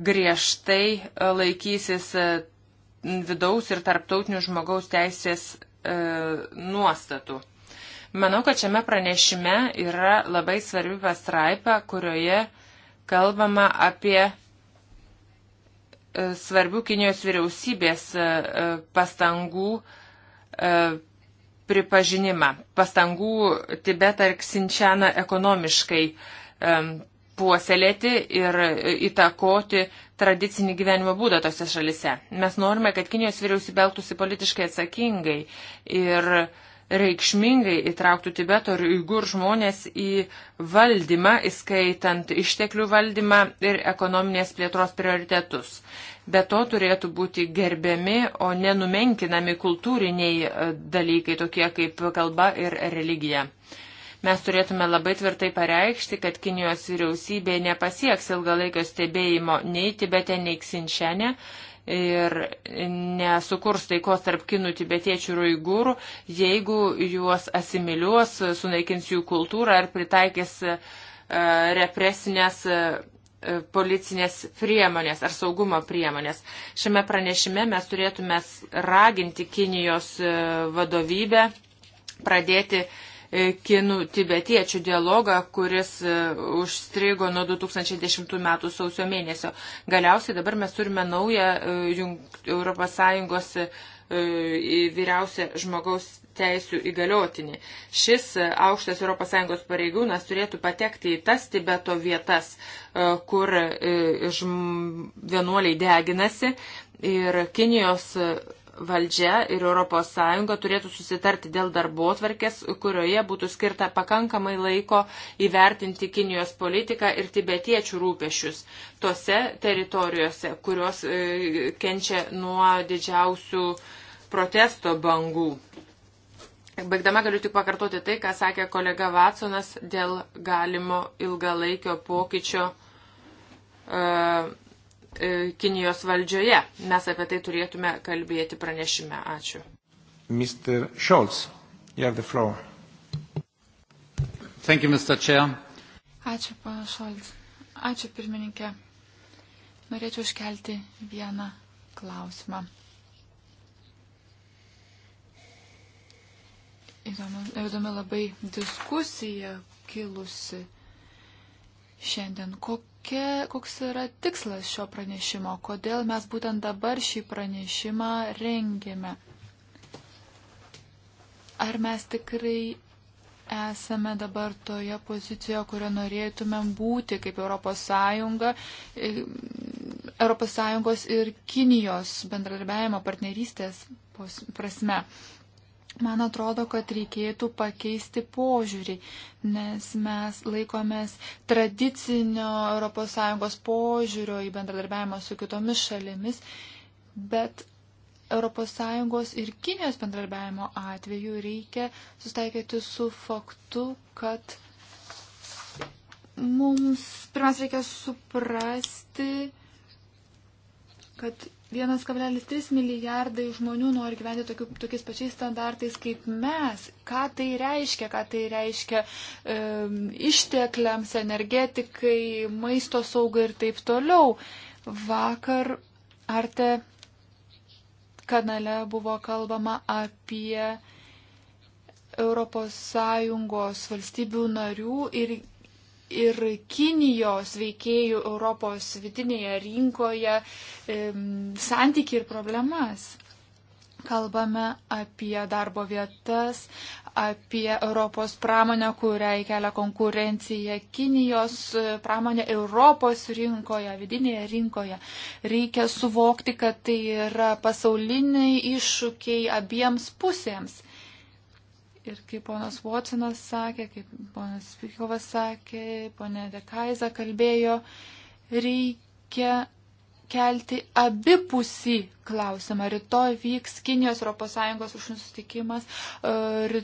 griežtai laikysis vidaus ir tarptautinių žmogaus teisės nuostatų. Manau, kad šiame pranešime yra labai svarbi pastraipa, kurioje kalbama apie E, svarbių Kinijos vyriausybės e, e, pastangų pripažinimą, pastangų Tibetą ir Ksinčianą ekonomiškai puoselėti ir įtakoti tradicinį gyvenimo būdą tose šalise. Mes norime, kad Kinijos vyriausybė elgtųsi politiškai atsakingai ir uh, reikšmingai įtrauktų Tibeto ir Uigur žmonės į valdymą, įskaitant išteklių valdymą ir ekonominės plėtros prioritetus. Be to turėtų būti gerbiami, o nenumenkinami kultūriniai e, dalykai, tokie kaip kalba ir religija. Mes turėtume labai tvirtai pareikšti, kad Kinijos vyriausybė nepasieks ilgalaikio stebėjimo nei Tibete, nei Ksinčiane ir nesukurs taikos tarp kinų, tibetiečių ir uigūrų, jeigu juos asimiliuos, sunaikins jų kultūrą ar pritaikys e, represinės e, policinės priemonės ar saugumo priemonės. Šiame pranešime mes turėtume raginti Kinijos e, vadovybę pradėti uh, E, kinų tibetiečių dialogą, kuris e, užstrigo nuo 2010 metų sausio mėnesio. Galiausiai dabar mes turime naują ES e, vyriausią žmogaus teisų įgaliotinį. Šis aukštas ES pareigūnas turėtų patekti į tas Tibeto vietas, kur vienuoliai deginasi ir Kinijos valdžia ir ES turėtų susitarti dėl darbo atvarkės, kurioje būtų skirta pakankamai laiko įvertinti Kinijos politiką ir tibetiečių rūpešius tose teritorijose, kurios e, kenčia nuo didžiausių protesto bangų. Baigdama galiu tik pakartoti tai, ką sakė kolega Vatsonas dėl galimo ilgalaikio pokyčio. Uh, E, Kinijos valdžioje. Mes apie tai turėtume kalbėti pranešime. Ačiū. Mr. Scholz, you have the floor. Thank you, Mr. Chair. Ačiū, pana Šolz. Ačiū, pirmininkė. Norėčiau iškelti vieną klausimą. Įdomi, įdomi labai diskusija kilusi šiandien. Kok, kokia, koks yra tikslas šio pranešimo, kodėl mes būtent dabar šį pranešimą rengėme. Ar mes tikrai esame dabar toje pozicijoje, kurioje norėtumėm būti kaip ES, ES ir Kinijos bendradarbiajimo partnerystės prasme. Man atrodo, kad reikėtų pakeisti požiūrį, nes mes laikomės tradicinio ES požiūrio į bendradarbiavimą su kitomis šalimis, bet ES ir Kinijos bendradarbiavimo atveju reikia sustaikyti su faktu, kad mums pirmiausia reikia suprasti, kad 1,3 milijardai žmonių nori gyventi tokiu, tokiais pačiais standartais kaip mes. Ką tai reiškia? Ką tai reiškia e, ištekliams, energetikai, maisto saugai ir taip toliau. Vakar Arte kanale buvo kalbama apie ES valstybių narių ir ir Kinijos veikėjų Europos vidinėje rinkoje santykiai ir problemas. Kalbame apie darbo vietas, apie Europos pramonę, kuriai kelia konkurencija Kinijos e, pramonė Europos rinkoje, vidinėje rinkoje. Reikia suvokti, kad tai yra pasauliniai iššūkiai abiems pusėms. Ir kaip ponas Watsonas sakė, kaip ponas Spikovas sakė, ponė Dekaiza kalbėjo, reikia kelti abipusį klausimą. Rytoj vyks Kinijos ES užsienio sustikimas, e,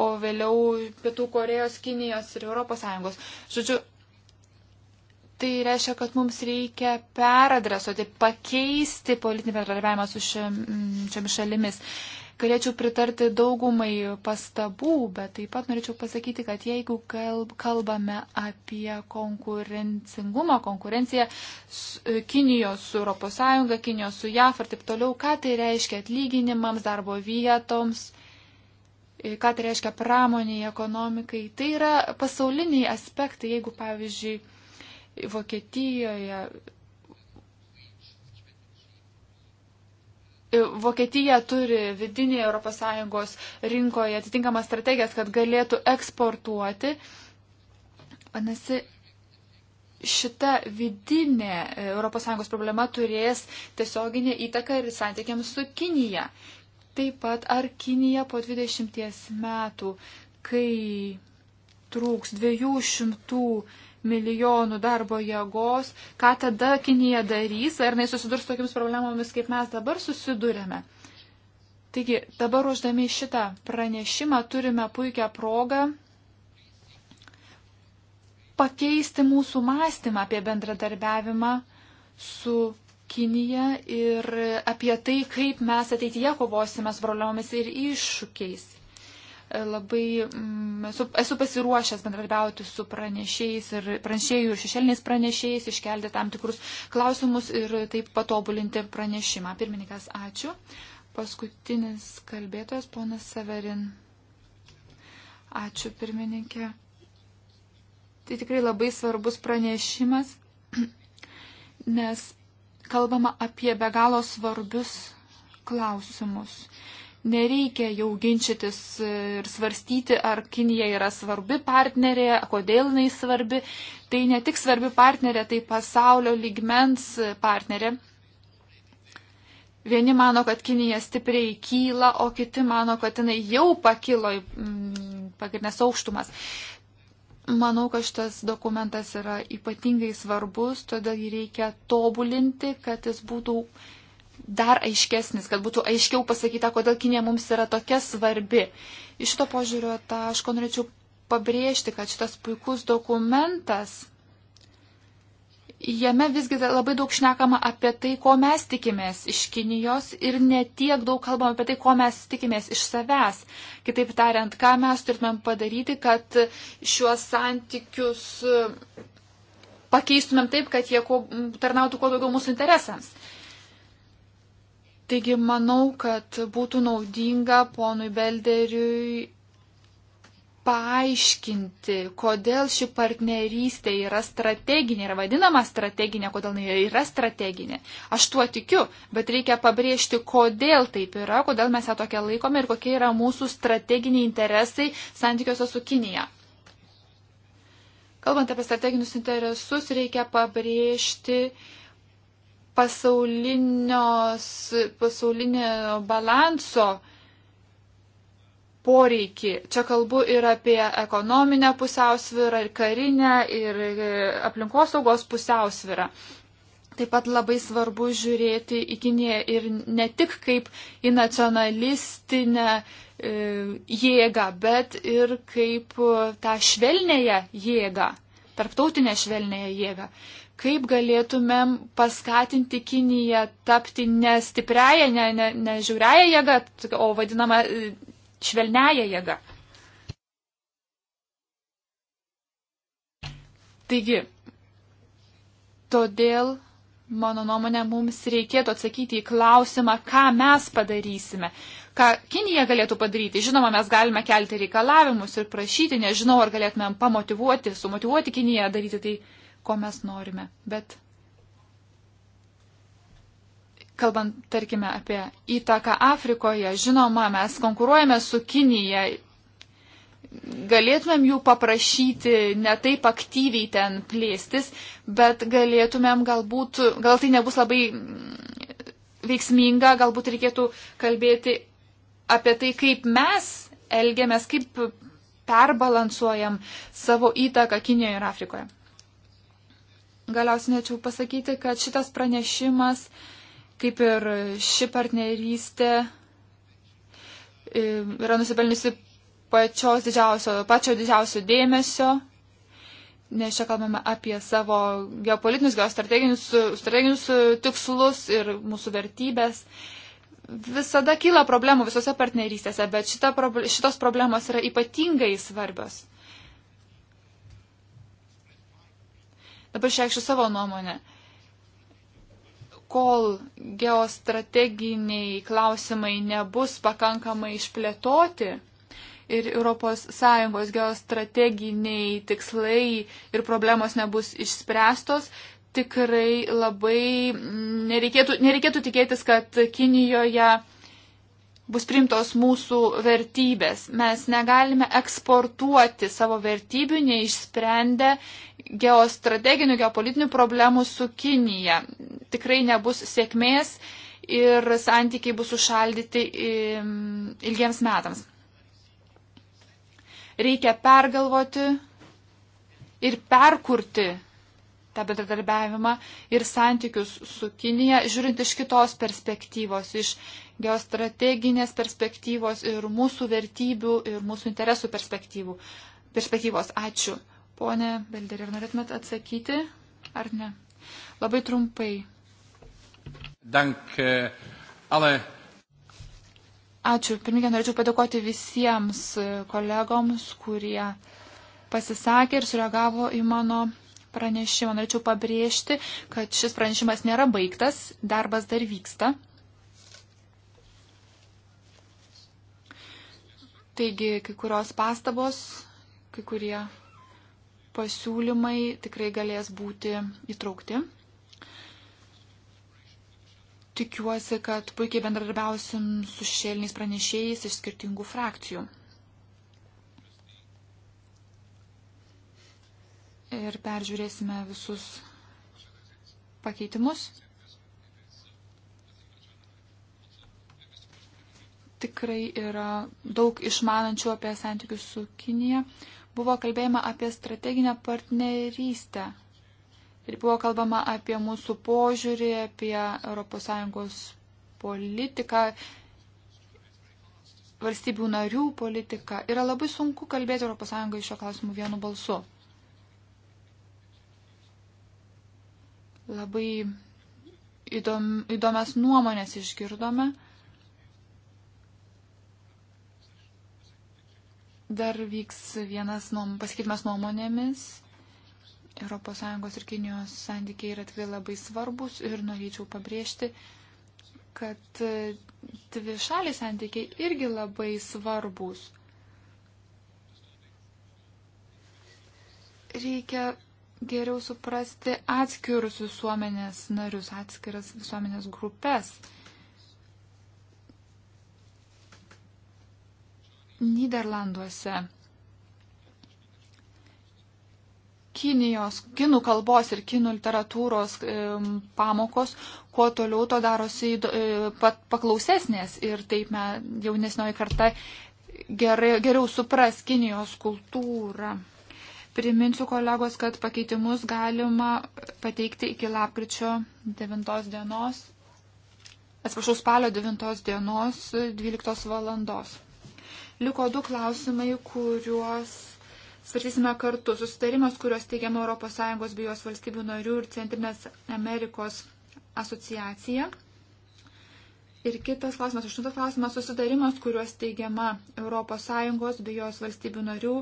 o vėliau Pietų Korejos, Kinijos ir ES. Žodžiu, tai reiškia, kad mums reikia peradresuoti, pakeisti politinį bendradarbiavimą su šiomis šalimis. Šiam Galėčiau pritarti daugumai pastabų, bet taip pat norėčiau pasakyti, kad jeigu kalbame apie konkurencingumą, konkurenciją e, Kinijos su ES, Kinijos su JAF ir taip toliau, ką tai reiškia atlyginimams, darbo vietoms, e, ką tai reiškia pramoniai, ekonomikai, tai yra pasauliniai aspektai, jeigu pavyzdžiui Vokietijoje Vokietija turi vidinėje ES rinkoje atitinkamas strategijas, kad galėtų eksportuoti. Vanasi, šita vidinė ES problema turės tiesioginę įtaką ir santykiams su Kinija. Taip pat ar Kinija po 20 metų, kai trūks 200 milijonų darbo jėgos, ką tada Kinija darys, ar jinai susidurs tokiamis problemomis, kaip mes dabar susidurėme. Taigi, dabar uždami šitą pranešimą turime puikią progą pakeisti mūsų mąstymą apie bendradarbiavimą su Kinija ir apie tai, kaip mes ateityje kovosime su problemomis ir iššūkiais labai mm, esu, esu pasiruošęs bendradarbiauti su pranešėjais ir pranešėjų ir šešėliniais pranešėjais, iškelti tam tikrus klausimus ir taip patobulinti pranešimą. Pirmininkas, ačiū. Paskutinis kalbėtojas, ponas Severin. Ačiū, pirmininkė. Tai tikrai labai svarbus pranešimas, nes kalbama apie be galo svarbius klausimus Nereikia jau ginčytis ir svarstyti, ar Kinija yra svarbi partnerė, kodėl jinai svarbi. Tai ne tik svarbi partnerė, tai pasaulio lygmens partnerė. Vieni mano, kad Kinija stipriai kyla, o kiti mano, kad jinai jau pakilo į mm, pagrindinės aukštumas. Manau, kad šitas dokumentas yra ypatingai svarbus, todėl jį reikia tobulinti, kad jis būtų dar aiškesnis, kad būtų aiškiau pasakyta, kodėl Kinė mums yra tokia svarbi. Iš šito požiūrio taško norėčiau pabrėžti, kad šitas puikus dokumentas, jame visgi labai daug šnekama apie tai, ko mes tikimės iš Kinijos ir netiek daug kalbama apie tai, ko mes tikimės iš savęs. Kitaip tariant, ką mes turėtumėm padaryti, kad šiuos santykius e, pakeistumėm taip, kad jie tarnautų kuo daugiau mūsų interesams. Taigi manau, kad būtų naudinga ponui Belderiui paaiškinti, kodėl ši partnerystė yra strateginė, yra vadinama strateginė, kodėl jinai yra strateginė. Aš tuo tikiu, bet reikia pabrėžti, kodėl taip yra, kodėl mes ją tokia laikome ir kokie yra mūsų strateginiai interesai santykiuose su Kinija. Kalbant apie strateginius interesus, reikia pabrėžti, uh, pasaulinio balanso poreikį. Čia kalbu ir apie ekonominę pusiausvyrą, ir karinę, ir e, aplinkosaugos pusiausvyrą. Taip pat labai svarbu žiūrėti į Kiniją ir ne tik kaip į nacionalistinę e, jėgą, bet ir kaip tą švelnėją jėgą, tarptautinę švelnėją jėgą. E, kaip galėtumėm paskatinti Kiniją tapti nestipriaja, ne, ne, ne žiauriaja jėga, o vadinama e, švelniaja jėga. Taigi, todėl, mano nuomonė, mums reikėtų atsakyti į klausimą, ką mes padarysime ką Kinija galėtų padaryti. Žinoma, mes galime kelti reikalavimus ir prašyti, nežinau, ar galėtumėm pamotivuoti, sumotivuoti Kiniją daryti tai, ko mes norime. Bet kalbant, tarkime, apie įtaką Afrikoje, žinoma, mes konkuruojame su Kinija. Galėtumėm jų paprašyti ne taip aktyviai ten plėstis, bet galėtumėm galbūt, gal tai nebus labai mm, veiksminga, galbūt reikėtų kalbėti apie tai, kaip mes elgiamės, kaip perbalansuojam savo įtaką Kinijoje ir Afrikoje. Galiausiai norėčiau pasakyti, kad šitas pranešimas, kaip ir ši partnerystė, e, yra nusipelniusi pačios didžiausio, pačio didžiausio dėmesio, nes čia kalbame apie savo geopolitinius, geostrateginius strateginius tikslus ir mūsų vertybės. Visada kyla problemų visose partnerystėse, bet šita, šitos problemos yra ypatingai svarbios. Dabar šiekščiu savo nuomonę. Kol geostrateginiai klausimai nebus pakankamai išplėtoti ir ES geostrateginiai tikslai ir problemos nebus išspręstos, tikrai labai nereikėtų, nereikėtų tikėtis, kad Kinijoje bus primtos mūsų vertybės. Mes negalime eksportuoti savo vertybių, neišsprendę geostrateginių, geopolitinių problemų su Kinija. Tikrai nebus sėkmės ir santykiai bus užšaldyti ilgiems metams. Reikia pergalvoti ir perkurti tą bendradarbiavimą ir santykius su Kinija, žiūrint iš kitos perspektyvos, iš geostrateginės perspektyvos, ir mūsų vertybių, ir mūsų interesų perspektyvų. perspektyvos. Ačiū. Pone Belder, ar norėtumėt atsakyti, ar ne? Labai trumpai. Dank, eh, ale... Ačiū. Pirmininkė, norėčiau padėkoti visiems kolegoms, kurie pasisakė ir sureagavo į mano pranešimą. Norėčiau pabrėžti, kad šis pranešimas nėra baigtas, darbas dar vyksta. Taigi, kai kurios pastabos, kai kurie pasiūlymai tikrai galės būti įtraukti. Tikiuosi, kad puikiai bendradarbiausim su šėliniais pranešėjais iš skirtingų frakcijų. Ir peržiūrėsime visus pakeitimus. tikrai yra daug išmanančių apie santykius su Kinija. Buvo kalbėjama apie strateginę partnerystę. Ir buvo kalbama apie mūsų požiūrį, apie ES politiką, valstybių narių politiką. Yra labai sunku kalbėti ES šio klausimu vienu balsu. Labai įdom, įdomias nuomonės išgirdome. Dar vyks vienas nuom, pasikeitimas nuomonėmis. ES ir Kinijos santykiai yra tikrai labai svarbus ir norėčiau pabrėžti, kad e, dvi šaliai santykiai irgi labai svarbus. Reikia geriau suprasti atskirus visuomenės narius, atskiras visuomenės grupės. Niderlanduose Kinijos, kinų kalbos ir kinų literatūros e, pamokos, kuo toliau to darosi e, pat paklausesnės ir taip me, jaunesnioji karta gerai, geriau supras Kinijos kultūrą. Priminsiu kolegos, kad pakeitimus galima pateikti iki lapkričio 9 dienos, atsiprašau, spalio 9 dienos 12 valandos. Liko du klausimai, kuriuos svarstysime kartu. Susitarimas, kurios teigiama ES bei jos valstybių narių ir Centrinės Amerikos asociacija. Ir kitas klausimas, aštuntas klausimas, susidarimas, kuriuos teigiama ES bei jos valstybių narių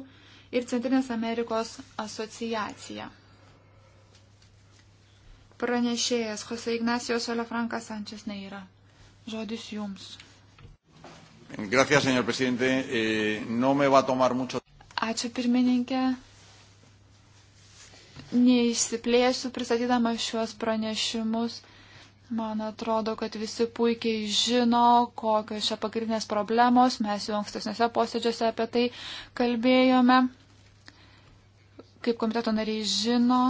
ir Centrinės Amerikos asociacija. Pranešėjas Jose Ignacijos Olefrankas Sančias neįra. Žodis jums. Gracias, señor presidente. Eh, no me va a tomar mucho. Ačiū pirmininkė. Neišsiplėsiu pristatydama šiuos pranešimus. Man atrodo, kad visi puikiai žino, kokios čia pagrindinės problemos. Mes jau ankstesniuose posėdžiuose apie tai kalbėjome. Kaip komiteto nariai žino,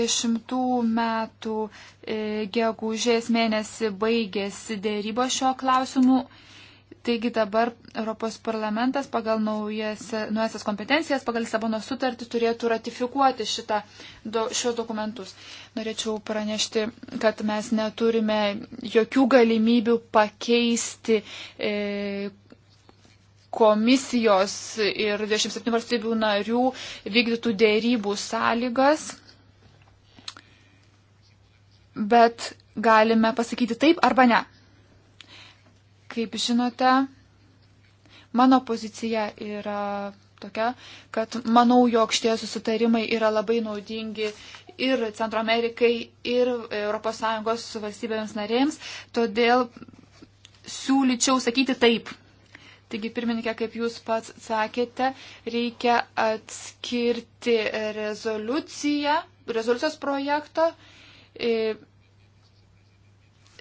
dešimtų metų e, gegužės mėnesį baigėsi dėrybo šio klausimu Taigi dabar Europos parlamentas pagal naujas, naujasias kompetencijas, pagal Lisabono sutartį turėtų ratifikuoti šitą, do, šios dokumentus. Norėčiau pranešti, kad mes neturime jokių galimybių pakeisti. E, komisijos ir 27 valstybių narių vykdytų dėrybų sąlygas, bet galime pasakyti taip arba ne. Kaip žinote, mano pozicija yra tokia, kad manau, jog šitie susitarimai yra labai naudingi ir Centro Amerikai, ir ES valstybėms narėms, todėl siūlyčiau sakyti taip. Taigi, pirmininkė, kaip jūs pats sakėte, reikia atskirti rezoliuciją, rezoliucijos projekto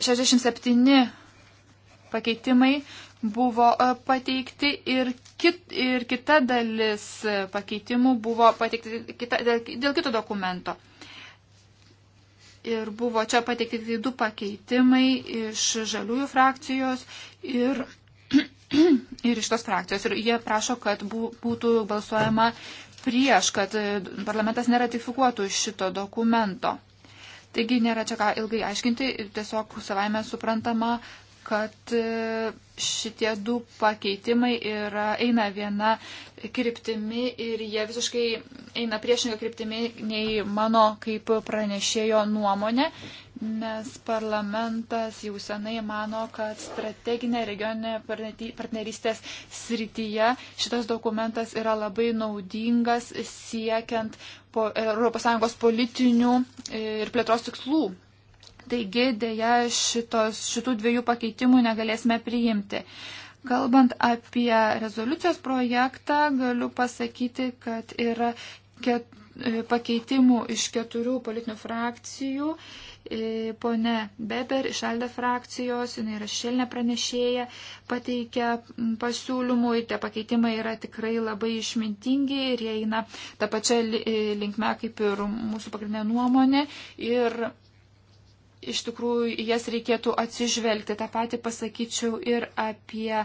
67 e, pakeitimai buvo e, pateikti ir, kit, ir kita dalis e, pakeitimų buvo pateikti kita, dėl, dėl kito dokumento. Ir buvo čia pateikti du pakeitimai iš žaliųjų frakcijos ir, *clears throat* ir iš tos frakcijos. Ir jie prašo, kad būtų balsuojama prieš, kad e, parlamentas neratifikuotų šito dokumento. Taigi nėra čia ką ilgai aiškinti ir tiesiog savaime suprantama, kad e, šitie du pakeitimai yra, eina viena kryptimi ir jie visiškai eina priešinga kryptimi nei mano kaip pranešėjo nuomonė, nes parlamentas jau senai mano, kad strateginė regioninė partnerystės srityje šitas dokumentas yra labai naudingas siekiant po, ES politinių e, ir plėtros tikslų Taigi dėja šitos, šitų dviejų pakeitimų negalėsime priimti. Kalbant apie rezoliucijos projektą, galiu pasakyti, kad yra ket, e, pakeitimų iš keturių politinių frakcijų. E, pone Beber iš Alde frakcijos, jinai yra šilne pranešėja, pateikia pasiūlymų, tie pakeitimai yra tikrai labai išmintingi ir jie eina tą pačią e, linkme kaip ir mūsų pagrindinė nuomonė. Ir iš tikrųjų jas reikėtų atsižvelgti. Ta pati pasakyčiau ir apie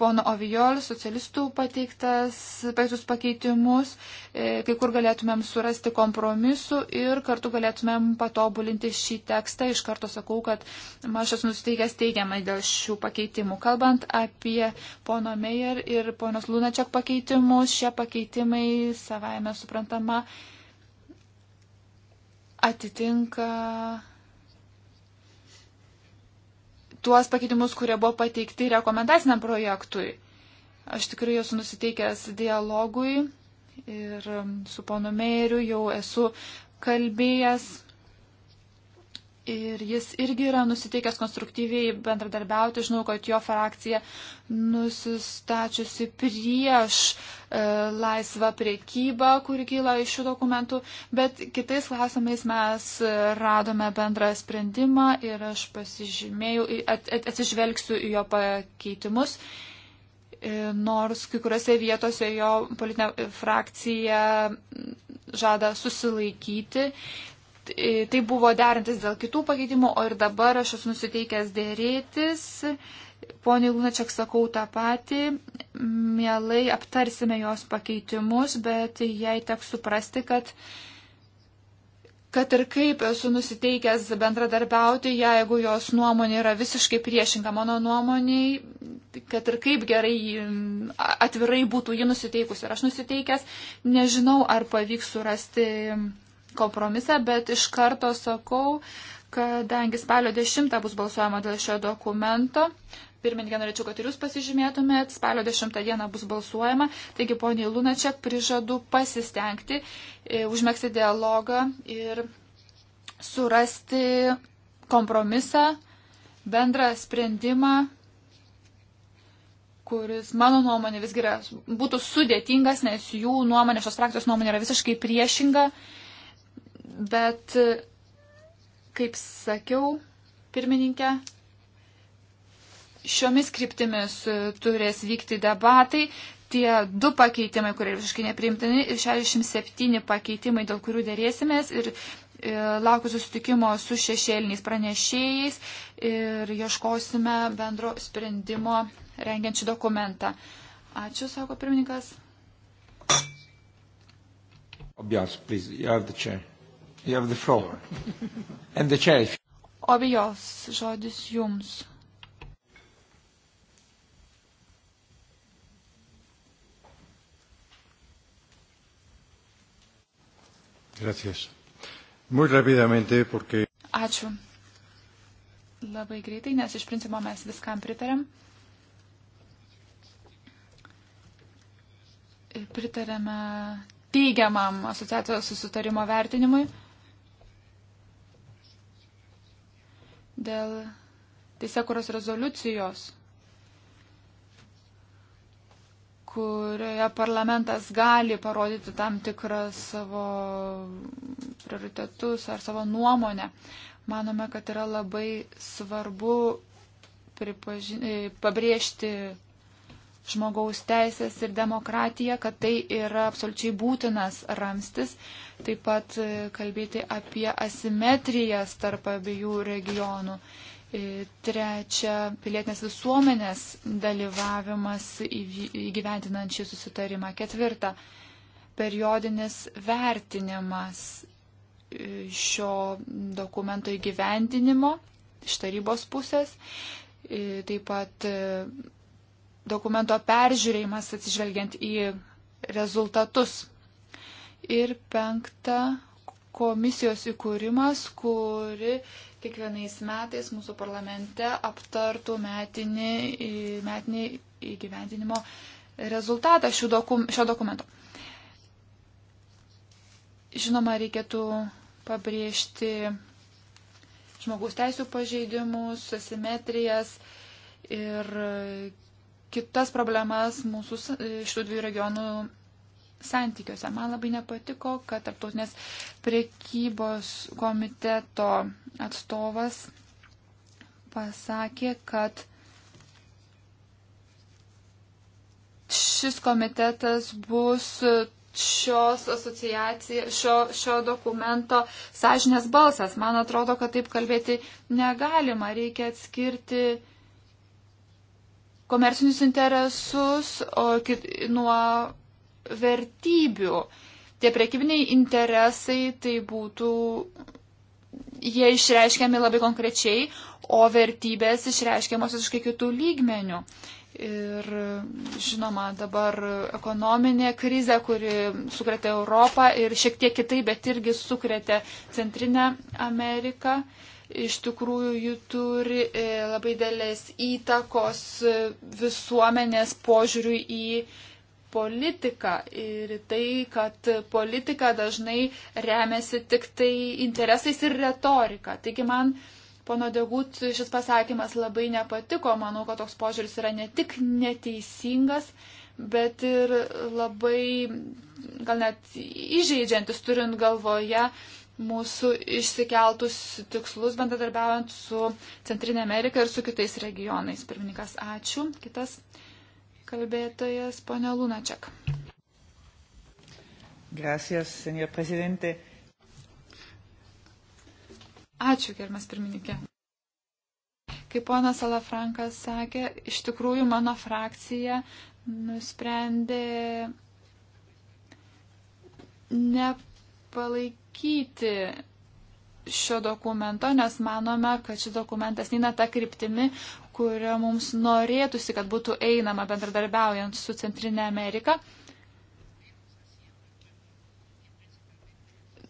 pono Ovijol, socialistų pateiktus pakeitimus, e, kai kur galėtumėm surasti kompromisu ir kartu galėtumėm patobulinti šį tekstą. Iš karto sakau, kad mašas nusteigęs teigiamai dėl šių pakeitimų. Kalbant apie pono Meyer ir ponos Lunačiak pakeitimus, šie pakeitimai savaime suprantama. E, atitinka tuos pakeitimus, kurie buvo pateikti rekomendaciniam projektui. Aš tikrai esu nusiteikęs dialogui ir um, su ponu Meiriu jau esu kalbėjęs Ir jis irgi yra nusiteikęs konstruktyviai bendradarbiauti. Žinau, kad jo frakcija nusistačiusi prieš e, laisvą priekybą, kuri kyla iš šių dokumentų, bet kitais klausimais mes radome bendrą sprendimą ir aš pasižymėjau, at, at, atsižvelgsiu į jo pakeitimus. E, nors kai kuriuose vietose jo politinė frakcija žada susilaikyti, E, tai buvo derintis dėl kitų pakeitimų, o ir dabar aš esu nusiteikęs dėrėtis. Pone Lunačiak sakau tą patį, mielai aptarsime jos pakeitimus, bet jai teks suprasti, kad, kad ir kaip esu nusiteikęs bendradarbiauti, jeigu jos nuomonė yra visiškai priešinga mano nuomoniai, kad ir kaip gerai atvirai būtų ji nusiteikusi ir aš nusiteikęs, nežinau, ar pavyks surasti kompromisą, bet iš karto sakau, kadangi spalio 10 bus balsuojama dėl šio dokumento, pirmininkė, norėčiau, kad ir jūs pasižymėtumėt, spalio 10 dieną bus balsuojama, taigi poniai Lunačiak prižadu pasistengti, e, užmėgsti dialogą ir surasti kompromisą, bendrą sprendimą kuris, mano nuomonė, visgi yra, būtų sudėtingas, nes jų nuomonė, šios frakcijos nuomonė yra visiškai priešinga. Uh, Bet, kaip sakiau, pirmininkė, šiomis kryptimis turės vykti debatai. Tie du pakeitimai, kurie visiškai nepriimtini, ir 67 pakeitimai, dėl kurių dėrėsimės, ir e, laukiu susitikimo su šešėliniais pranešėjais ir ieškosime bendro sprendimo rengiančių dokumentą. Ačiū, sako pirmininkas. Objas, please, you have the chair. You have the floor. And the chair. Obijos žodis jums. Gracias. Muy rápidamente porque. Ačiū. Labai greitai, nes iš principo mes viskam pritarėm. Pritarėme teigiamam asociacijos susitarimo vertinimui. dėl teisėkuros rezoliucijos, kurioje parlamentas gali parodyti tam tikrą savo prioritetus ar savo nuomonę. Manome, kad yra labai svarbu pripažin... E, pabrėžti žmogaus teisės ir demokratiją, kad tai yra absoliučiai būtinas ramstis. Taip pat e, kalbėti apie asimetrijas tarp abiejų regionų. E, trečia, pilietinės visuomenės dalyvavimas įgyventinant šį susitarimą. Ketvirta, periodinis vertinimas e, šio dokumento įgyvendinimo iš tarybos pusės. Taip pat dokumento peržiūrėjimas atsižvelgiant į rezultatus. Ir penkta komisijos įkūrimas, kuri kiekvienais metais mūsų parlamente aptartų metinį, metinį įgyvendinimo rezultatą dokum, šio dokumento. Žinoma, reikėtų pabrėžti žmogaus teisų pažeidimus, asimetrijas ir kitas problemas mūsų šitų dviejų regionų santykiuose. Man labai nepatiko, kad tarptautinės priekybos komiteto atstovas pasakė, kad šis komitetas bus šios asociacijos, šio, šio dokumento sąžinės balsas. Man atrodo, kad taip kalbėti negalima. Reikia atskirti komercinius interesus kit, nuo vertybių. Tie prekybiniai interesai tai būtų, jie išreiškiami labai konkrečiai, o vertybės išreiškiamos visiškai kitų lygmenių. Ir žinoma, dabar ekonominė krizė, kuri sukretė Europą ir šiek tiek kitai, bet irgi sukretė Centrinę Ameriką. Uh, iš tikrųjų jų turi e, labai dėlės įtakos e, visuomenės požiūriui į politiką ir tai, kad politika dažnai remiasi tik tai interesais ir retorika. Taigi man, pono Degut, šis pasakymas labai nepatiko. Manau, kad toks požiūris yra ne tik neteisingas, bet ir labai gal net įžeidžiantis turint galvoje mūsų išsikeltus tikslus bendradarbiaujant su Centrinė Amerika ir su kitais regionais. Pirmininkas, ačiū. Kitas kalbėtojas, ponia Lunačiak. Gracias, senor prezidente. Ačiū, germas pirmininkė. Kaip ponas Alafrankas sakė, iš tikrųjų mano frakcija nusprendė nepalaikyti atsisakyti šio dokumento, nes manome, kad šis dokumentas eina tą kryptimį, kurio mums norėtųsi, kad būtų einama bendradarbiaujant su Centrinė Amerika.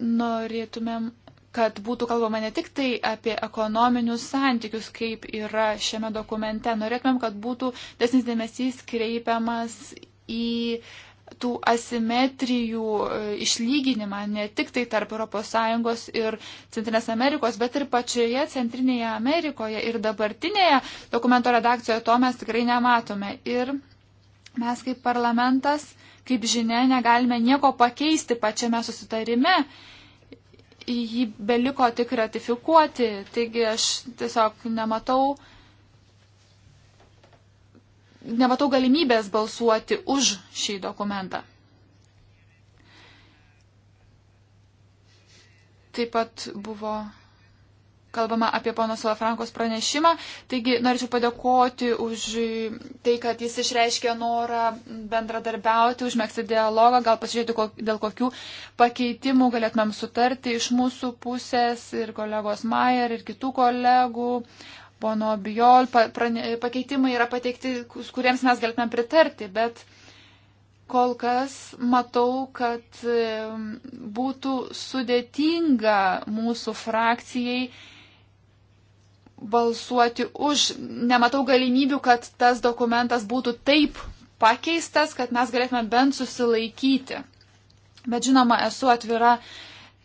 Norėtumėm, kad būtų kalbama ne tik tai apie ekonominius santykius, kaip yra šiame dokumente. Norėtumėm, kad būtų desnis dėmesys kreipiamas į tų asimetrijų e, išlyginimą ne tik tai tarp ES ir Centrinės Amerikos, bet ir pačioje Centrinėje Amerikoje ir dabartinėje dokumento redakcijoje to mes tikrai nematome. Ir mes kaip parlamentas, kaip žinia, negalime nieko pakeisti pačiame susitarime. Jį beliko tik ratifikuoti, taigi aš tiesiog nematau nematau galimybės balsuoti už šį dokumentą. Taip pat buvo kalbama apie pono Salafrankos pranešimą. Taigi norėčiau padėkoti už tai, kad jis išreiškė norą bendradarbiauti, užmėgsti dialogą, gal pasižiūrėti, dėl kokių pakeitimų galėtumėm sutarti iš mūsų pusės ir kolegos Mayer ir kitų kolegų. Bono Biol pakeitimai yra pateikti, kuriems mes galėtume pritarti, bet kol kas matau, kad būtų sudėtinga mūsų frakcijai balsuoti už. Nematau galimybių, kad tas dokumentas būtų taip pakeistas, kad mes galėtume bent susilaikyti. Bet žinoma, esu atvira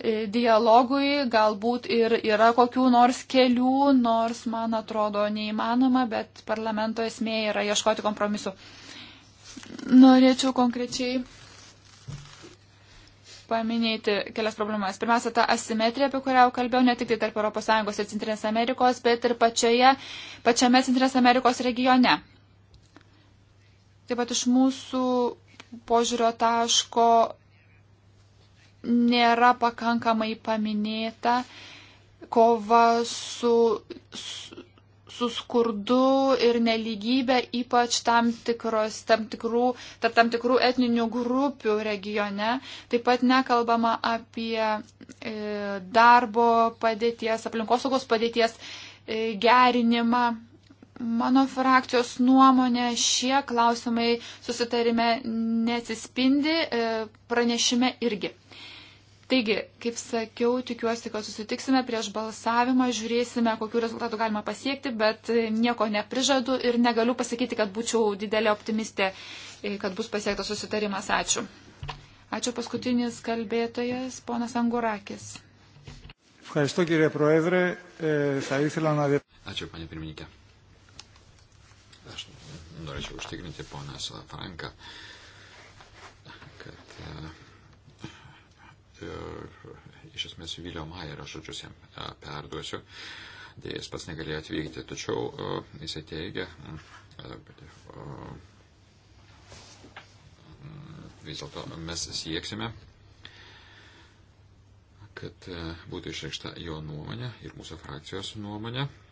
E, dialogui, galbūt ir yra kokių nors kelių, nors man atrodo neįmanoma, bet parlamento esmė yra ieškoti kompromisu. Norėčiau konkrečiai paminėti kelias problemas. Pirmiausia, ta asimetrija, apie kurią jau kalbėjau, ne tik tai tarp ES ir Centrinės Amerikos, bet ir pačioje, pačiame Centrinės Amerikos regione. Taip pat iš mūsų požiūrio taško nėra pakankamai paminėta, kova su, su, su skurdu ir neligybė, ypač tam, tikros, tam, tikrų, tarp tam tikrų etninių grupių regione. Taip pat nekalbama apie e, darbo padėties, aplinkosaugos padėties e, gerinimą. Mano frakcijos nuomonė šie klausimai susitarime neatsispindi, e, pranešime irgi. E, Taigi, kaip sakiau, tikiuosi, kad susitiksime prieš balsavimą, žiūrėsime, kokiu rezultatu galima pasiekti, bet e, nieko neprižadu ir negaliu pasakyti, kad būčiau didelė optimistė, e, kad bus pasiektas susitarimas. Ačiū. Ačiū paskutinis kalbėtojas, ponas Angurakis. Ačiū, panė pirmininkė. Aš norėčiau užtikrinti ponas Franką, kad e, ir iš esmės Vilio Mairio žodžius jam e, perduosiu. Dėja, jis pats negalėjo atvykti, tačiau uh, jisai teigia, uh, vis dėlto mes sieksime, kad uh, būtų išreikšta jo nuomonė ir mūsų frakcijos nuomonė. Uh,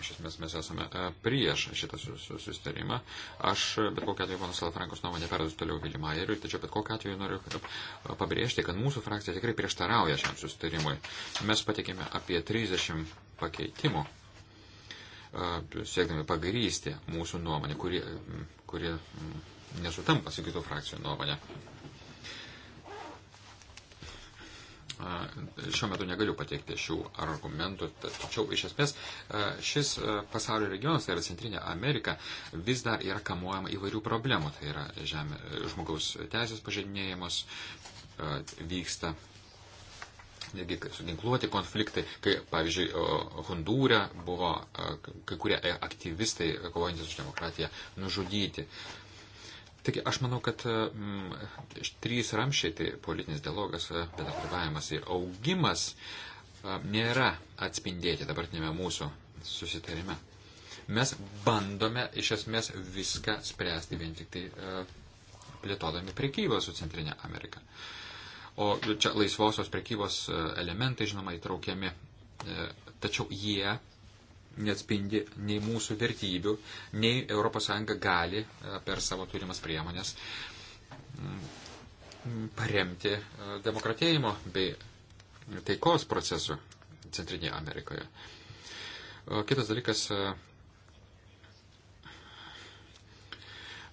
iš esmės mes esame e, prieš šitą susitarimą. Aš bet kokiu atveju ponas Salafrankos nuomonę perduosiu toliau Vili Majeriui, tačiau bet kokiu atveju noriu e, pabrėžti, kad mūsų frakcija tikrai prieštarauja šiam susitarimui. Mes patikėme apie 30 pakeitimų e, siekdami pagrysti mūsų nuomonę, kuri, kuri nesutampa su kitų frakcijų nuomonė. Šiuo metu negaliu pateikti šių argumentų, tačiau iš esmės šis pasaulio regionas, tai yra Centrinė Amerika, vis dar yra kamuojama įvairių problemų. Tai yra žemė, žmogaus teisės pažeidinėjimas vyksta. Netgi suginkluoti konfliktai, kai, pavyzdžiui, Hondūre buvo kai kurie aktyvistai, kovojantis už demokratiją, nužudyti. Uh, Taigi aš manau, kad m, mm, trys ramšiai - tai politinis dialogas, bendradarbiavimas ir augimas m, nėra atspindėti dabartinėme mūsų susitarime. Mes bandome iš esmės viską spręsti vien tik tai plėtodami prekybą su Centrinė Amerika. O čia laisvosios prekybos elementai, žinoma, įtraukiami, tačiau jie neatspindi nei mūsų vertybių, nei ES gali e, per savo turimas priemonės mm, paremti e, demokratėjimo bei taikos procesų Centrinėje Amerikoje. E, kitas dalykas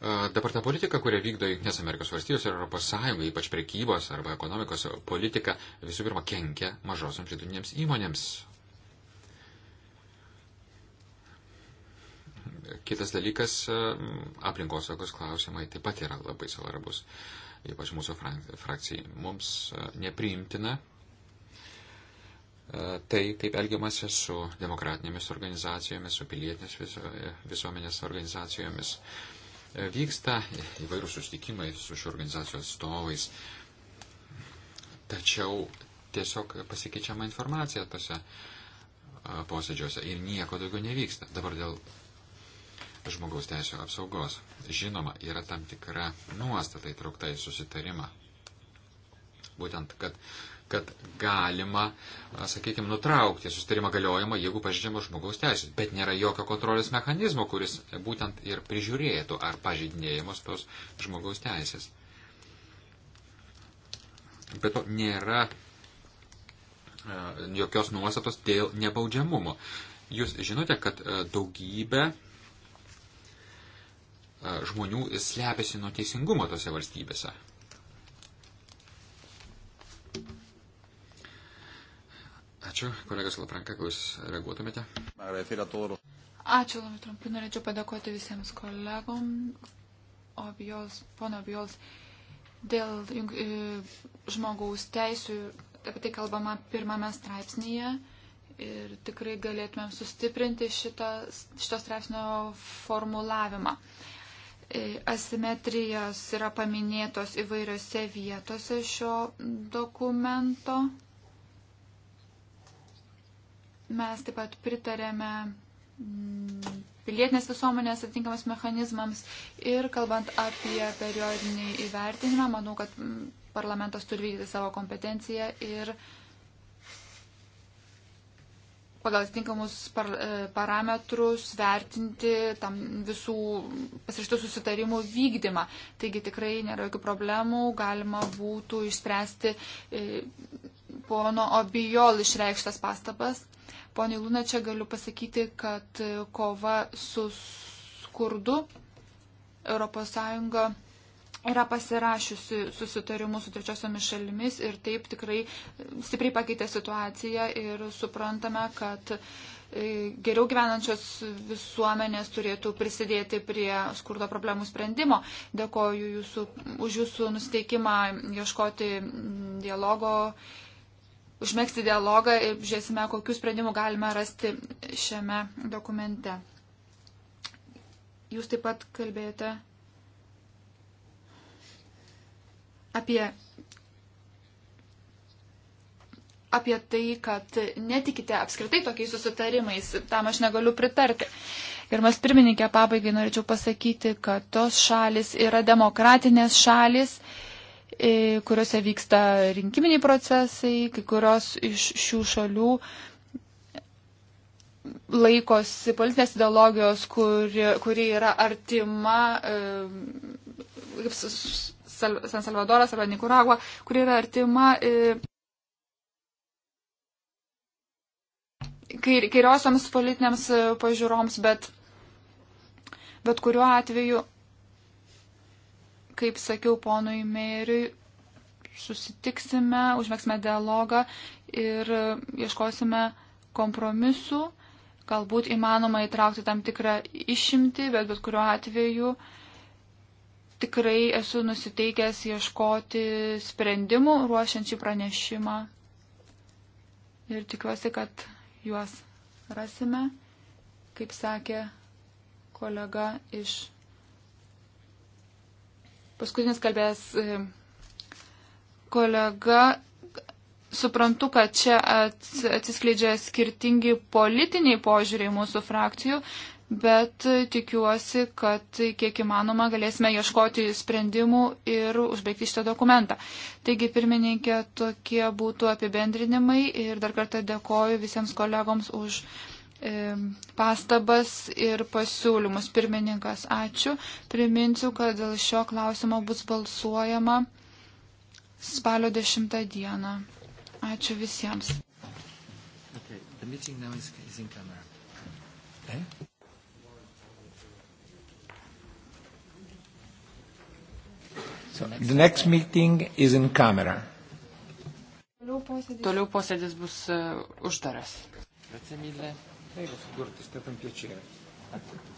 Dabartinė politika, kurią vykdo Junktinės Amerikos valstijos ir Europos Sąjunga, ypač prekybos arba ekonomikos politika, visų pirma, kenkia mažosioms vidutinėms įmonėms Kitas dalykas, mm, aplinkosaugos klausimai taip pat yra labai svarbus, ypač mūsų frakcijai. Mums e, nepriimtina e, tai, kaip elgiamasi su demokratinėmis organizacijomis, su pilietinės visuomenės organizacijomis. E, vyksta įvairūs sustikimai su šių organizacijų atstovais, tačiau tiesiog pasikeičiama informacija tose posėdžiuose ir nieko daugiau nevyksta. Dabar dėl žmogaus teisų apsaugos. Žinoma, yra tam tikra nuostata įtraukta į susitarimą. Būtent, kad, kad galima, sakykime, nutraukti susitarimą galiojimą, jeigu pažydžiamos žmogaus teisės, bet nėra jokio kontrolės mechanizmo, kuris būtent ir prižiūrėtų, ar pažydinėjamos tos žmogaus teisės. Bet to nėra e, jokios nuostatos dėl nebaudžiamumo. Jūs žinote, kad e, daugybė žmonių slepiasi nuo teisingumo tose valstybėse. Ačiū, kolegas Lapranka, kad jūs reaguotumėte. Ačiū labai trumpai, norėčiau padėkoti visiems kolegom, objos, pono objos, dėl jung, e, žmogaus teisų, apie tai kalbama pirmame straipsnėje ir tikrai galėtumėm sustiprinti šitą, šito straipsnio formulavimą. Uh, E, asimetrijos yra paminėtos įvairiose vietose šio dokumento. Mes taip pat pritarėme mm, pilietinės visuomenės atitinkamas mechanizmams ir kalbant apie periodinį įvertinimą, manau, kad mm, parlamentas turi vykdyti savo kompetenciją ir uh, pagal tinkamus par, e, parametrus vertinti tam visų pasirašytų susitarimų vykdymą. Taigi tikrai nėra jokių problemų, galima būtų išspręsti e, pono Obijol išreikštas pastabas. Pone Lūna, čia galiu pasakyti, kad kova su skurdu ES yra pasirašiusi susitarimus su trečiosiomis šalimis ir taip tikrai e, stipriai pakeitė situaciją ir suprantame, kad e, geriau gyvenančios visuomenės turėtų prisidėti prie skurdo problemų sprendimo. Dėkoju jūsų, už jūsų nusteikimą ieškoti dialogo, užmėgsti dialogą ir žiūrėsime, kokius sprendimų galime rasti šiame dokumente. Jūs taip pat kalbėjote apie, apie tai, kad netikite apskritai tokiais susitarimais, tam aš negaliu pritarti. Ir mes pirmininkė pabaigai norėčiau pasakyti, kad tos šalis yra demokratinės šalis e, kuriuose vyksta rinkiminiai procesai, kai kurios iš šių šalių laikosi politinės ideologijos, kuri, kuri yra artima, e, kaip San Salvadoras arba Nikuragva, kuri yra artima e, kairiosiams politiniams e, pažiūroms, bet, bet kuriuo atveju, kaip sakiau ponui Mėriui, susitiksime, užmėgsime dialogą ir e, ieškosime kompromisų, galbūt įmanoma įtraukti tam tikrą išimtį, bet bet kuriuo atveju uh, tikrai esu nusiteikęs ieškoti sprendimų ruošiant šį pranešimą. Ir tikiuosi, kad juos rasime, kaip sakė kolega iš. Paskutinis kalbės e, kolega. Suprantu, kad čia atsiskleidžia skirtingi politiniai požiūriai mūsų frakcijų, bet e, tikiuosi, kad kiek įmanoma galėsime ieškoti sprendimų ir užbaigti šitą dokumentą. Taigi, pirmininkė, tokie būtų apibendrinimai ir dar kartą dėkoju visiems kolegoms už e, pastabas ir pasiūlymus. Pirmininkas, ačiū. Priminsiu, kad dėl šio klausimo bus balsuojama spalio 10 dieną. Ačiū visiems. Okay. The meeting now is, is in camera. Eh? So, the next meeting is in camera. Toliau posėdis bus uh, uždaras. Grazie mille. Prego, figurati, è stato un piacere.